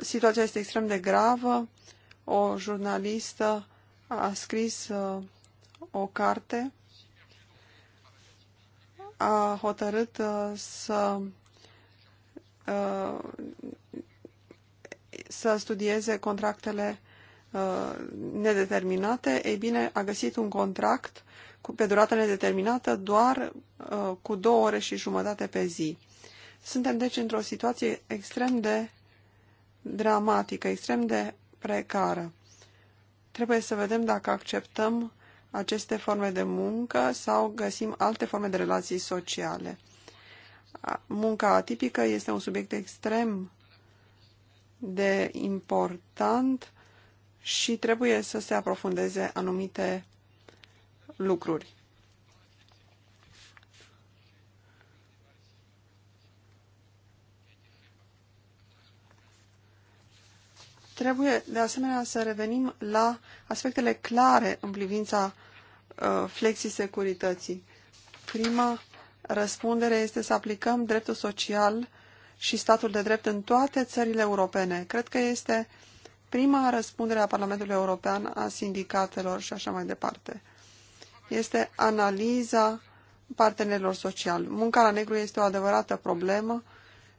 situația este extrem de gravă. O jurnalistă a scris uh, o carte, a hotărât uh, să uh, să studieze contractele nedeterminate, ei bine, a găsit un contract cu, pe durată nedeterminată doar cu două ore și jumătate pe zi. Suntem deci într-o situație extrem de dramatică, extrem de precară. Trebuie să vedem dacă acceptăm aceste forme de muncă sau găsim alte forme de relații sociale. Munca atipică este un subiect extrem de important și trebuie să se aprofundeze anumite lucruri. Trebuie, de asemenea, să revenim la aspectele clare în privința uh, securității Prima răspundere este să aplicăm dreptul social și statul de drept în toate țările europene. Cred că este prima răspundere a Parlamentului European, a sindicatelor și așa mai departe. Este analiza partenerilor sociali. Munca la negru este o adevărată problemă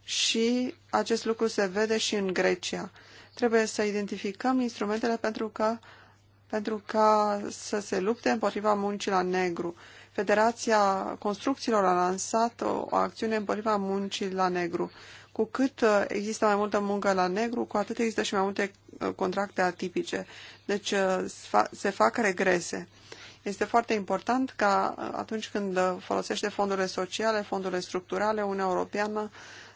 și acest lucru se vede și în Grecia. Trebuie să identificăm instrumentele pentru ca, pentru ca să se lupte împotriva muncii la negru. Federația Construcțiilor a lansat o, o acțiune împotriva muncii la negru. Cu cât uh, există mai multă muncă la negru, cu atât există și mai multe uh, contracte atipice. Deci uh, se fac regrese. Este foarte important ca atunci când folosește fondurile sociale, fondurile structurale, Uniunea Europeană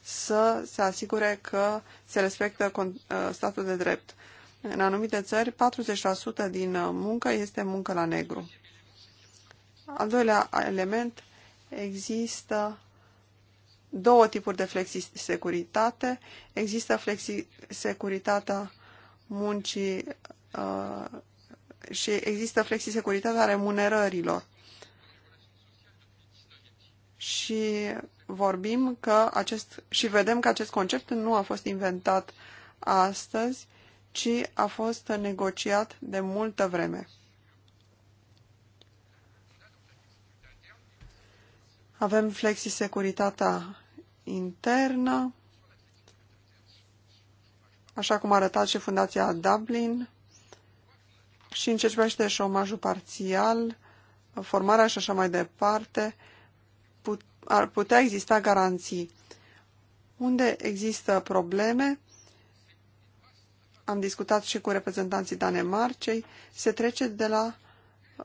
să se asigure că se respectă uh, statul de drept. În anumite țări, 40% din muncă este muncă la negru. Al doilea element, există două tipuri de flexisecuritate. Există flexisecuritatea muncii uh, și există flexisecuritatea remunerărilor. Și vorbim că acest, și vedem că acest concept nu a fost inventat astăzi, ci a fost negociat de multă vreme. Avem flexisecuritatea internă, așa cum a arătat și Fundația Dublin, și în ce privește șomajul parțial, formarea și așa mai departe, ar putea exista garanții. Unde există probleme, am discutat și cu reprezentanții Danemarcei, se trece de la...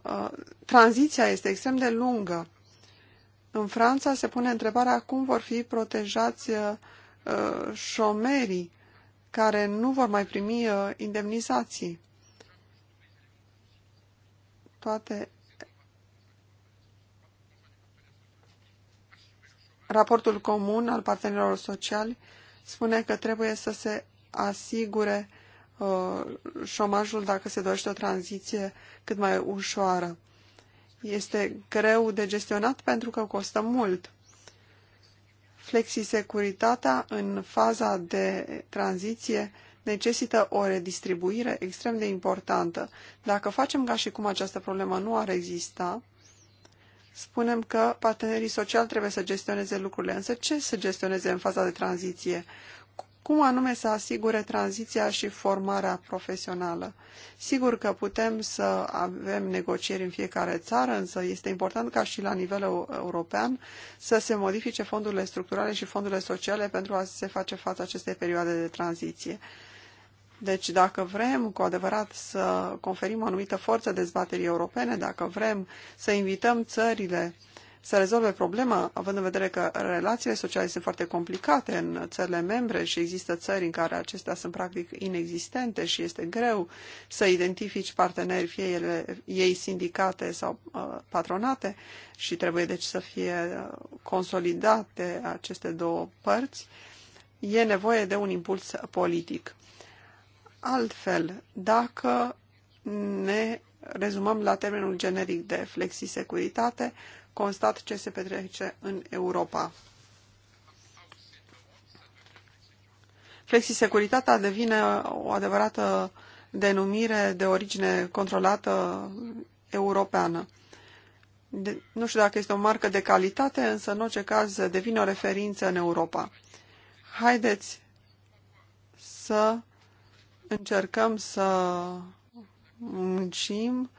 Uh, tranziția este extrem de lungă. În Franța se pune întrebarea cum vor fi protejați uh, șomerii care nu vor mai primi uh, indemnizații. Toate Raportul comun al partenerilor sociali spune că trebuie să se asigure uh, șomajul dacă se dorește o tranziție cât mai ușoară. Este greu de gestionat pentru că costă mult. Flexisecuritatea în faza de tranziție necesită o redistribuire extrem de importantă. Dacă facem ca și cum această problemă nu ar exista, spunem că partenerii sociali trebuie să gestioneze lucrurile. Însă ce să gestioneze în faza de tranziție? Cum anume să asigure tranziția și formarea profesională? Sigur că putem să avem negocieri în fiecare țară, însă este important ca și la nivel european să se modifice fondurile structurale și fondurile sociale pentru a se face față acestei perioade de tranziție. Deci dacă vrem cu adevărat să conferim o anumită forță dezbaterii europene, dacă vrem să invităm țările să rezolve problema, având în vedere că relațiile sociale sunt foarte complicate în țările membre și există țări în care acestea sunt practic inexistente și este greu să identifici parteneri, fie ele, ei sindicate sau uh, patronate și trebuie deci să fie uh, consolidate aceste două părți, e nevoie de un impuls politic altfel dacă ne rezumăm la termenul generic de flexisecuritate, constat ce se petrece în Europa. Flexisecuritatea devine o adevărată denumire de origine controlată europeană. De, nu știu dacă este o marcă de calitate, însă în orice caz devine o referință în Europa. Haideți să Încercăm să muncim.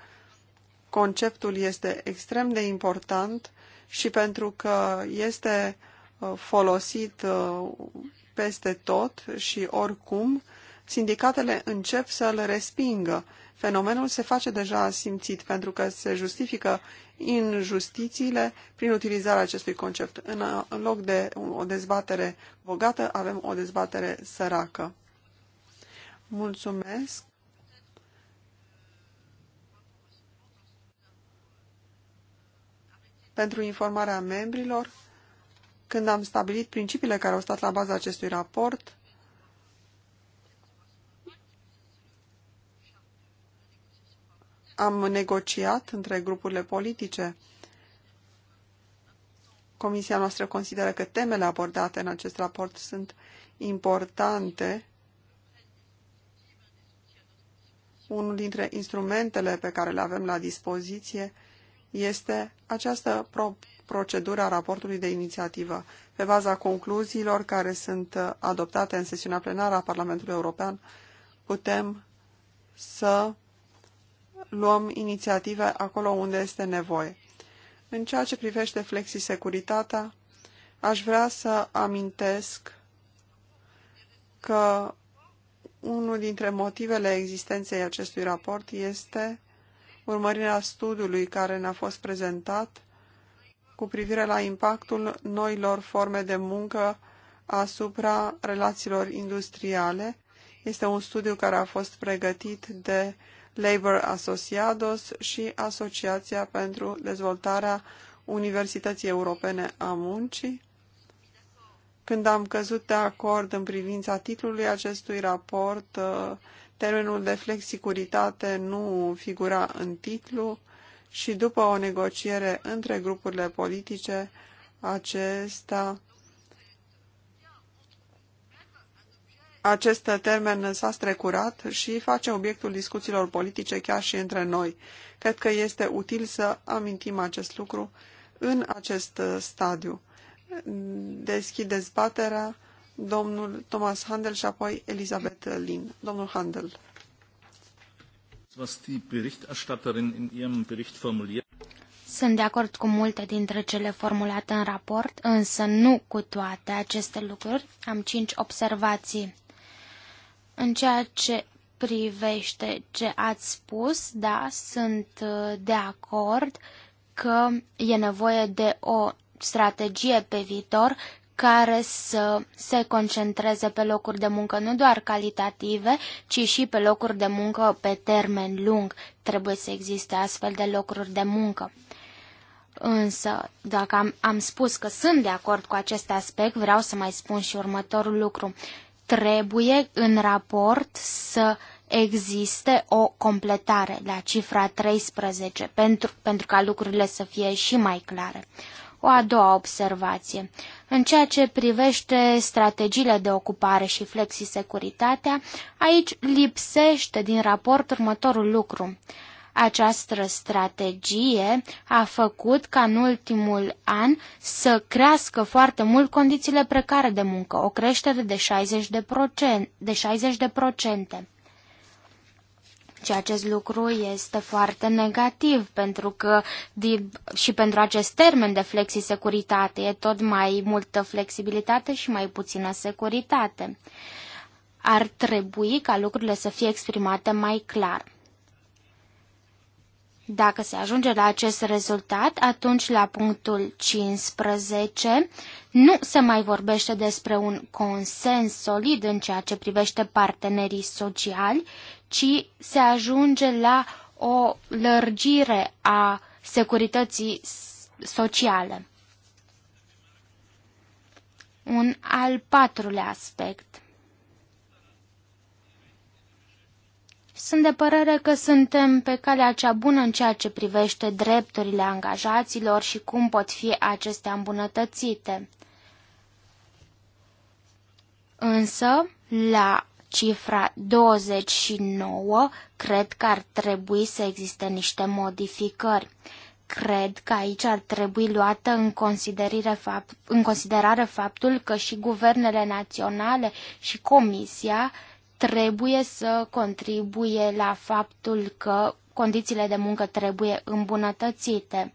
Conceptul este extrem de important și pentru că este uh, folosit uh, peste tot și oricum, sindicatele încep să-l respingă. Fenomenul se face deja simțit pentru că se justifică injustițiile prin utilizarea acestui concept. În loc de o dezbatere bogată, avem o dezbatere săracă. Mulțumesc. Pentru informarea membrilor, când am stabilit principiile care au stat la baza acestui raport, am negociat între grupurile politice. Comisia noastră consideră că temele abordate în acest raport sunt importante Unul dintre instrumentele pe care le avem la dispoziție este această pro procedură a raportului de inițiativă. Pe baza concluziilor care sunt uh, adoptate în sesiunea plenară a Parlamentului European, putem să luăm inițiative acolo unde este nevoie. În ceea ce privește flexisecuritatea, aș vrea să amintesc că unul dintre motivele existenței acestui raport este urmărirea studiului care ne-a fost prezentat cu privire la impactul noilor forme de muncă asupra relațiilor industriale. Este un studiu care a fost pregătit de Labor Associados și Asociația pentru Dezvoltarea Universității Europene a Muncii. Când am căzut de acord în privința titlului acestui raport, uh, termenul de flexicuritate nu figura în titlu și după o negociere între grupurile politice, acesta acest termen s-a strecurat și face obiectul discuțiilor politice chiar și între noi. Cred că este util să amintim acest lucru în acest uh, stadiu deschid dezbaterea domnul Thomas Handel și apoi Elizabeth Lin. Domnul Handel. Sunt de acord cu multe dintre cele formulate în raport, însă nu cu toate aceste lucruri. Am cinci observații. În ceea ce privește ce ați spus, da, sunt uh, de acord că e nevoie de o strategie pe viitor care să se concentreze pe locuri de muncă nu doar calitative, ci și pe locuri de muncă pe termen lung. Trebuie să existe astfel de locuri de muncă. Însă, dacă am, am spus că sunt de acord cu acest aspect, vreau să mai spun și următorul lucru. Trebuie în raport să existe o completare la cifra 13 pentru, pentru ca lucrurile să fie și mai clare. Uh, o a doua observație. În ceea ce privește strategiile de ocupare și flexisecuritatea, aici lipsește din raport următorul lucru. Această strategie a făcut ca în ultimul an să crească foarte mult condițiile precare de muncă, o creștere de 60%. De 60%. Și acest lucru este foarte negativ pentru că și pentru acest termen de flexisecuritate e tot mai multă flexibilitate și mai puțină securitate. Ar trebui ca lucrurile să fie exprimate mai clar. Dacă se ajunge la acest rezultat, atunci la punctul 15 nu se mai vorbește despre un consens solid în ceea ce privește partenerii sociali, ci se ajunge la o lărgire a securității sociale. Un al patrulea aspect. Sunt de părere că suntem pe calea cea bună în ceea ce privește drepturile angajaților și cum pot fi acestea îmbunătățite. Însă, la cifra 29, cred că ar trebui să existe niște modificări. Cred că aici ar trebui luată în, fapt, în considerare faptul că și guvernele naționale și Comisia trebuie să contribuie la faptul că condițiile de muncă trebuie îmbunătățite.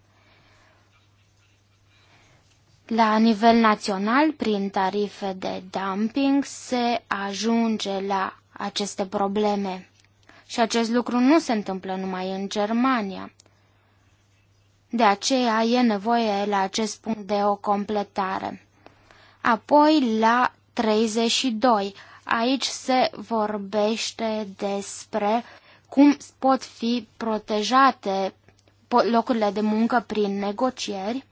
La nivel național, prin tarife de dumping, se ajunge la aceste probleme. Și acest lucru nu se întâmplă numai în Germania. De aceea e nevoie la acest punct de o completare. Apoi la 32. Aici se vorbește despre cum pot fi protejate locurile de muncă prin negocieri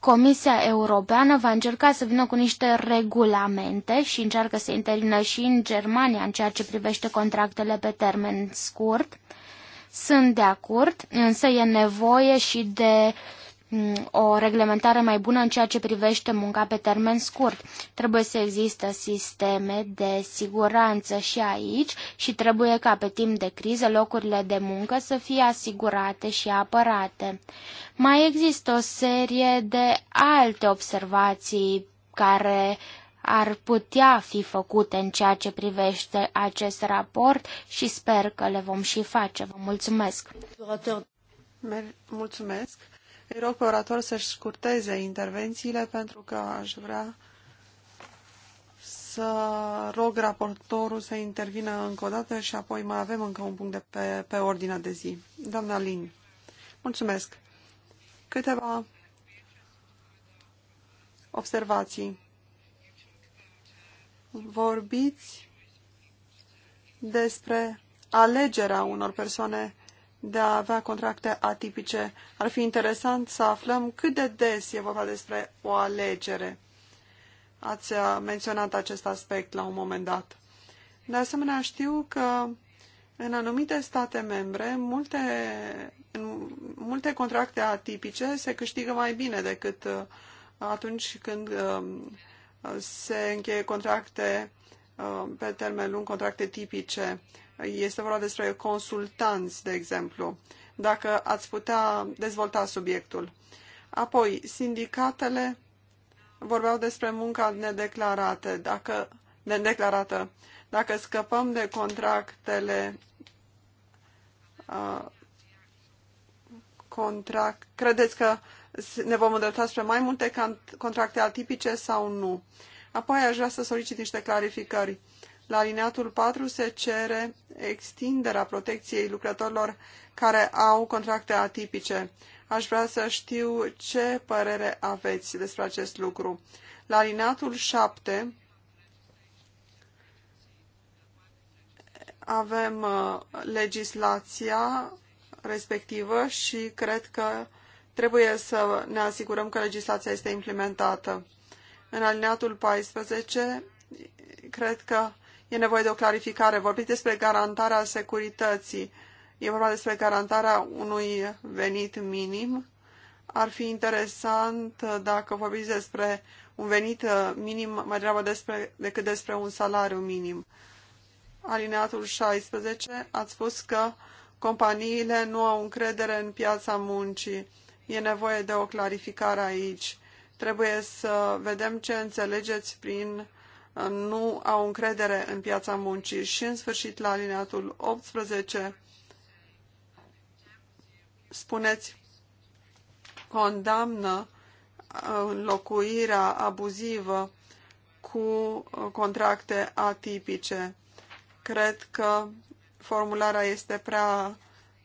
Comisia Europeană va încerca să vină cu niște regulamente și încearcă să intervină și în Germania în ceea ce privește contractele pe termen scurt. Sunt de acord, însă e nevoie și de Mm, o reglementare mai bună în ceea ce privește munca pe termen scurt. Trebuie să există sisteme de siguranță și aici și trebuie ca pe timp de criză locurile de muncă să fie asigurate și apărate. Mai există o serie de alte observații care ar putea fi făcute în ceea ce privește acest raport și sper că le vom și face. Vă mulțumesc! Mulțumesc! Îi rog pe orator să-și scurteze intervențiile pentru că aș vrea să rog raportorul să intervină încă o dată și apoi mai avem încă un punct de pe, pe ordinea de zi. Doamna Lin, mulțumesc. Câteva observații. Vorbiți despre alegerea unor persoane de a avea contracte atipice. Ar fi interesant să aflăm cât de des e vorba despre o alegere. Ați uh, menționat acest aspect la un moment dat. De asemenea, știu că în anumite state membre, multe, în multe contracte atipice se câștigă mai bine decât uh, atunci când uh, se încheie contracte pe termen lung, contracte tipice. Este vorba despre consultanți, de exemplu. Dacă ați putea dezvolta subiectul. Apoi, sindicatele vorbeau despre munca nedeclarată. Dacă, nedeclarată. Dacă scăpăm de contractele uh, contract, credeți că ne vom îndrepta spre mai multe contracte atipice sau nu? Apoi aș vrea să solicit niște clarificări. La alineatul 4 se cere extinderea protecției lucrătorilor care au contracte atipice. Aș vrea să știu ce părere aveți despre acest lucru. La alineatul 7 avem uh, legislația respectivă și cred că trebuie să ne asigurăm că legislația este implementată. În alineatul 14 cred că E nevoie de o clarificare. Vorbiți despre garantarea securității. E vorba despre garantarea unui venit minim. Ar fi interesant dacă vorbiți despre un venit uh, minim mai degrabă despre, decât despre un salariu minim. Alineatul 16, ați spus că companiile nu au încredere în piața muncii. E nevoie de o clarificare aici. Trebuie să vedem ce înțelegeți prin nu au încredere în piața muncii și, în sfârșit, la alineatul 18, spuneți, condamnă uh, înlocuirea abuzivă cu uh, contracte atipice. Cred că formularea este prea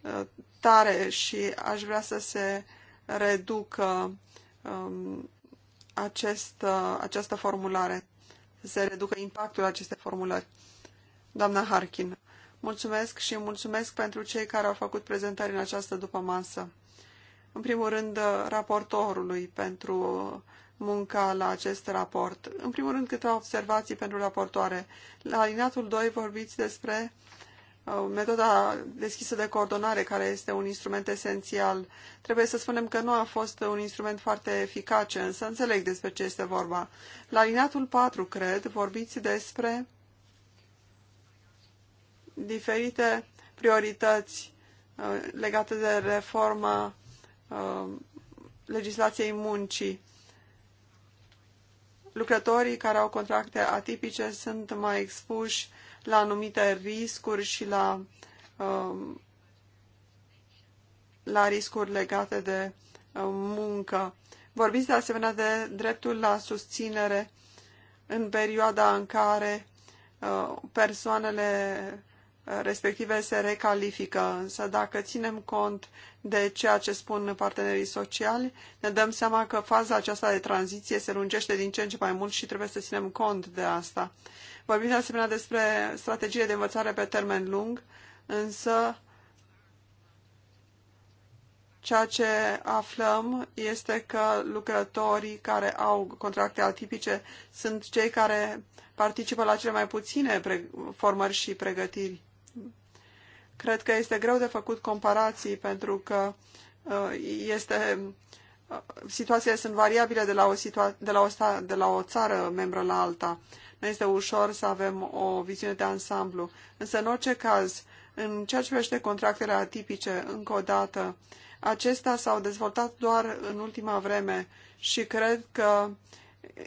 uh, tare și aș vrea să se reducă um, acest, această formulare se reducă impactul acestei formulări. Doamna Harkin, mulțumesc și mulțumesc pentru cei care au făcut prezentări în această dupămasă. În primul rând, raportorului pentru munca la acest raport. În primul rând, câteva observații pentru raportoare. La alineatul 2 vorbiți despre metoda deschisă de coordonare, care este un instrument esențial. Trebuie să spunem că nu a fost un instrument foarte eficace, însă înțeleg despre ce este vorba. La alineatul 4, cred, vorbiți despre diferite priorități uh, legate de reforma uh, legislației muncii lucrătorii care au contracte atipice sunt mai expuși la anumite riscuri și la, um, la riscuri legate de uh, muncă. Vorbiți de asemenea de dreptul la susținere în perioada în care uh, persoanele respective se recalifică. Însă dacă ținem cont de ceea ce spun partenerii sociali, ne dăm seama că faza aceasta de tranziție se lungește din ce în ce mai mult și trebuie să ținem cont de asta. Vorbim de asemenea despre strategie de învățare pe termen lung, însă ceea ce aflăm este că lucrătorii care au contracte atipice sunt cei care participă la cele mai puține formări și pregătiri. Cred că este greu de făcut comparații pentru că uh, este, uh, situațiile sunt variabile de la, o situa- de, la o sta- de la o țară membră la alta. Nu este ușor să avem o viziune de ansamblu. Însă, în orice caz, în ceea ce privește contractele atipice, încă o dată, acestea s-au dezvoltat doar în ultima vreme și cred că uh,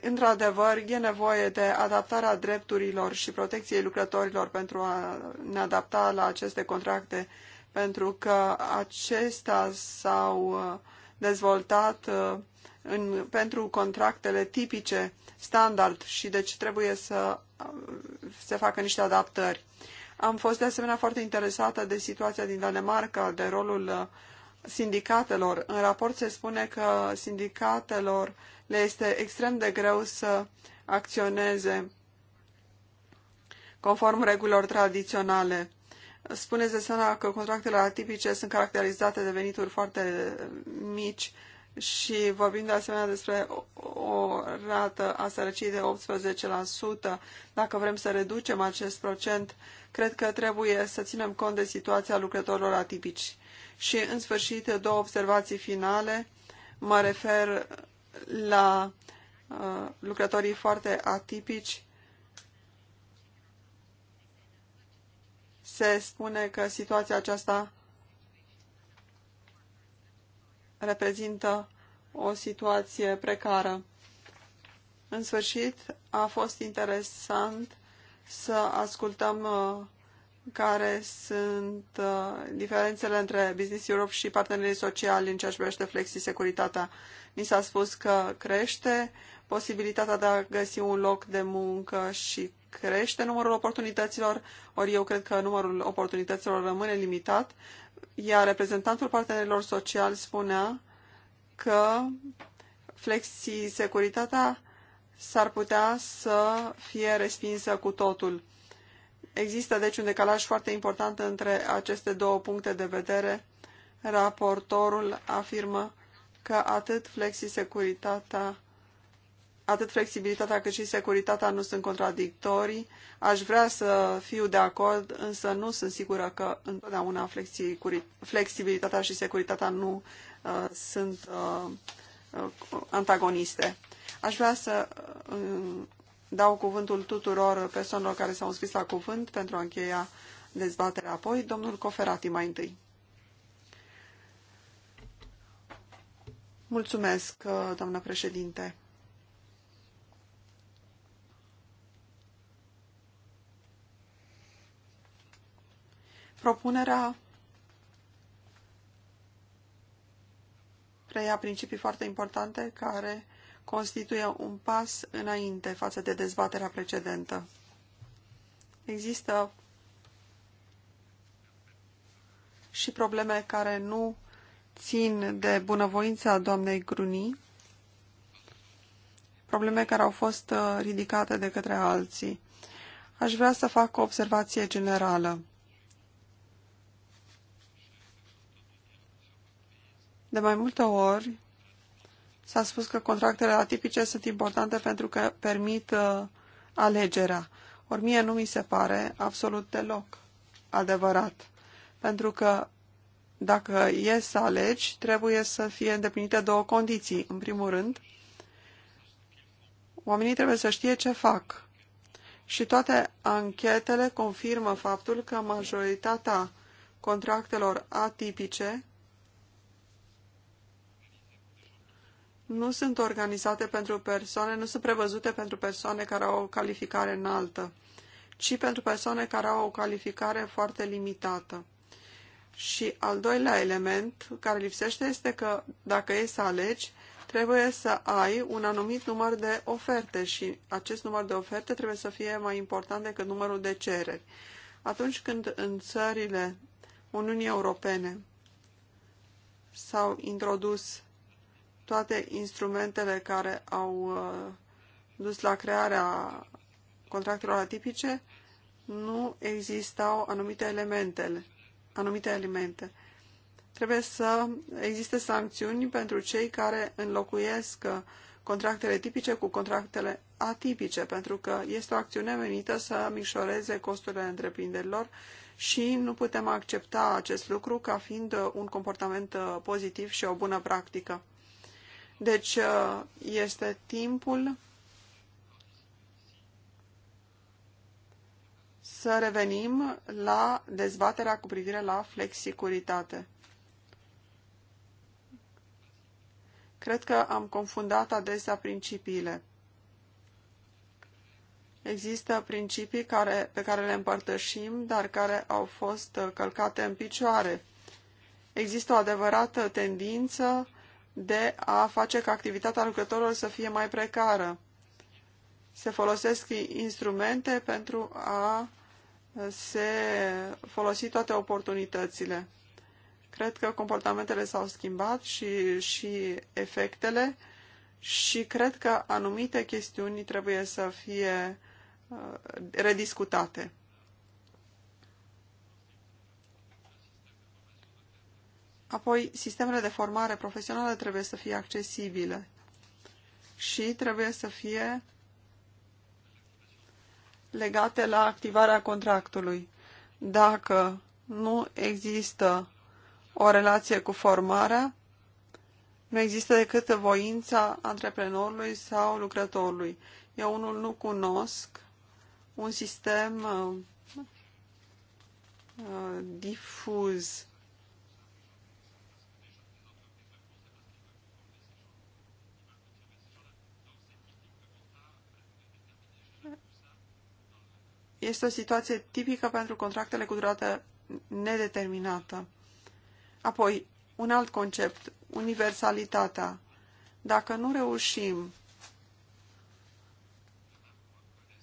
într-adevăr, e nevoie de adaptarea drepturilor și protecției lucrătorilor pentru a ne adapta la aceste contracte, pentru că acestea s-au uh, dezvoltat uh, în, pentru contractele tipice, standard, și deci trebuie să uh, se facă niște adaptări. Am fost de asemenea foarte interesată de situația din Danemarca, de rolul sindicatelor. În raport se spune că sindicatelor le este extrem de greu să acționeze conform regulilor tradiționale. Spuneți de seama că contractele atipice sunt caracterizate de venituri foarte mici și vorbim de asemenea despre o rată a sărăciei de 18%. Dacă vrem să reducem acest procent, cred că trebuie să ținem cont de situația lucrătorilor atipici. Și, în sfârșit, două observații finale. Mă refer la uh, lucrătorii foarte atipici, se spune că situația aceasta reprezintă o situație precară. În sfârșit, a fost interesant să ascultăm uh, care sunt uh, diferențele între Business Europe și partenerii sociali în ceea ce privește flexi-securitatea. Ni s-a spus că crește posibilitatea de a găsi un loc de muncă și crește numărul oportunităților, ori eu cred că numărul oportunităților rămâne limitat, iar reprezentantul partenerilor sociali spunea că flexi-securitatea s-ar putea să fie respinsă cu totul. Există deci un decalaj foarte important între aceste două puncte de vedere. Raportorul afirmă că atât flexi securitatea atât flexibilitatea cât și securitatea nu sunt contradictorii. Aș vrea să fiu de acord, însă nu sunt sigură că întotdeauna flexibilitatea și securitatea nu uh, sunt uh, uh, antagoniste. Aș vrea să uh, dau cuvântul tuturor persoanelor care s-au înscris la cuvânt pentru a încheia dezbaterea apoi. Domnul Coferati mai întâi. Mulțumesc, uh, doamnă președinte. Propunerea preia principii foarte importante care constituie un pas înainte față de dezbaterea precedentă. Există și probleme care nu țin de bunăvoința doamnei Gruni, probleme care au fost uh, ridicate de către alții. Aș vrea să fac o observație generală. De mai multe ori s-a spus că contractele atipice sunt importante pentru că permit uh, alegerea. Ori mie nu mi se pare absolut deloc adevărat, pentru că dacă e să alegi, trebuie să fie îndeplinite două condiții. În primul rând, oamenii trebuie să știe ce fac. Și toate anchetele confirmă faptul că majoritatea contractelor atipice nu sunt organizate pentru persoane, nu sunt prevăzute pentru persoane care au o calificare înaltă, ci pentru persoane care au o calificare foarte limitată. Și al doilea element care lipsește este că dacă e să alegi, trebuie să ai un anumit număr de oferte și acest număr de oferte trebuie să fie mai important decât numărul de cereri. Atunci când în țările Uniunii Europene s-au introdus toate instrumentele care au uh, dus la crearea contractelor atipice, nu existau anumite elementele anumite alimente. Trebuie să existe sancțiuni pentru cei care înlocuiesc contractele tipice cu contractele atipice, pentru că este o acțiune menită să micșoreze costurile întreprinderilor și nu putem accepta acest lucru ca fiind un comportament uh, pozitiv și o bună practică. Deci uh, este timpul să revenim la dezbaterea cu privire la flexicuritate. Cred că am confundat adesea principiile. Există principii care, pe care le împărtășim, dar care au fost călcate în picioare. Există o adevărată tendință de a face ca activitatea lucrătorilor să fie mai precară. Se folosesc instrumente pentru a se folosi toate oportunitățile. Cred că comportamentele s-au schimbat și, și efectele și cred că anumite chestiuni trebuie să fie uh, rediscutate. Apoi, sistemele de formare profesională trebuie să fie accesibile și trebuie să fie legate la activarea contractului. Dacă nu există o relație cu formarea, nu există decât voința antreprenorului sau lucrătorului. Eu unul nu cunosc un sistem uh, uh, difuz este o situație tipică pentru contractele cu durată nedeterminată. Apoi, un alt concept, universalitatea. Dacă nu reușim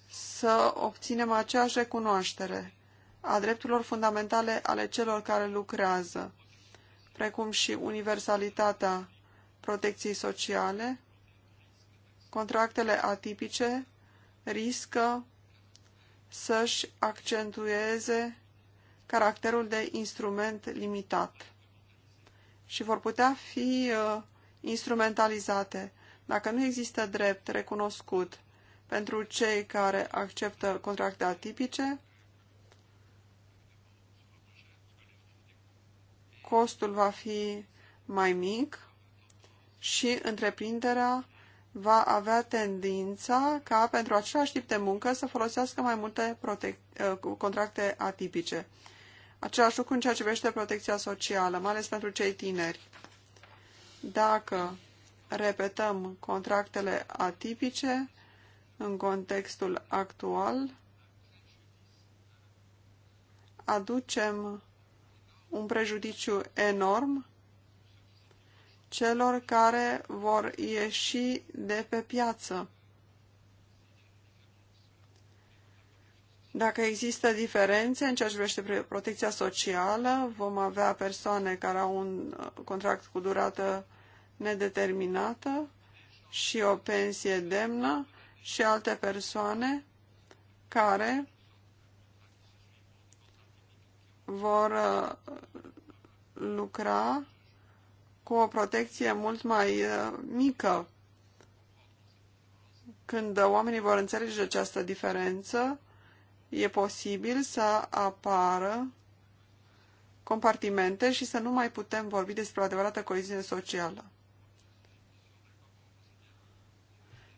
să obținem aceeași recunoaștere a drepturilor fundamentale ale celor care lucrează, precum și universalitatea protecției sociale, contractele atipice riscă să-și accentueze caracterul de instrument limitat și vor putea fi uh, instrumentalizate. Dacă nu există drept recunoscut pentru cei care acceptă contracte atipice, costul va fi mai mic și întreprinderea va avea tendința ca pentru același tip de muncă să folosească mai multe uh, contracte atipice. Același lucru în ceea ce privește protecția socială, mai ales pentru cei tineri. Dacă repetăm contractele atipice în contextul actual, aducem un prejudiciu enorm celor care vor ieși de pe piață. Dacă există diferențe în ceea ce privește protecția socială, vom avea persoane care au un uh, contract cu durată nedeterminată și o pensie demnă și alte persoane care vor uh, lucra cu o protecție mult mai uh, mică. Când oamenii vor înțelege această diferență, e posibil să apară compartimente și să nu mai putem vorbi despre o adevărată coeziune socială.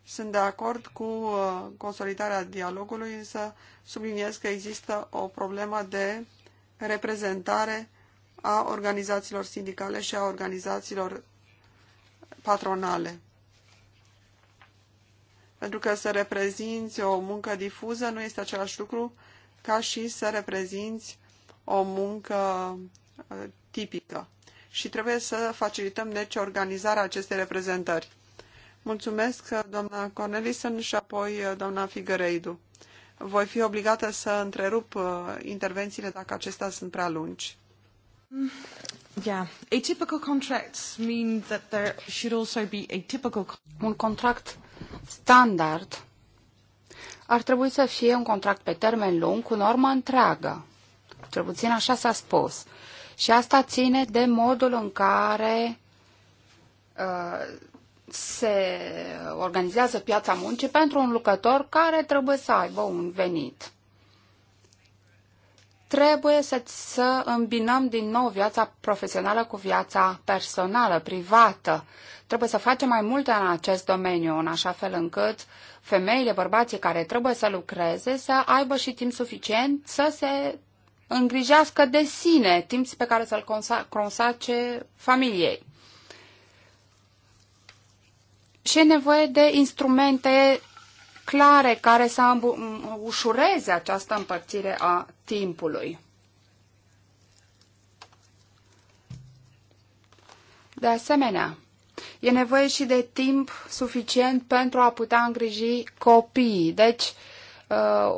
Sunt de acord cu uh, consolidarea dialogului, însă subliniez că există o problemă de reprezentare a organizațiilor sindicale și a organizațiilor patronale. Pentru că să reprezinți o muncă difuză nu este același lucru ca și să reprezinți o muncă uh, tipică. Și trebuie să facilităm, deci, organizarea acestei reprezentări. Mulțumesc, uh, doamna Cornelison și apoi uh, doamna Figăreidu. Voi fi obligată să întrerup intervențiile dacă acestea sunt prea lungi. Yeah, atypical contracts mean that there should also be atypical... Un contract standard ar trebui să fie un contract pe termen lung cu normă întreagă. Cel puțin așa s-a spus. Și asta ține de modul în care uh, se organizează piața muncii pentru un lucrător care trebuie să aibă un venit trebuie să, să îmbinăm din nou viața profesională cu viața personală, privată. Trebuie să facem mai multe în acest domeniu, în așa fel încât femeile, bărbații care trebuie să lucreze, să aibă și timp suficient să se îngrijească de sine, timp pe care să-l consace familiei. Și e nevoie de instrumente clare care să ușureze această împărțire a timpului. De asemenea, e nevoie și de timp suficient pentru a putea îngriji copiii. Deci, uh, Uh,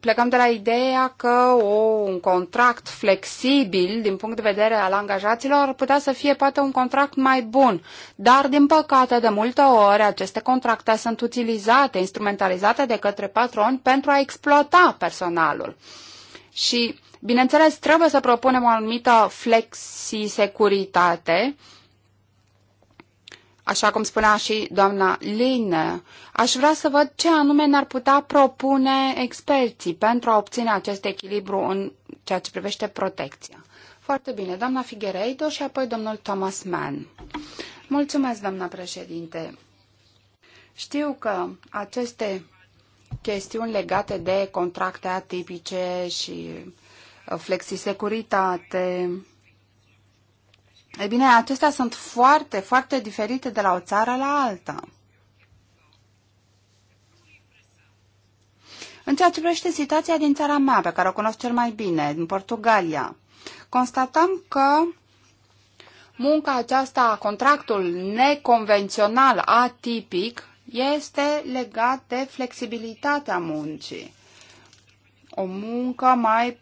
plecăm de la ideea că o, un contract flexibil din punct de vedere al angajaților ar putea să fie poate un contract mai bun. Dar, din păcate, de multe ori aceste contracte sunt utilizate, instrumentalizate de către patroni pentru a exploata personalul. Și, bineînțeles, trebuie să propunem o anumită flexisecuritate, securitate așa cum spunea și doamna Line, aș vrea să văd ce anume n ar putea propune experții pentru a obține acest echilibru în ceea ce privește protecția. Foarte bine, doamna Figueiredo și apoi domnul Thomas Mann. Mulțumesc, doamna președinte. Știu că aceste chestiuni legate de contracte atipice și uh, flexisecuritate, ei bine, acestea sunt foarte, foarte diferite de la o țară la alta. În ceea ce privește situația din țara mea, pe care o cunosc cel mai bine, din Portugalia, constatăm că munca aceasta, contractul neconvențional, atipic, este legat de flexibilitatea muncii. O muncă mai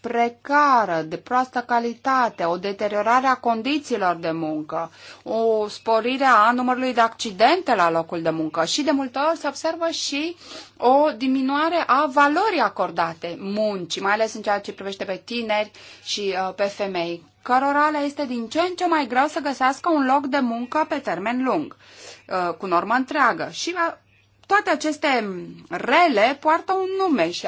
precară, de proastă calitate, o deteriorare a condițiilor de muncă, o sporire a numărului de accidente la locul de muncă și de multe ori se observă și o diminuare a valorii acordate muncii, mai ales în ceea ce privește pe tineri și uh, pe femei, cărora le este din ce în ce mai greu să găsească un loc de muncă pe termen lung, uh, cu normă întreagă. Și uh, toate aceste rele poartă un nume și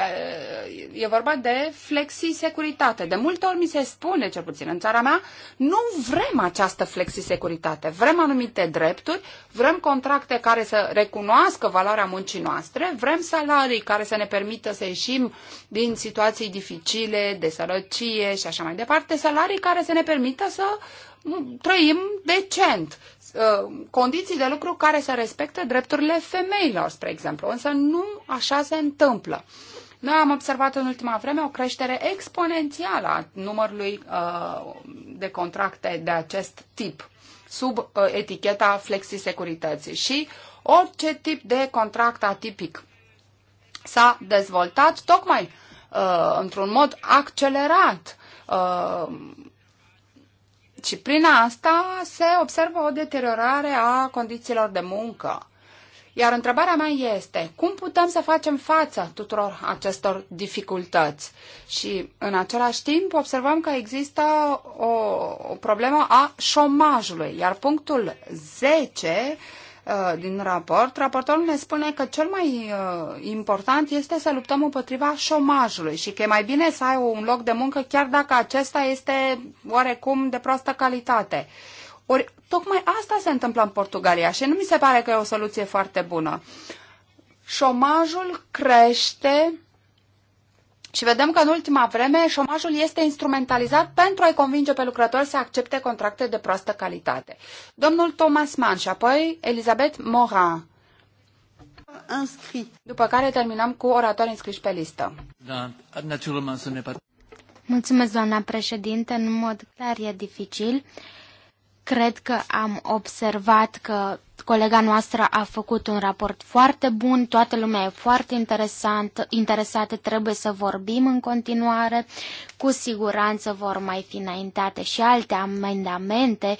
e vorba de flexisecuritate. De multe ori mi se spune, cel puțin în țara mea, nu vrem această flexisecuritate. Vrem anumite drepturi, vrem contracte care să recunoască valoarea muncii noastre, vrem salarii care să ne permită să ieșim din situații dificile, de sărăcie și așa mai departe, salarii care să ne permită să trăim decent, Uh, condiții de lucru care să respecte drepturile femeilor, spre exemplu. Însă nu așa se întâmplă. Noi am observat în ultima vreme o creștere exponențială a numărului uh, de contracte de acest tip sub uh, eticheta flexisecurității și orice tip de contract atipic s-a dezvoltat tocmai uh, într-un mod accelerat. Uh, și prin asta se observă o deteriorare a condițiilor de muncă. Iar întrebarea mea este, cum putem să facem față tuturor acestor dificultăți? Și în același timp observăm că există o, o problemă a șomajului, iar punctul 10 Uh, din raport, raportorul ne spune că cel mai uh, important este să luptăm împotriva șomajului și că e mai bine să ai un loc de muncă chiar dacă acesta este oarecum de proastă calitate. Ori tocmai asta se întâmplă în Portugalia și nu mi se pare că e o soluție foarte bună. Șomajul crește și vedem că în ultima vreme șomajul este instrumentalizat pentru a-i convinge pe lucrători să accepte contracte de proastă calitate. Domnul Thomas Mann și apoi Elizabeth Morin. Înscri. După care terminăm cu oratori înscriși pe listă. Da, Mulțumesc, doamna președinte. În mod clar e dificil. Cred că am observat că colega noastră a făcut un raport foarte bun, toată lumea e foarte interesant, interesată, trebuie să vorbim în continuare. Cu siguranță vor mai fi înaintate și alte amendamente.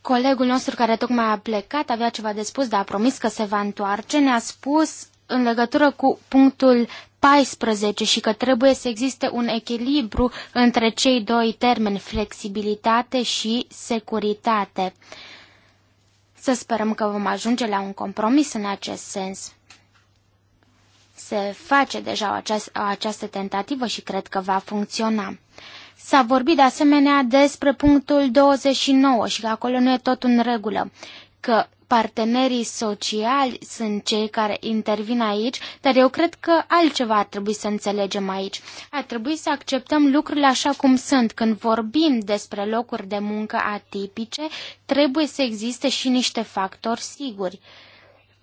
Colegul nostru care tocmai a plecat avea ceva de spus, dar a promis că se va întoarce. Ne-a spus în legătură cu punctul 14 și că trebuie să existe un echilibru între cei doi termeni, flexibilitate și securitate. Să sperăm că vom ajunge la un compromis în acest sens. Se face deja o această tentativă și cred că va funcționa. S-a vorbit de asemenea despre punctul 29 și că acolo nu e tot în regulă, că Partenerii sociali sunt cei care intervin aici, dar eu cred că altceva ar trebui să înțelegem aici. Ar trebui să acceptăm lucrurile așa cum sunt. Când vorbim despre locuri de muncă atipice, trebuie să existe și niște factori siguri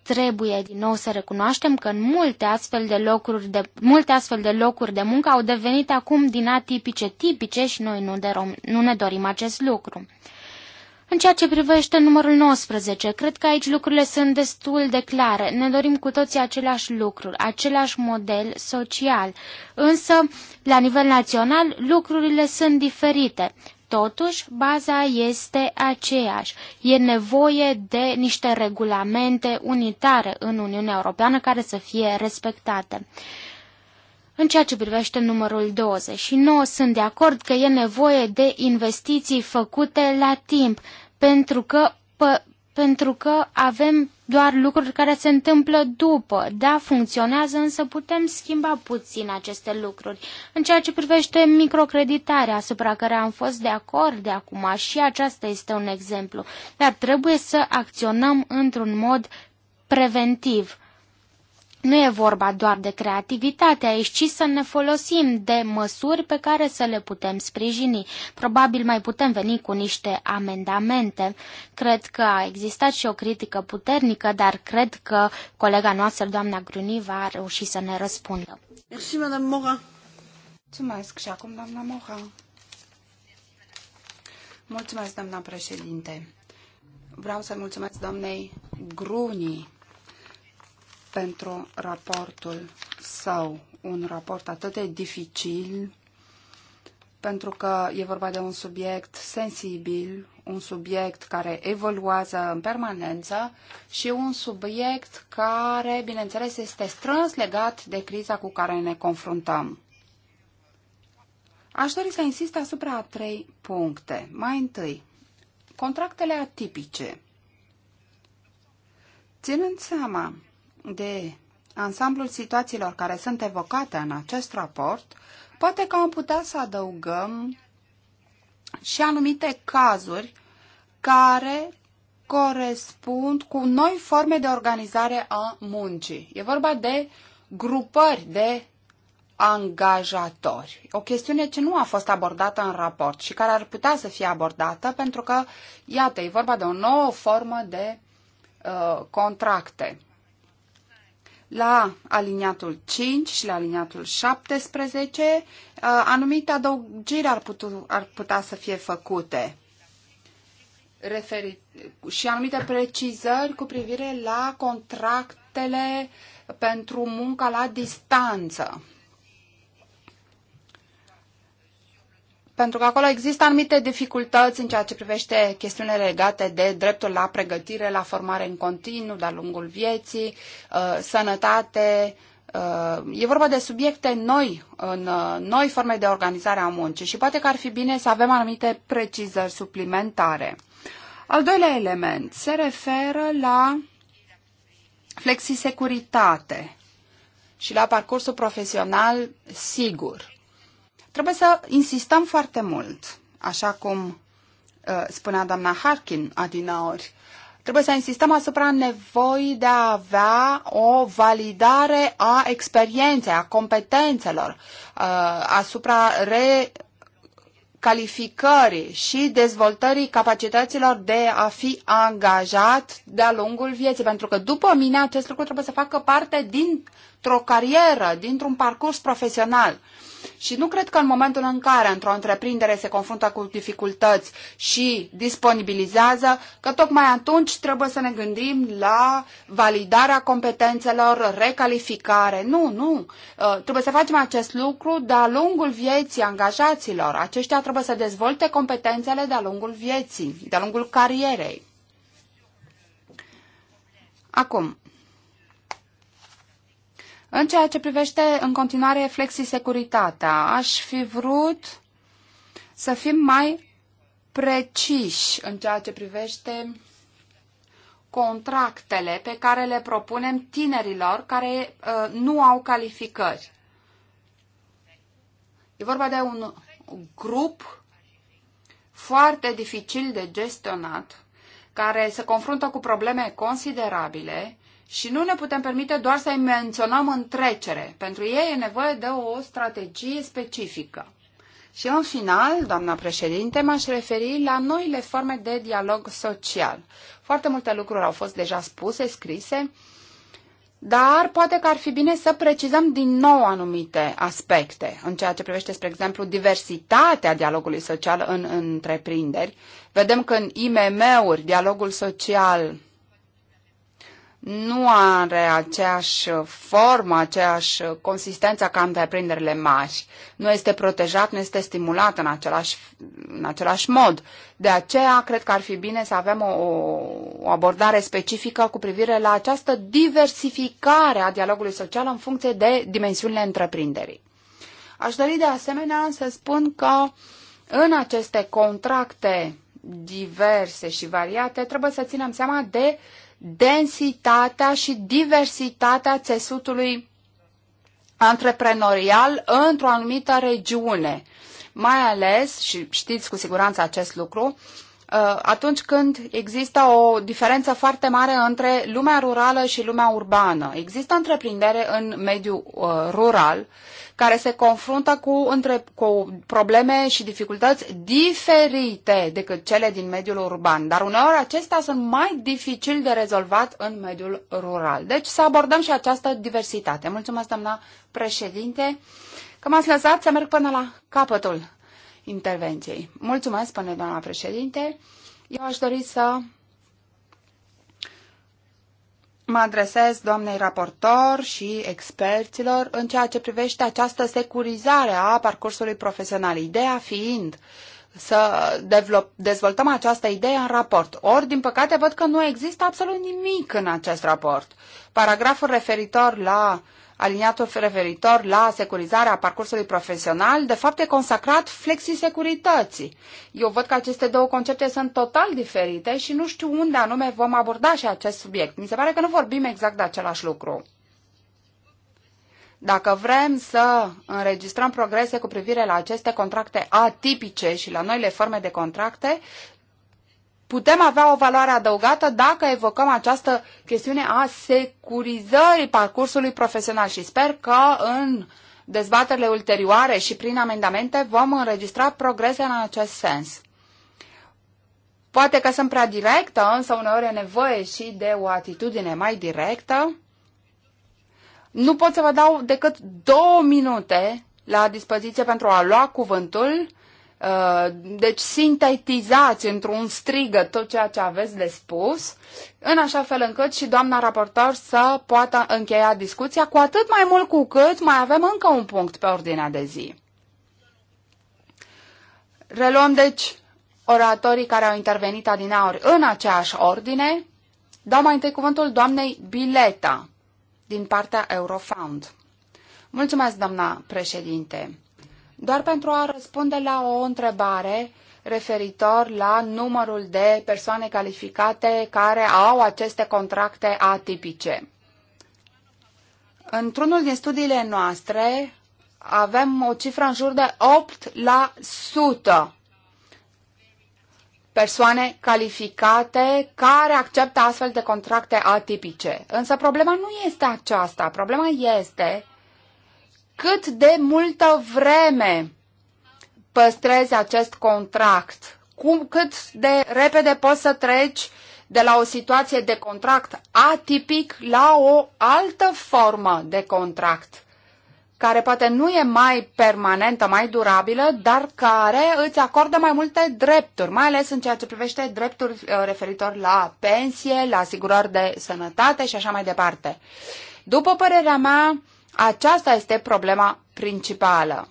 trebuie din nou să recunoaștem că în multe astfel de locuri de, multe astfel de locuri de muncă au devenit acum din atipice tipice și noi nu, de rom, nu ne dorim acest lucru. În ceea ce privește numărul 19, cred că aici lucrurile sunt destul de clare. Ne dorim cu toții același lucru, același model social. Însă, la nivel național, lucrurile sunt diferite. Totuși, baza este aceeași. E nevoie de niște regulamente unitare în Uniunea Europeană care să fie respectate. În ceea ce privește numărul 29, sunt de acord că e nevoie de investiții făcute la timp, pentru că, pă, pentru că avem doar lucruri care se întâmplă după. Da, funcționează, însă putem schimba puțin aceste lucruri. În ceea ce privește microcreditarea, asupra care am fost de acord de acum, și aceasta este un exemplu, dar trebuie să acționăm într-un mod preventiv nu e vorba doar de creativitate aici, ci să ne folosim de măsuri pe care să le putem sprijini. Probabil mai putem veni cu niște amendamente. Cred că a existat și o critică puternică, dar cred că colega noastră, doamna Gruni, va reuși să ne răspundă. Mersi, doamna Moga. Mulțumesc și acum, doamna Moga. Mulțumesc, doamna președinte. Vreau să mulțumesc doamnei Gruni pentru raportul său, un raport atât de dificil, pentru că e vorba de un subiect sensibil, un subiect care evoluează în permanență și un subiect care, bineînțeles, este strâns legat de criza cu care ne confruntăm. Aș dori să insist asupra a trei puncte. Mai întâi, contractele atipice. Ținând seama de ansamblul situațiilor care sunt evocate în acest raport, poate că am putea să adăugăm și anumite cazuri care corespund cu noi forme de organizare a muncii. E vorba de grupări de angajatori. O chestiune ce nu a fost abordată în raport și care ar putea să fie abordată pentru că, iată, e vorba de o nouă formă de uh, contracte la aliniatul 5 și la aliniatul 17, uh, anumite adăugiri ar, putu, ar putea să fie făcute referi, și anumite precizări cu privire la contractele pentru munca la distanță. pentru că acolo există anumite dificultăți în ceea ce privește chestiunile legate de dreptul la pregătire, la formare în continuu, de-a lungul vieții, uh, sănătate. Uh, e vorba de subiecte noi, în uh, noi forme de organizare a muncii și poate că ar fi bine să avem anumite precizări suplimentare. Al doilea element se referă la flexisecuritate și la parcursul profesional sigur. Trebuie să insistăm foarte mult, așa cum uh, spunea doamna Harkin adinaori, trebuie să insistăm asupra nevoii de a avea o validare a experienței, a competențelor, uh, asupra re calificării și dezvoltării capacităților de a fi angajat de-a lungul vieții. Pentru că, după mine, acest lucru trebuie să facă parte dintr-o carieră, dintr-un parcurs profesional. Uh, și nu cred că în momentul în care într-o întreprindere se confruntă cu dificultăți și disponibilizează, că tocmai atunci trebuie să ne gândim la validarea competențelor, recalificare. Nu, nu. Uh, trebuie să facem acest lucru de-a lungul vieții angajaților. Aceștia trebuie să dezvolte competențele de-a lungul vieții, de-a lungul carierei. Acum, în ceea ce privește în continuare flexisecuritatea, aș fi vrut să fim mai preciși în ceea ce privește contractele pe care le propunem tinerilor care uh, nu au calificări. E vorba de un grup foarte dificil de gestionat, care se confruntă cu probleme considerabile și nu ne putem permite doar să-i menționăm în trecere. Pentru ei e nevoie de o strategie specifică. Și în final, doamna președinte, m-aș referi la noile forme de dialog social. Foarte multe lucruri au fost deja spuse, scrise, dar poate că ar fi bine să precizăm din nou anumite aspecte în ceea ce privește, spre exemplu, diversitatea dialogului social în întreprinderi. Vedem că în IMM-uri dialogul social nu are aceeași formă, aceeași consistență ca întreprinderile mari. Nu este protejat, nu este stimulat în același, în același mod. De aceea, cred că ar fi bine să avem o, o abordare specifică cu privire la această diversificare a dialogului social în funcție de dimensiunile întreprinderii. Aș dori de asemenea să spun că în aceste contracte diverse și variate trebuie să ținem seama de uh, densitatea și diversitatea țesutului antreprenorial într-o anumită regiune. Mai ales, și știți cu siguranță acest lucru, uh, atunci când există o diferență foarte mare între lumea rurală și lumea urbană. Există întreprindere în mediul uh, rural care se confruntă cu, între, cu probleme și dificultăți diferite decât cele din mediul urban, dar uneori acestea sunt mai dificil de rezolvat în mediul rural. Deci să abordăm și această diversitate. Mulțumesc, doamna președinte, că m-ați lăsat să merg până la capătul intervenției. Mulțumesc, până doamna președinte. Eu aș dori să mă adresez doamnei raportor și experților în ceea ce privește această securizare a parcursului profesional. Ideea fiind să dezvoltăm această idee în raport. Ori, din păcate, văd că nu există absolut nimic în acest raport. Paragraful referitor la uh, aliniatul referitor la securizarea parcursului profesional, de fapt e consacrat flexisecurității. Eu văd că aceste două concepte sunt total diferite și nu știu unde anume vom aborda și acest subiect. Mi se pare că nu vorbim exact de același lucru. Dacă vrem să înregistrăm progrese cu privire la aceste contracte atipice și la noile forme de contracte, putem avea o valoare adăugată dacă evocăm această chestiune a securizării parcursului profesional și sper că în dezbaterile ulterioare și prin amendamente vom înregistra progrese în acest sens. Poate că sunt prea directă, însă uneori e nevoie și de o atitudine mai directă. Nu pot să vă dau decât două minute la dispoziție pentru a lua cuvântul Uh, deci sintetizați într-un strigă tot ceea ce aveți de spus, în așa fel încât și doamna raportor să poată încheia discuția, cu atât mai mult cu cât mai avem încă un punct pe ordinea de zi. Reluăm, deci, oratorii care au intervenit adineauri în aceeași ordine. Dau mai întâi cuvântul doamnei Bileta, din partea Eurofound. Mulțumesc, doamna președinte doar pentru a răspunde la o întrebare referitor la numărul de persoane calificate care au aceste contracte atipice. Într-unul din studiile noastre avem o cifră în jur de 8 la 100 persoane calificate care acceptă astfel de contracte atipice. Însă problema nu este aceasta. Problema este cât de multă vreme păstrezi acest contract, cum, cât de repede poți să treci de la o situație de contract atipic la o altă formă de contract care poate nu e mai permanentă, mai durabilă, dar care îți acordă mai multe drepturi, mai ales în ceea ce privește drepturi uh, referitor la pensie, la asigurări de sănătate și așa mai departe. După părerea mea, aceasta este problema principală.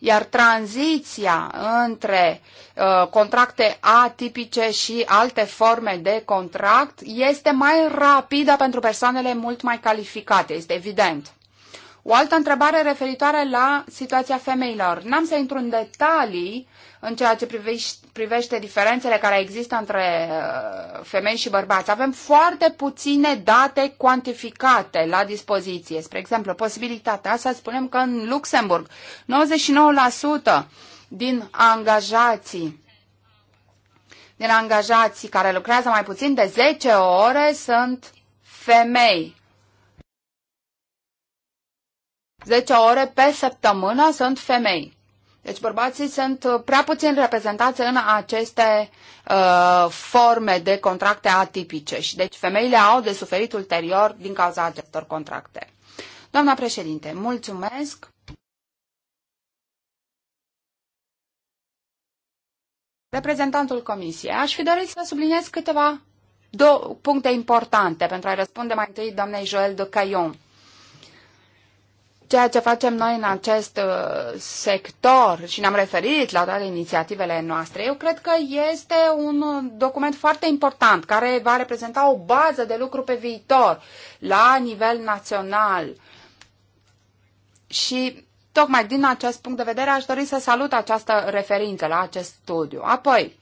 Iar tranziția între uh, contracte atipice și alte forme de contract este mai rapidă pentru persoanele mult mai calificate, este evident. O altă întrebare referitoare la situația femeilor. N-am să intru în detalii în ceea ce privește diferențele care există între uh, femei și bărbați. Avem foarte puține date cuantificate la dispoziție. Spre exemplu, posibilitatea să spunem că în Luxemburg 99% din angajații din angajații care lucrează mai puțin de 10 ore sunt femei. 10 ore pe săptămână sunt femei. Deci bărbații sunt uh, prea puțin reprezentați în aceste uh, forme de contracte atipice și deci femeile au de suferit ulterior din cauza acestor contracte. Doamna președinte, mulțumesc! Reprezentantul Comisiei, aș fi dorit să subliniez câteva două puncte importante pentru a răspunde mai întâi doamnei Joel de Caillon. Ceea ce facem noi în acest uh, sector și ne-am referit la toate inițiativele noastre, eu cred că este un uh, document foarte important care va reprezenta o bază de lucru pe viitor la nivel național. Și tocmai din acest punct de vedere aș dori să salut această referință la acest studiu. Apoi,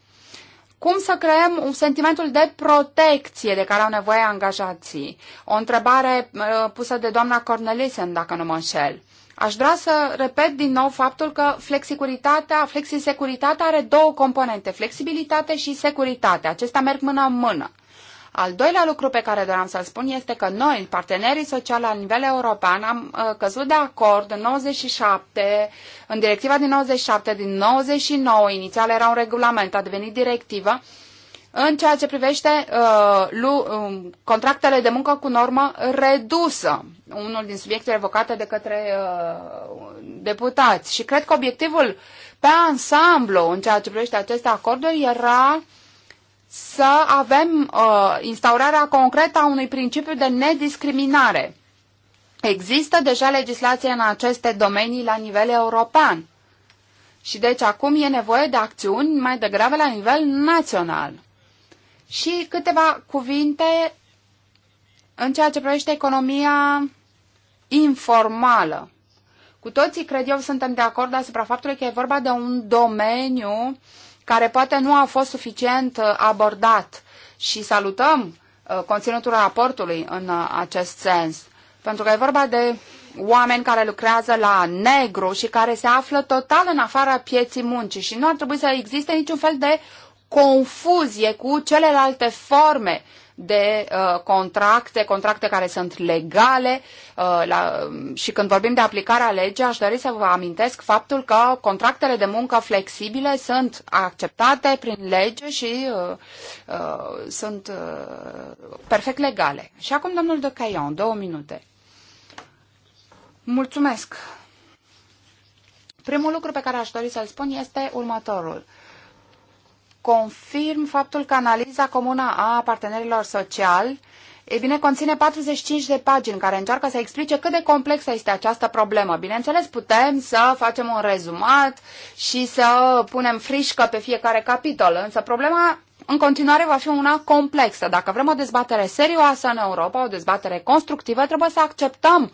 cum să creăm un sentimentul de protecție de care au nevoie angajații? O întrebare uh, pusă de doamna Cornelisen, dacă nu mă înșel. Aș vrea să repet din nou faptul că flexicuritatea, flexisecuritatea are două componente, flexibilitate și securitate. Acestea merg mână în mână. Al doilea lucru pe care doream să-l spun este că noi, partenerii sociali la nivel european, am uh, căzut de acord în 97, în directiva din 97, din 99, inițial era un regulament, a devenit directivă, în ceea ce privește uh, lu, uh, contractele de muncă cu normă redusă, unul din subiectele evocate de către uh, deputați. Și cred că obiectivul pe ansamblu în ceea ce privește aceste acorduri era uh, să avem uh, instaurarea concretă a unui principiu de nediscriminare. Există deja legislație în aceste domenii la nivel european. Și deci acum e nevoie de acțiuni mai degrabă la nivel național. Și câteva cuvinte în ceea ce privește economia informală. Cu toții, cred eu, suntem de acord asupra faptului că e vorba de un domeniu uh, care poate nu a fost suficient uh, abordat și salutăm uh, conținutul raportului în uh, acest sens, pentru că e vorba de oameni care lucrează la negru și care se află total în afara pieții muncii și nu ar trebui să existe niciun fel de confuzie cu celelalte forme de uh, contracte, contracte care sunt legale uh, la, și când vorbim de aplicarea legii, aș dori să vă amintesc faptul că contractele de muncă flexibile sunt acceptate prin lege și uh, uh, sunt uh, perfect legale. Și acum, domnul de Caion, două minute. Mulțumesc! Primul lucru pe care aș dori să-l spun este următorul. Uh, confirm faptul că analiza comună a partenerilor sociali e bine, conține 45 de pagini care încearcă să explice cât de complexă este această problemă. Bineînțeles, putem să facem un rezumat și să punem frișcă pe fiecare capitol, însă problema în continuare va fi una complexă. Dacă vrem o dezbatere serioasă în Europa, o dezbatere constructivă, trebuie să acceptăm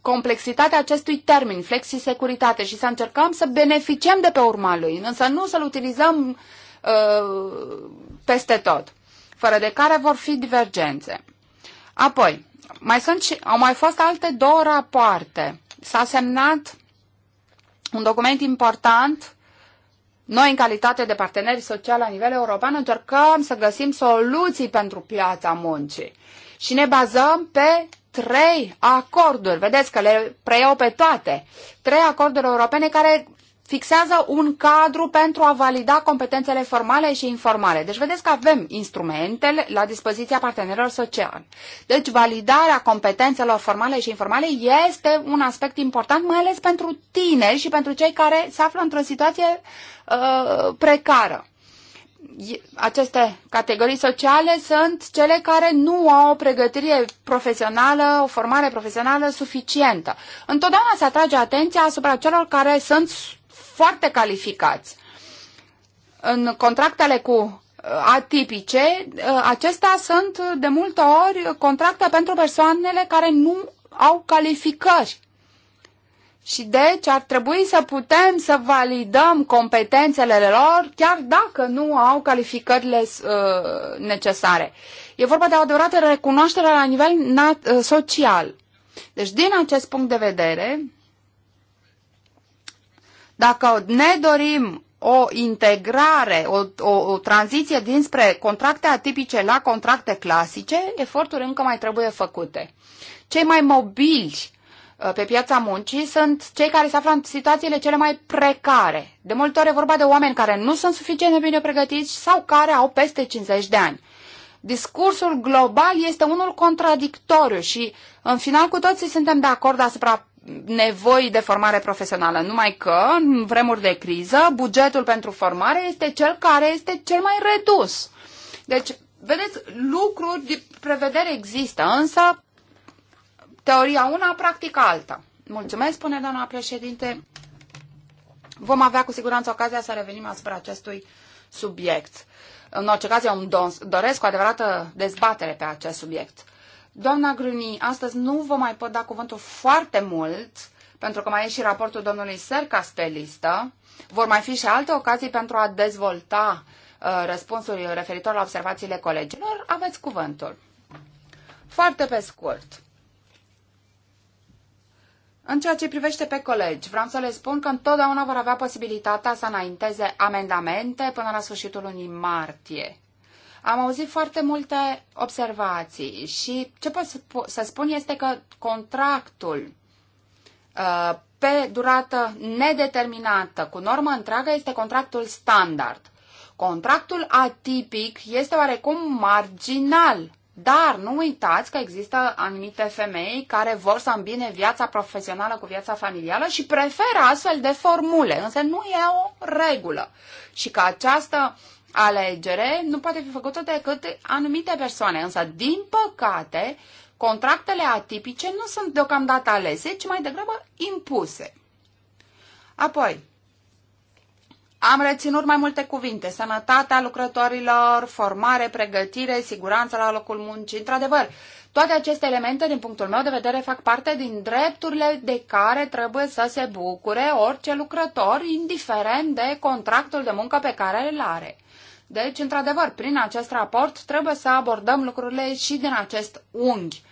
complexitatea acestui termen, flexi-securitate, și să încercăm să beneficiem de pe urma lui, însă nu să-l utilizăm uh, Uh, peste tot, fără de care vor fi divergențe. Apoi, mai sunt și, au mai fost alte două rapoarte. S-a semnat un document important. Noi, în calitate de parteneri sociali la nivel european, încercăm să găsim soluții pentru piața muncii și ne bazăm pe trei acorduri, vedeți că le preiau pe toate, trei acorduri europene care fixează un cadru pentru a valida competențele formale și informale. Deci vedeți că avem instrumentele la dispoziția partenerilor sociali. Deci validarea competențelor formale și informale este un aspect important, mai ales pentru tineri și pentru cei care se află într-o situație uh, precară aceste categorii sociale sunt cele care nu au o pregătire profesională, o formare profesională suficientă. Întotdeauna se atrage atenția asupra celor care sunt foarte calificați. În contractele cu uh, atipice, uh, acestea sunt uh, de multe ori contracte pentru persoanele care nu au calificări. Și deci ar trebui să putem să validăm competențele lor chiar dacă nu au calificările uh, necesare. E vorba de o adevărată recunoaștere la nivel social. Deci din acest punct de vedere, dacă ne dorim o integrare, o, o, o tranziție dinspre contracte atipice la contracte clasice, eforturi încă mai trebuie făcute. Cei mai mobili uh, pe piața muncii sunt cei care se află în situațiile cele mai precare. De multe ori e vorba de oameni care nu sunt suficient de bine pregătiți sau care au peste 50 de ani. Discursul global este unul contradictoriu și, în final, cu toții suntem de acord asupra nevoi de formare profesională. Numai că, în vremuri de criză, bugetul pentru formare este cel care este cel mai redus. Deci, vedeți, lucruri de prevedere există, însă teoria una, practica alta. Mulțumesc, spune doamna președinte. Vom avea cu siguranță ocazia să revenim asupra acestui subiect. În orice caz, eu îmi doresc cu adevărată dezbatere pe acest subiect. Doamna Gruni, astăzi nu vă mai pot da cuvântul foarte mult, pentru că mai e și raportul domnului Sercas pe listă. Vor mai fi și alte ocazii pentru a dezvolta uh, răspunsul referitor la observațiile colegilor. Aveți cuvântul. Foarte pe scurt. În ceea ce privește pe colegi, vreau să le spun că întotdeauna vor avea posibilitatea să înainteze amendamente până la sfârșitul lunii martie. Am auzit foarte multe observații și ce pot să spun este că contractul uh, pe durată nedeterminată, cu normă întreagă, este contractul standard. Contractul atipic este oarecum marginal, dar nu uitați că există anumite femei care vor să îmbine viața profesională cu viața familială și preferă astfel de formule, însă nu e o regulă. Și că această alegere nu poate fi făcută decât anumite persoane. Însă, din păcate, contractele atipice nu sunt deocamdată alese, ci mai degrabă impuse. Apoi, am reținut mai multe cuvinte. Sănătatea lucrătorilor, formare, pregătire, siguranța la locul muncii. Într-adevăr, toate aceste elemente, din punctul meu de vedere, fac parte din drepturile de care trebuie să se bucure orice lucrător, indiferent de contractul de muncă pe care îl are. Deci, într-adevăr, prin acest raport trebuie să abordăm lucrurile și din acest unghi,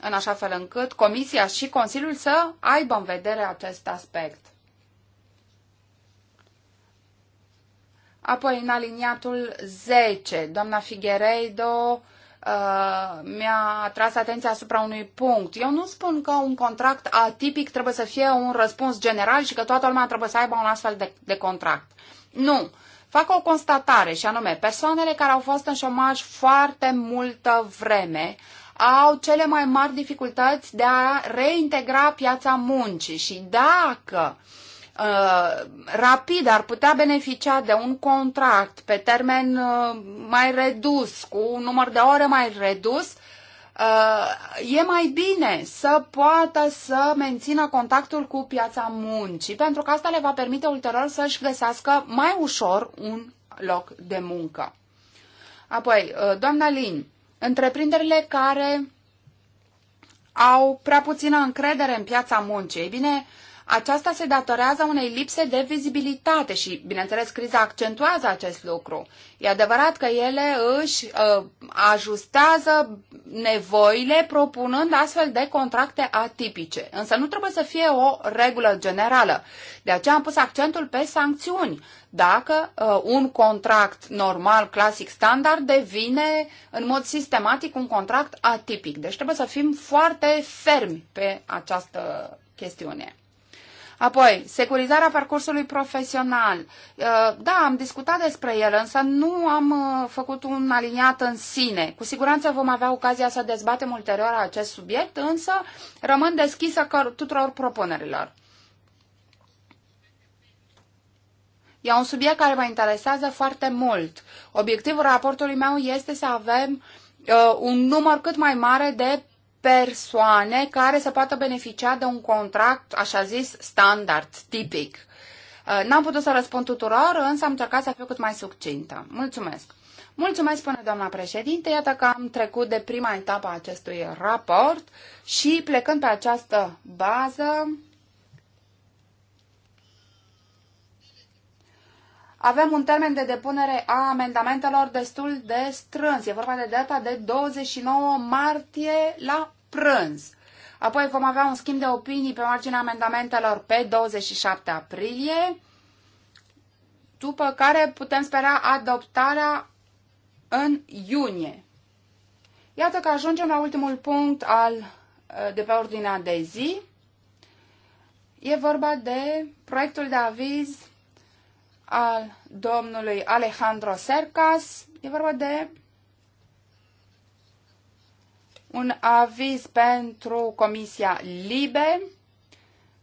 în așa fel încât Comisia și Consiliul să aibă în vedere acest aspect. Apoi, în aliniatul 10, doamna Figueiredo uh, mi-a atras atenția asupra unui punct. Eu nu spun că un contract atipic trebuie să fie un răspuns general și că toată lumea trebuie să aibă un astfel de, de contract. Nu fac o constatare și anume, persoanele care au fost în șomaj foarte multă vreme au cele mai mari dificultăți de a reintegra piața muncii și dacă uh, rapid ar putea beneficia de un contract pe termen uh, mai redus, cu un număr de ore mai redus, Uh, e mai bine să poată să mențină contactul cu piața muncii, pentru că asta le va permite ulterior să-și găsească mai ușor un loc de muncă. Apoi, uh, doamna Lin, întreprinderile care au prea puțină încredere în piața muncii, ei bine, uh, aceasta se datorează unei lipse de vizibilitate și, bineînțeles, criza accentuează acest lucru. E adevărat că ele își uh, ajustează nevoile propunând astfel de contracte atipice, însă nu trebuie să fie o regulă generală. De aceea am pus accentul pe sancțiuni. Dacă uh, un contract normal, clasic, standard devine în mod sistematic un contract atipic. Deci trebuie să fim foarte fermi pe această chestiune. Apoi, securizarea parcursului profesional. Uh, da, am discutat despre el, însă nu am uh, făcut un aliniat în sine. Cu siguranță vom avea ocazia să dezbatem ulterior acest subiect, însă rămân deschisă tuturor propunerilor. E un subiect care mă interesează foarte mult. Obiectivul raportului meu este să avem uh, un număr cât mai mare de persoane care să poată beneficia de un contract, așa zis, standard, tipic. Uh, n-am putut să răspund tuturor, însă am încercat să fiu cât mai succintă. Mulțumesc! Mulțumesc, spune doamna președinte, iată că am trecut de prima etapă a acestui raport și plecând pe această bază, avem un termen de depunere a amendamentelor destul de strâns. E vorba de data de 29 martie la prânz. Apoi vom avea un schimb de opinii pe marginea amendamentelor pe 27 aprilie, după care putem spera adoptarea în iunie. Iată că ajungem la ultimul punct al, uh, de pe ordinea de zi. E vorba de proiectul de aviz al domnului Alejandro Sercas. E vorba de un aviz pentru Comisia Libe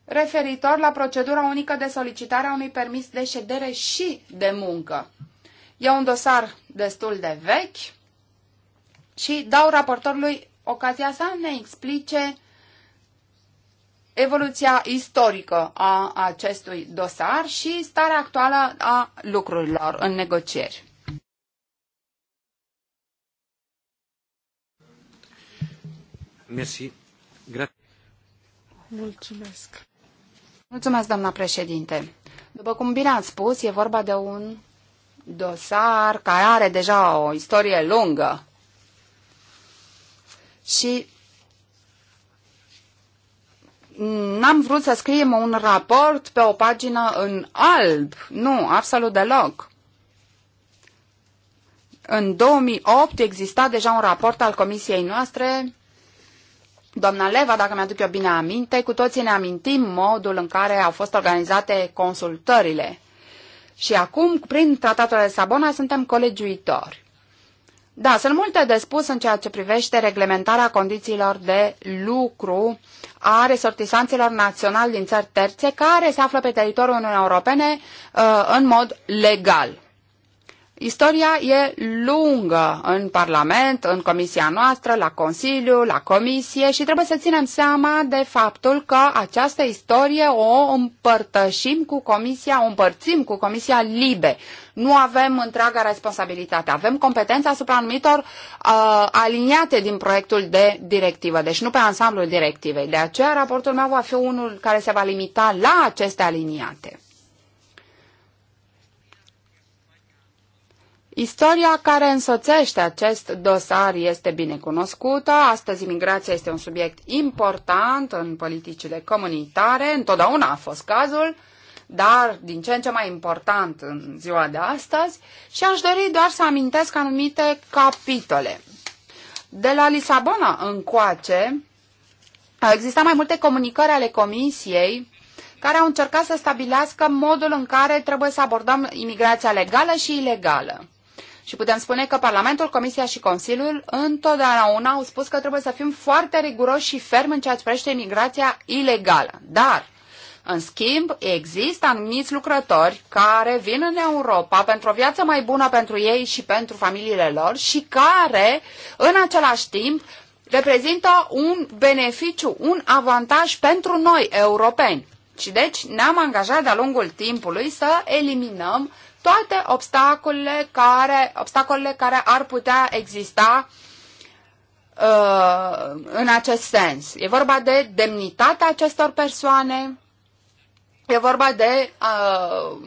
referitor la procedura unică de solicitare a unui permis de ședere și de muncă. E un dosar destul de vechi și dau raportorului ocazia să ne explice evoluția istorică a acestui dosar și starea actuală a lucrurilor în negocieri. Mulțumesc. Mulțumesc, doamna președinte. După cum bine ați spus, e vorba de un dosar care are deja o istorie lungă. Și n-am vrut să scriem un raport pe o pagină în alb. Nu, absolut deloc. În 2008 exista deja un raport al comisiei noastre Doamna Leva, dacă mi-aduc eu bine aminte, cu toții ne amintim modul în care au fost organizate consultările. Și acum, prin tratatul de Sabona, suntem colegiuitori. Da, sunt multe de spus în ceea ce privește reglementarea condițiilor de lucru a resortisanților naționali din țări terțe care se află pe teritoriul Uniunii Europene uh, în mod legal. Istoria e lungă în Parlament, în comisia noastră, la Consiliu, la Comisie și trebuie să ținem seama de faptul că această istorie o împărtășim cu comisia, o împărțim cu comisia LIBE. Nu avem întreaga responsabilitate, avem competența asupra anumitor uh, aliniate din proiectul de directivă, deci nu pe ansamblul directivei. De aceea raportul meu va fi unul care se va limita la aceste aliniate. Istoria care însoțește acest dosar este bine cunoscută. Astăzi imigrația este un subiect important în politicile comunitare. Întotdeauna a fost cazul, dar din ce în ce mai important în ziua de astăzi. Și aș dori doar să amintesc anumite capitole. De la Lisabona încoace au existat mai multe comunicări ale Comisiei care au încercat să stabilească modul în care trebuie să abordăm imigrația legală și ilegală. Și putem spune că Parlamentul, Comisia și Consiliul întotdeauna au spus că trebuie să fim foarte riguroși și fermi în ceea ce privește imigrația ilegală. Dar, în schimb, există anumiți lucrători care vin în Europa pentru o viață mai bună pentru ei și pentru familiile lor și care, în același timp, reprezintă un beneficiu, un avantaj pentru noi, europeni. Și deci ne-am angajat de-a lungul timpului să eliminăm toate obstacolele care, obstacolele care ar putea exista uh, în acest sens. E vorba de demnitatea acestor persoane, e vorba de uh,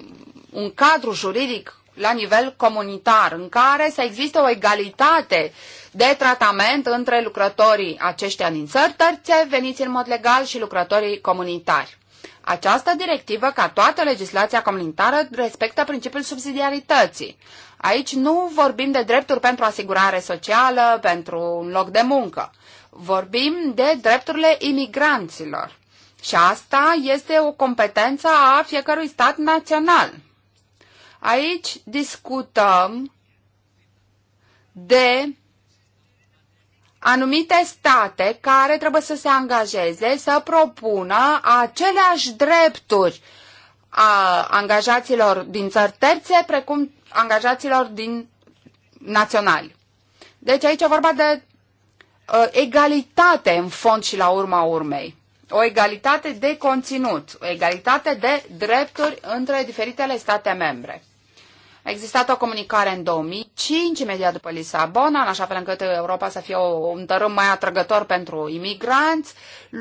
un cadru juridic la nivel comunitar, în care să existe o egalitate de tratament între lucrătorii aceștia din țări terțe veniți în mod legal și lucrătorii comunitari. Această directivă, ca toată legislația comunitară, respectă principiul subsidiarității. Aici nu vorbim de drepturi pentru asigurare socială, pentru un loc de muncă. Vorbim de drepturile imigranților. Și asta este o competență a fiecărui stat național. Aici discutăm de anumite state care trebuie să se angajeze să propună aceleași drepturi a angajaților din țări terțe precum angajaților din naționali. Deci aici e vorba de uh, egalitate în fond și la urma urmei. O egalitate de conținut, o egalitate de drepturi între diferitele state membre. A existat o comunicare în 2005, imediat după Lisabona, în așa fel încât Europa să fie un tărâm mai atrăgător pentru imigranți,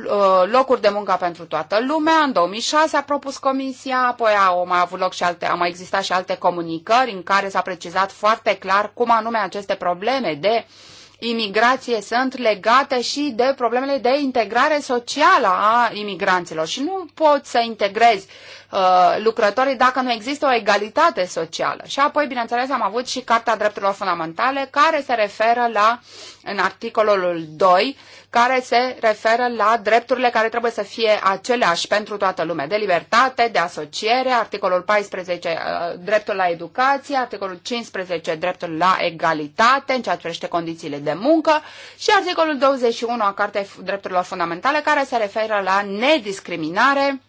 uh, locuri de muncă pentru toată lumea. În 2006 a propus Comisia, apoi au mai avut loc și alte, au mai existat și alte comunicări în care s-a precizat foarte clar cum anume aceste probleme de uh, imigrație sunt legate și de problemele de integrare socială a imigranților și nu poți să integrezi uh, lucrătorii dacă nu există o egalitate socială. Și apoi, bineînțeles, am avut și Carta Drepturilor Fundamentale care se referă la, în articolul 2, care se referă la drepturile care trebuie să fie aceleași pentru toată lumea, de libertate, de asociere, articolul 14, uh, dreptul la educație, articolul 15, dreptul la egalitate în ceea ce privește condițiile de muncă și articolul 21 a Cartei Drepturilor Fundamentale care se referă la nediscriminare,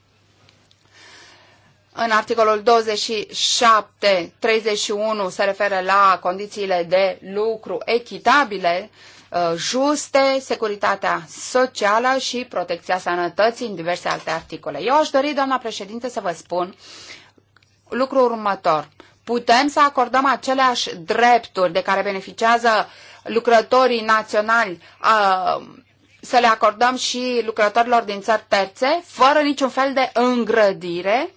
în articolul 27, 31 se referă la condițiile de lucru echitabile Uh, juste, securitatea socială și protecția sănătății în diverse alte articole. Eu aș dori, doamna președinte, să vă spun lucrul următor. Putem să acordăm aceleași drepturi de care beneficiază lucrătorii naționali a, uh, să le acordăm și lucrătorilor din țări terțe, fără niciun fel de îngrădire,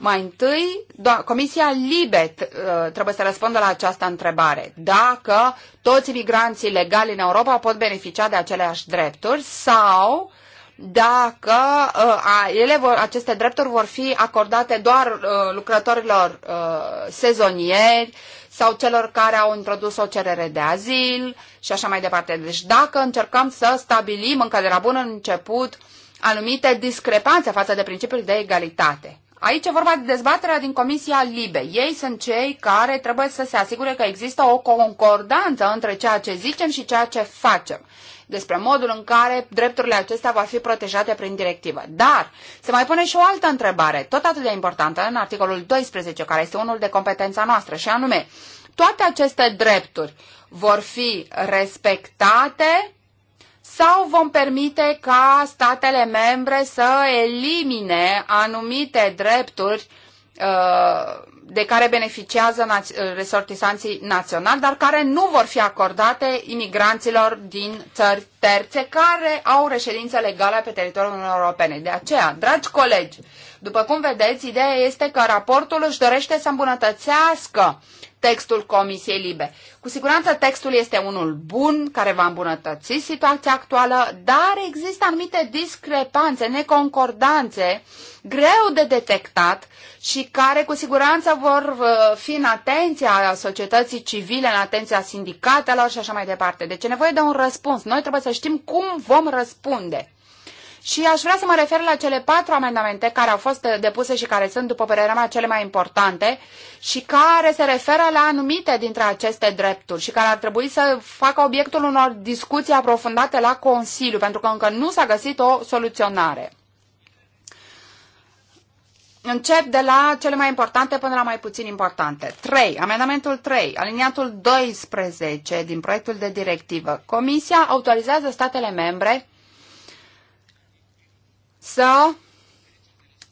mai întâi, Comisia uh, trebuie să răspundă la această întrebare. Dacă toți imigranții legali în Europa pot beneficia de aceleași drepturi sau dacă uh, ele vor, aceste drepturi vor fi acordate doar uh, lucrătorilor uh, sezonieri sau celor care au introdus o cerere de azil și așa mai departe. Deci dacă încercăm să stabilim încă de la bun început anumite discrepanțe față de principiul de egalitate. Aici e vorba de dezbaterea din Comisia Libe. Ei sunt cei care trebuie să se asigure că există o concordanță între ceea ce zicem și ceea ce facem despre modul în care drepturile acestea vor fi protejate prin directivă. Dar se mai pune și o altă întrebare, tot atât de importantă, în articolul 12, care este unul de competența noastră, și anume, toate aceste drepturi vor fi respectate sau vom permite ca statele membre să elimine anumite drepturi uh, de care beneficiază resortisanții naționali, dar care nu vor fi acordate imigranților din țări terțe care au reședință legală pe teritoriul Uniunii Europene. De aceea, dragi colegi, după cum vedeți, ideea este că raportul își dorește să îmbunătățească uh, textul Comisiei Libe. Cu siguranță textul este unul bun, care va îmbunătăți situația actuală, dar există anumite discrepanțe, neconcordanțe, greu de detectat și care cu siguranță vor uh, fi în atenția societății civile, în atenția sindicatelor și așa mai departe. Deci e nevoie de un răspuns. Noi trebuie să știm cum vom răspunde. Și aș vrea să mă refer la cele patru amendamente care au fost uh, depuse și care sunt, după părerea mea, cele mai importante și care se referă la anumite dintre aceste drepturi și care ar trebui să facă obiectul unor discuții aprofundate la Consiliu, pentru că încă nu s-a găsit o soluționare. Încep de la cele mai importante până la mai puțin importante. 3. Amendamentul 3, aliniatul 12 din proiectul de directivă. Comisia autorizează statele membre să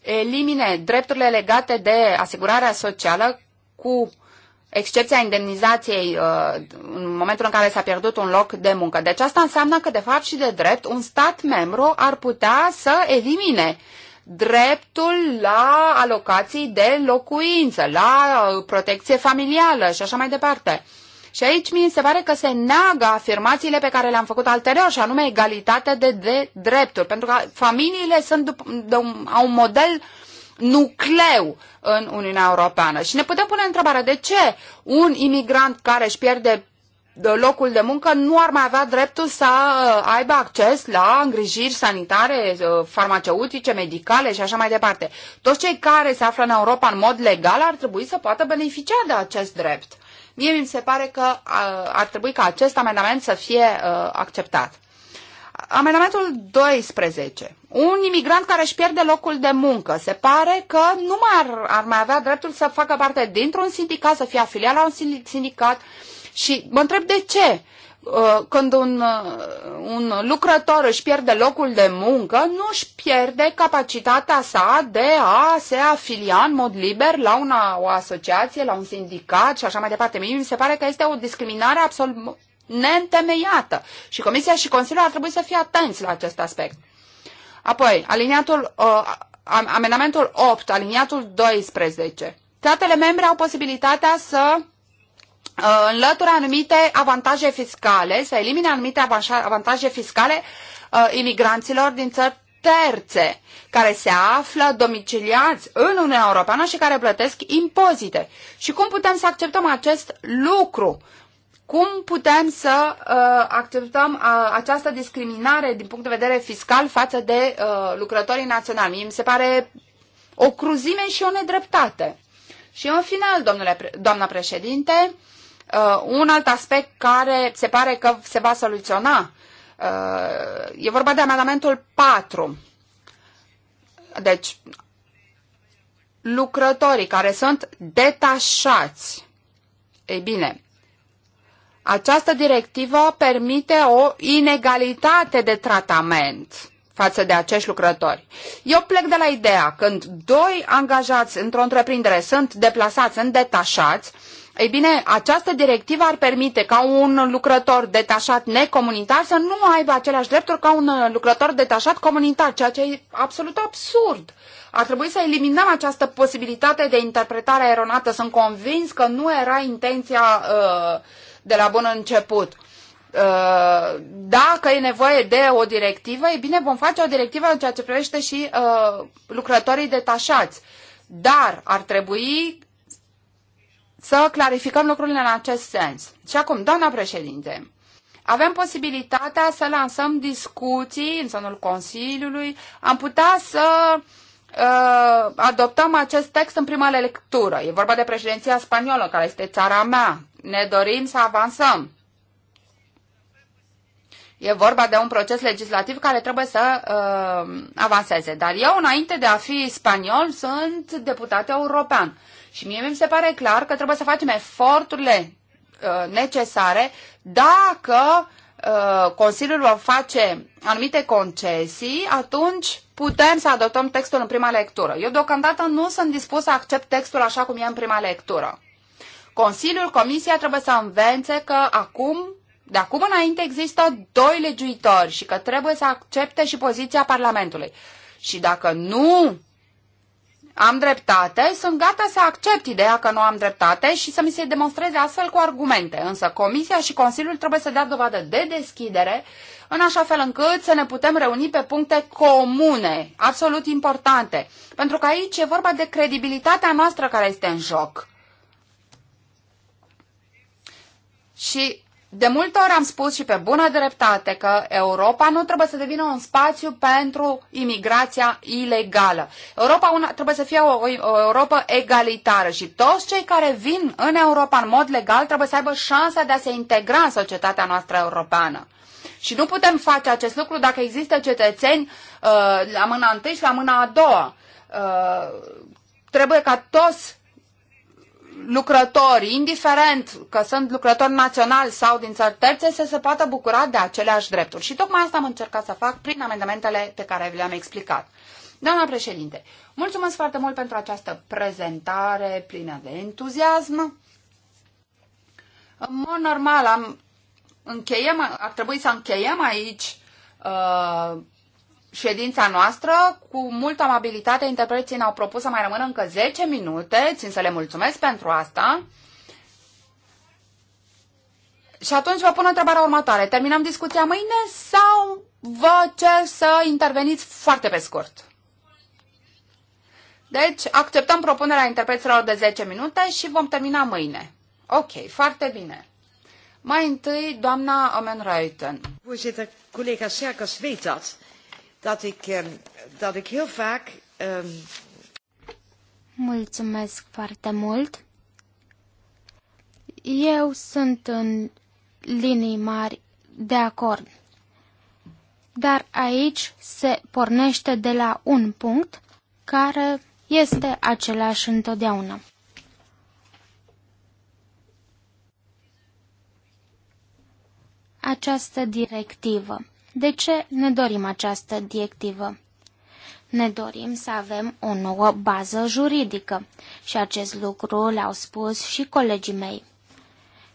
elimine drepturile legate de asigurarea socială cu excepția indemnizației uh, în momentul în care s-a pierdut un loc de muncă. Deci asta înseamnă că, de fapt și de drept, un stat membru ar putea să elimine dreptul la alocații de locuință, la uh, protecție familială și așa mai departe. Și aici mi se pare că se neagă afirmațiile pe care le-am făcut alterior, și anume egalitate de, de drepturi. Pentru că familiile sunt dup- de un, au un model nucleu în Uniunea Europeană. Și ne putem pune întrebarea de ce un imigrant care își pierde locul de muncă nu ar mai avea dreptul să uh, aibă acces la îngrijiri sanitare, uh, farmaceutice, medicale și așa mai departe. Toți cei care se află în Europa în mod legal ar trebui să poată beneficia de acest drept. Mie mi se pare că ar trebui ca acest amendament să fie uh, acceptat. Amendamentul 12. Un imigrant care își pierde locul de muncă se pare că nu mai ar, ar mai avea dreptul să facă parte dintr-un sindicat, să fie afiliat la un sindicat și mă întreb de ce. Uh, când un, uh, un lucrător își pierde locul de muncă, nu își pierde capacitatea sa de a se afilia în mod liber la una, o asociație, la un sindicat și așa mai departe. Mie mi se pare că este o discriminare absolut neîntemeiată și Comisia și Consiliul ar trebui să fie atenți la acest aspect. Apoi, aliniatul, uh, amendamentul 8, aliniatul 12. Statele membre au posibilitatea să Uh, înlătură anumite avantaje fiscale, să elimine anumite avantaje fiscale uh, imigranților din țări terțe care se află domiciliați în Uniunea Europeană și care plătesc impozite. Și cum putem să acceptăm acest lucru? Cum putem să uh, acceptăm uh, această discriminare din punct de vedere fiscal față de uh, lucrătorii naționali? Mi se pare o cruzime și o nedreptate. Și în final, domnule, doamna președinte, uh, Uh, un alt aspect care se pare că se va soluționa uh, e vorba de amendamentul 4. Deci, lucrătorii care sunt detașați. Ei bine, această directivă permite o inegalitate de tratament față de acești lucrători. Eu plec de la ideea, când doi angajați într-o întreprindere sunt deplasați în detașați, ei bine, această directivă ar permite ca un lucrător detașat necomunitar să nu aibă aceleași drepturi ca un lucrător detașat comunitar, ceea ce e absolut absurd. Ar trebui să eliminăm această posibilitate de interpretare eronată. Sunt convins că nu era intenția uh, de la bun început. Uh, dacă e nevoie de o directivă, e bine, vom face o directivă în ceea ce privește și uh, lucrătorii detașați. Dar ar trebui să clarificăm lucrurile în acest sens. Și acum, doamna președinte, avem posibilitatea să lansăm discuții în zonul Consiliului, am putea să uh, adoptăm acest text în prima lectură. E vorba de președinția spaniolă, care este țara mea. Ne dorim să avansăm. E vorba de un proces legislativ care trebuie să uh, avanseze. Dar eu, înainte de a fi spaniol, sunt deputat european. Și mie mi se pare clar că trebuie să facem eforturile uh, necesare dacă uh, Consiliul va face anumite concesii, atunci putem să adoptăm textul în prima lectură. Eu deocamdată nu sunt dispus să accept textul așa cum e în prima lectură. Consiliul, Comisia trebuie să învețe că acum, de acum înainte există doi legiuitori și că trebuie să accepte și poziția Parlamentului. Și dacă nu am dreptate, sunt gata să accept ideea că nu am dreptate și să mi se demonstreze astfel cu argumente. Însă Comisia și Consiliul trebuie să dea dovadă de deschidere în așa fel încât să ne putem reuni pe puncte comune, absolut importante. Pentru că aici e vorba de credibilitatea noastră care este în joc. Și de multe ori am spus și pe bună dreptate că Europa nu trebuie să devină un spațiu pentru imigrația ilegală. Europa una, trebuie să fie o, o Europa egalitară și toți cei care vin în Europa în mod legal trebuie să aibă șansa de a se integra în societatea noastră europeană. Și nu putem face acest lucru dacă există cetățeni uh, la mâna întâi și la mâna a doua. Uh, trebuie ca toți lucrători, indiferent că sunt lucrători naționali sau din țări terțe, să se poată bucura de aceleași drepturi. Și tocmai asta am încercat să fac prin amendamentele pe care vi le-am explicat. Doamna președinte, mulțumesc foarte mult pentru această prezentare plină de entuziasm. În mod normal, am, încheiem, ar trebui să încheiem aici uh, ședința noastră. Cu multă amabilitate, interpreții ne-au propus să mai rămână încă 10 minute. Țin să le mulțumesc pentru asta. Și atunci vă pun întrebarea următoare. Terminăm discuția mâine sau vă cer să interveniți foarte pe scurt? Deci, acceptăm propunerea interpreților de 10 minute și vom termina mâine. Ok, foarte bine. Mai întâi, doamna Reuten. Voorzitter, collega Serkas weet dat dat ik, ehm, dat ik heel vaak... Ehm, Mulțumesc foarte mult. Eu sunt în linii mari de acord. Dar aici se pornește de la un punct care este același întotdeauna. Această directivă de ce ne dorim această directivă? Ne dorim să avem o nouă bază juridică și acest lucru l-au spus și colegii mei.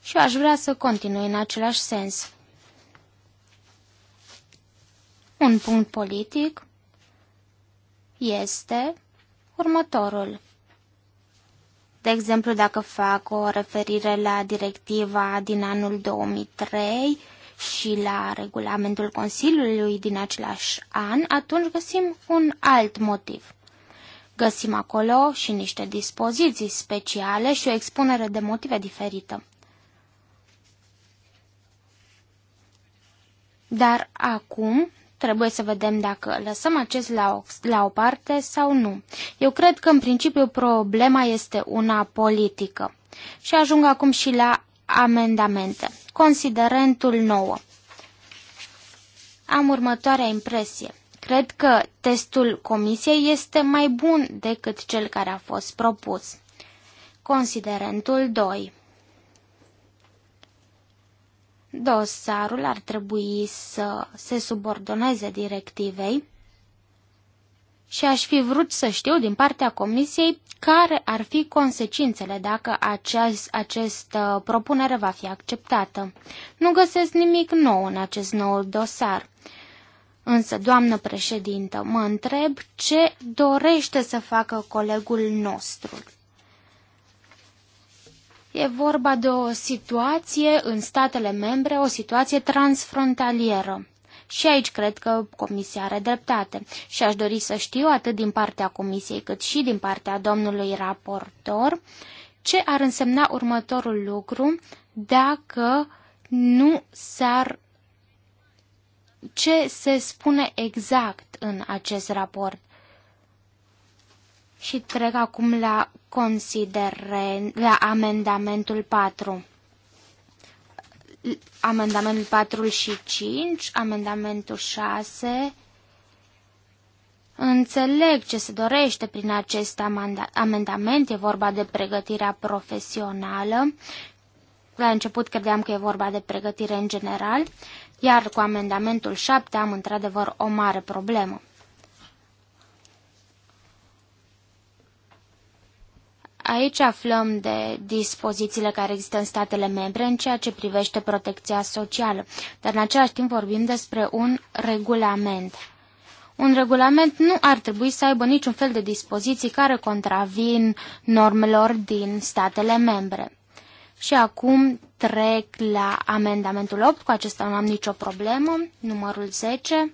Și aș vrea să continui în același sens. Un punct politic este următorul. De exemplu, dacă fac o referire la directiva din anul 2003, și la regulamentul Consiliului din același an, atunci găsim un alt motiv. Găsim acolo și niște dispoziții speciale și o expunere de motive diferită. Dar acum trebuie să vedem dacă lăsăm acest la o, la o parte sau nu. Eu cred că în principiu problema este una politică. Și ajung acum și la amendamente. Considerentul 9. Am următoarea impresie. Cred că testul comisiei este mai bun decât cel care a fost propus. Considerentul 2. Dosarul ar trebui să se subordoneze directivei și aș fi vrut să știu din partea Comisiei care ar fi consecințele dacă acest, această uh, propunere va fi acceptată. Nu găsesc nimic nou în acest nou dosar. Însă, doamnă președintă, mă întreb ce dorește să facă colegul nostru. E vorba de o situație în statele membre, o situație transfrontalieră. Și aici cred că Comisia are dreptate și aș dori să știu atât din partea Comisiei cât și din partea domnului raportor ce ar însemna următorul lucru dacă nu s-ar ce se spune exact în acest raport. Și trec acum la consideren, la amendamentul 4 amendamentul 4 și 5, amendamentul 6. Înțeleg ce se dorește prin acest amendament, e vorba de pregătirea profesională. La început credeam că e vorba de pregătire în general, iar cu amendamentul 7 am într-adevăr o mare problemă. Aici aflăm de dispozițiile care există în statele membre în ceea ce privește protecția socială, dar în același timp vorbim despre un regulament. Un regulament nu ar trebui să aibă niciun fel de dispoziții care contravin normelor din statele membre. Și acum trec la amendamentul 8, cu acesta nu am nicio problemă, numărul 10.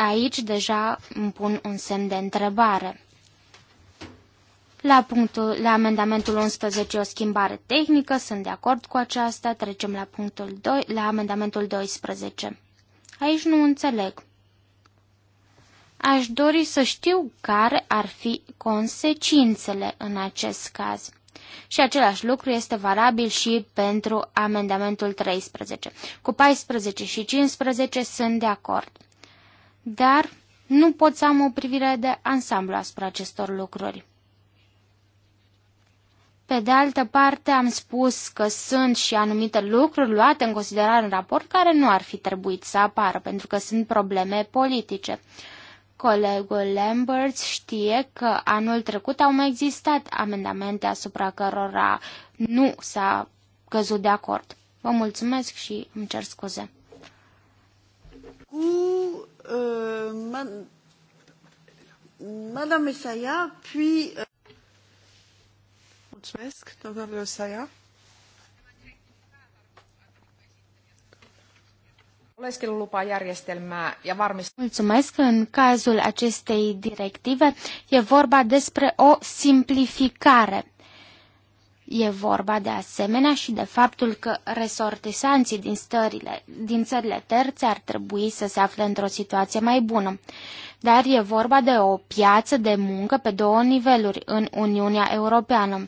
Aici deja îmi pun un semn de întrebare. La, punctul, la amendamentul 11 o schimbare tehnică, sunt de acord cu aceasta, trecem la, punctul 2, la amendamentul 12. Aici nu înțeleg. Aș dori să știu care ar fi consecințele în acest caz. Și același lucru este valabil și pentru amendamentul 13. Cu 14 și 15 sunt de acord dar nu pot să am o privire de ansamblu asupra acestor lucruri. Pe de altă parte, am spus că sunt și anumite lucruri luate în considerare în raport care nu ar fi trebuit să apară, pentru că sunt probleme politice. Colegul Lambert știe că anul trecut au mai existat amendamente asupra cărora nu s-a căzut de acord. Vă mulțumesc și îmi cer scuze. Cu Euh, Madame Essaya, puis... Euh, Mulțumesc, domnule Mulțumesc. În cazul acestei directive e vorba despre o simplificare E vorba de asemenea și de faptul că resortisanții din, stările, din țările terțe ar trebui să se afle într-o situație mai bună. Dar e vorba de o piață de muncă pe două niveluri în Uniunea Europeană.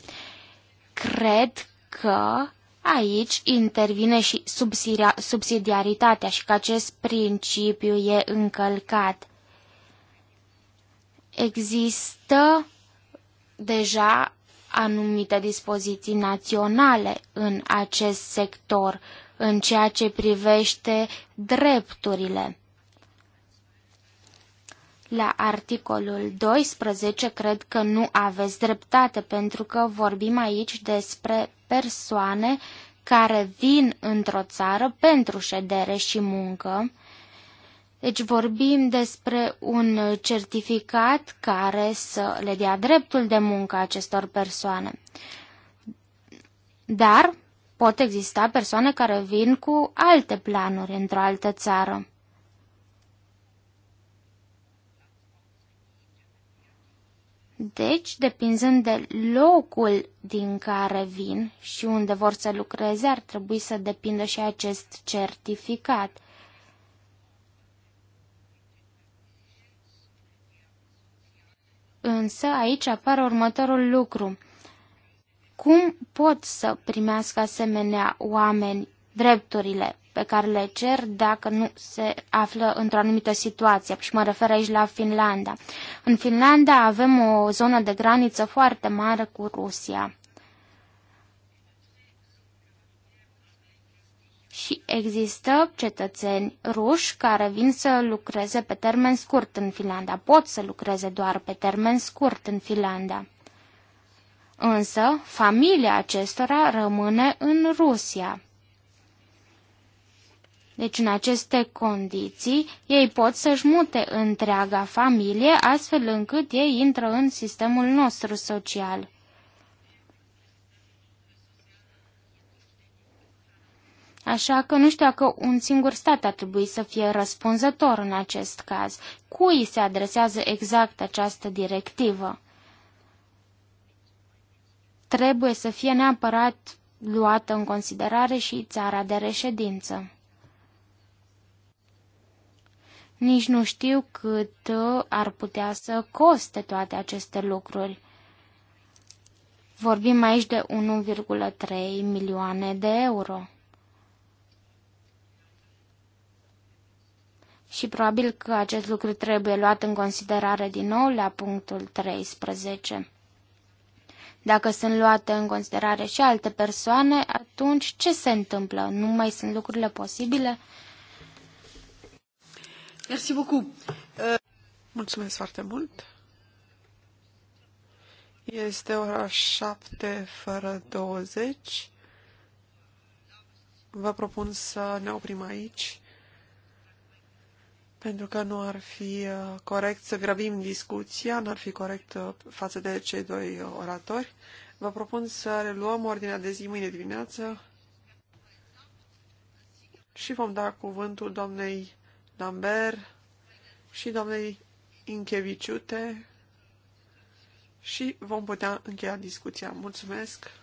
Cred că aici intervine și subsidiaritatea și că acest principiu e încălcat. Există deja anumite dispoziții naționale în acest sector, în ceea ce privește drepturile. La articolul 12 cred că nu aveți dreptate pentru că vorbim aici despre persoane care vin într-o țară pentru ședere și muncă deci vorbim despre un certificat care să le dea dreptul de muncă acestor persoane. Dar pot exista persoane care vin cu alte planuri într-o altă țară. Deci, depinzând de locul din care vin și unde vor să lucreze, ar trebui să depindă și acest certificat. însă aici apare următorul lucru. Cum pot să primească asemenea oameni drepturile pe care le cer dacă nu se află într-o anumită situație. Și mă refer aici la Finlanda. În Finlanda avem o zonă de graniță foarte mare cu Rusia. și există cetățeni ruși care vin să lucreze pe termen scurt în Finlanda. Pot să lucreze doar pe termen scurt în Finlanda. Însă, familia acestora rămâne în Rusia. Deci, în aceste condiții, ei pot să-și mute întreaga familie, astfel încât ei intră în sistemul nostru social. Așa că nu știu că un singur stat ar trebui să fie răspunzător în acest caz. Cui se adresează exact această directivă? Trebuie să fie neapărat luată în considerare și țara de reședință. Nici nu știu cât ar putea să coste toate aceste lucruri. Vorbim aici de 1,3 milioane de euro. și probabil că acest lucru trebuie luat în considerare din nou la punctul 13. Dacă sunt luate în considerare și alte persoane, atunci ce se întâmplă? Nu mai sunt lucrurile posibile? Merci beaucoup. Uh, Mulțumesc foarte mult. Este ora 7 fără 20. Vă propun să ne oprim aici pentru că nu ar fi uh, corect să grăbim discuția, nu ar fi corect uh, față de cei doi uh, oratori. Vă propun să reluăm ordinea de zi mâine dimineață și vom da cuvântul doamnei Lambert și doamnei Incheviciute și vom putea încheia discuția. Mulțumesc!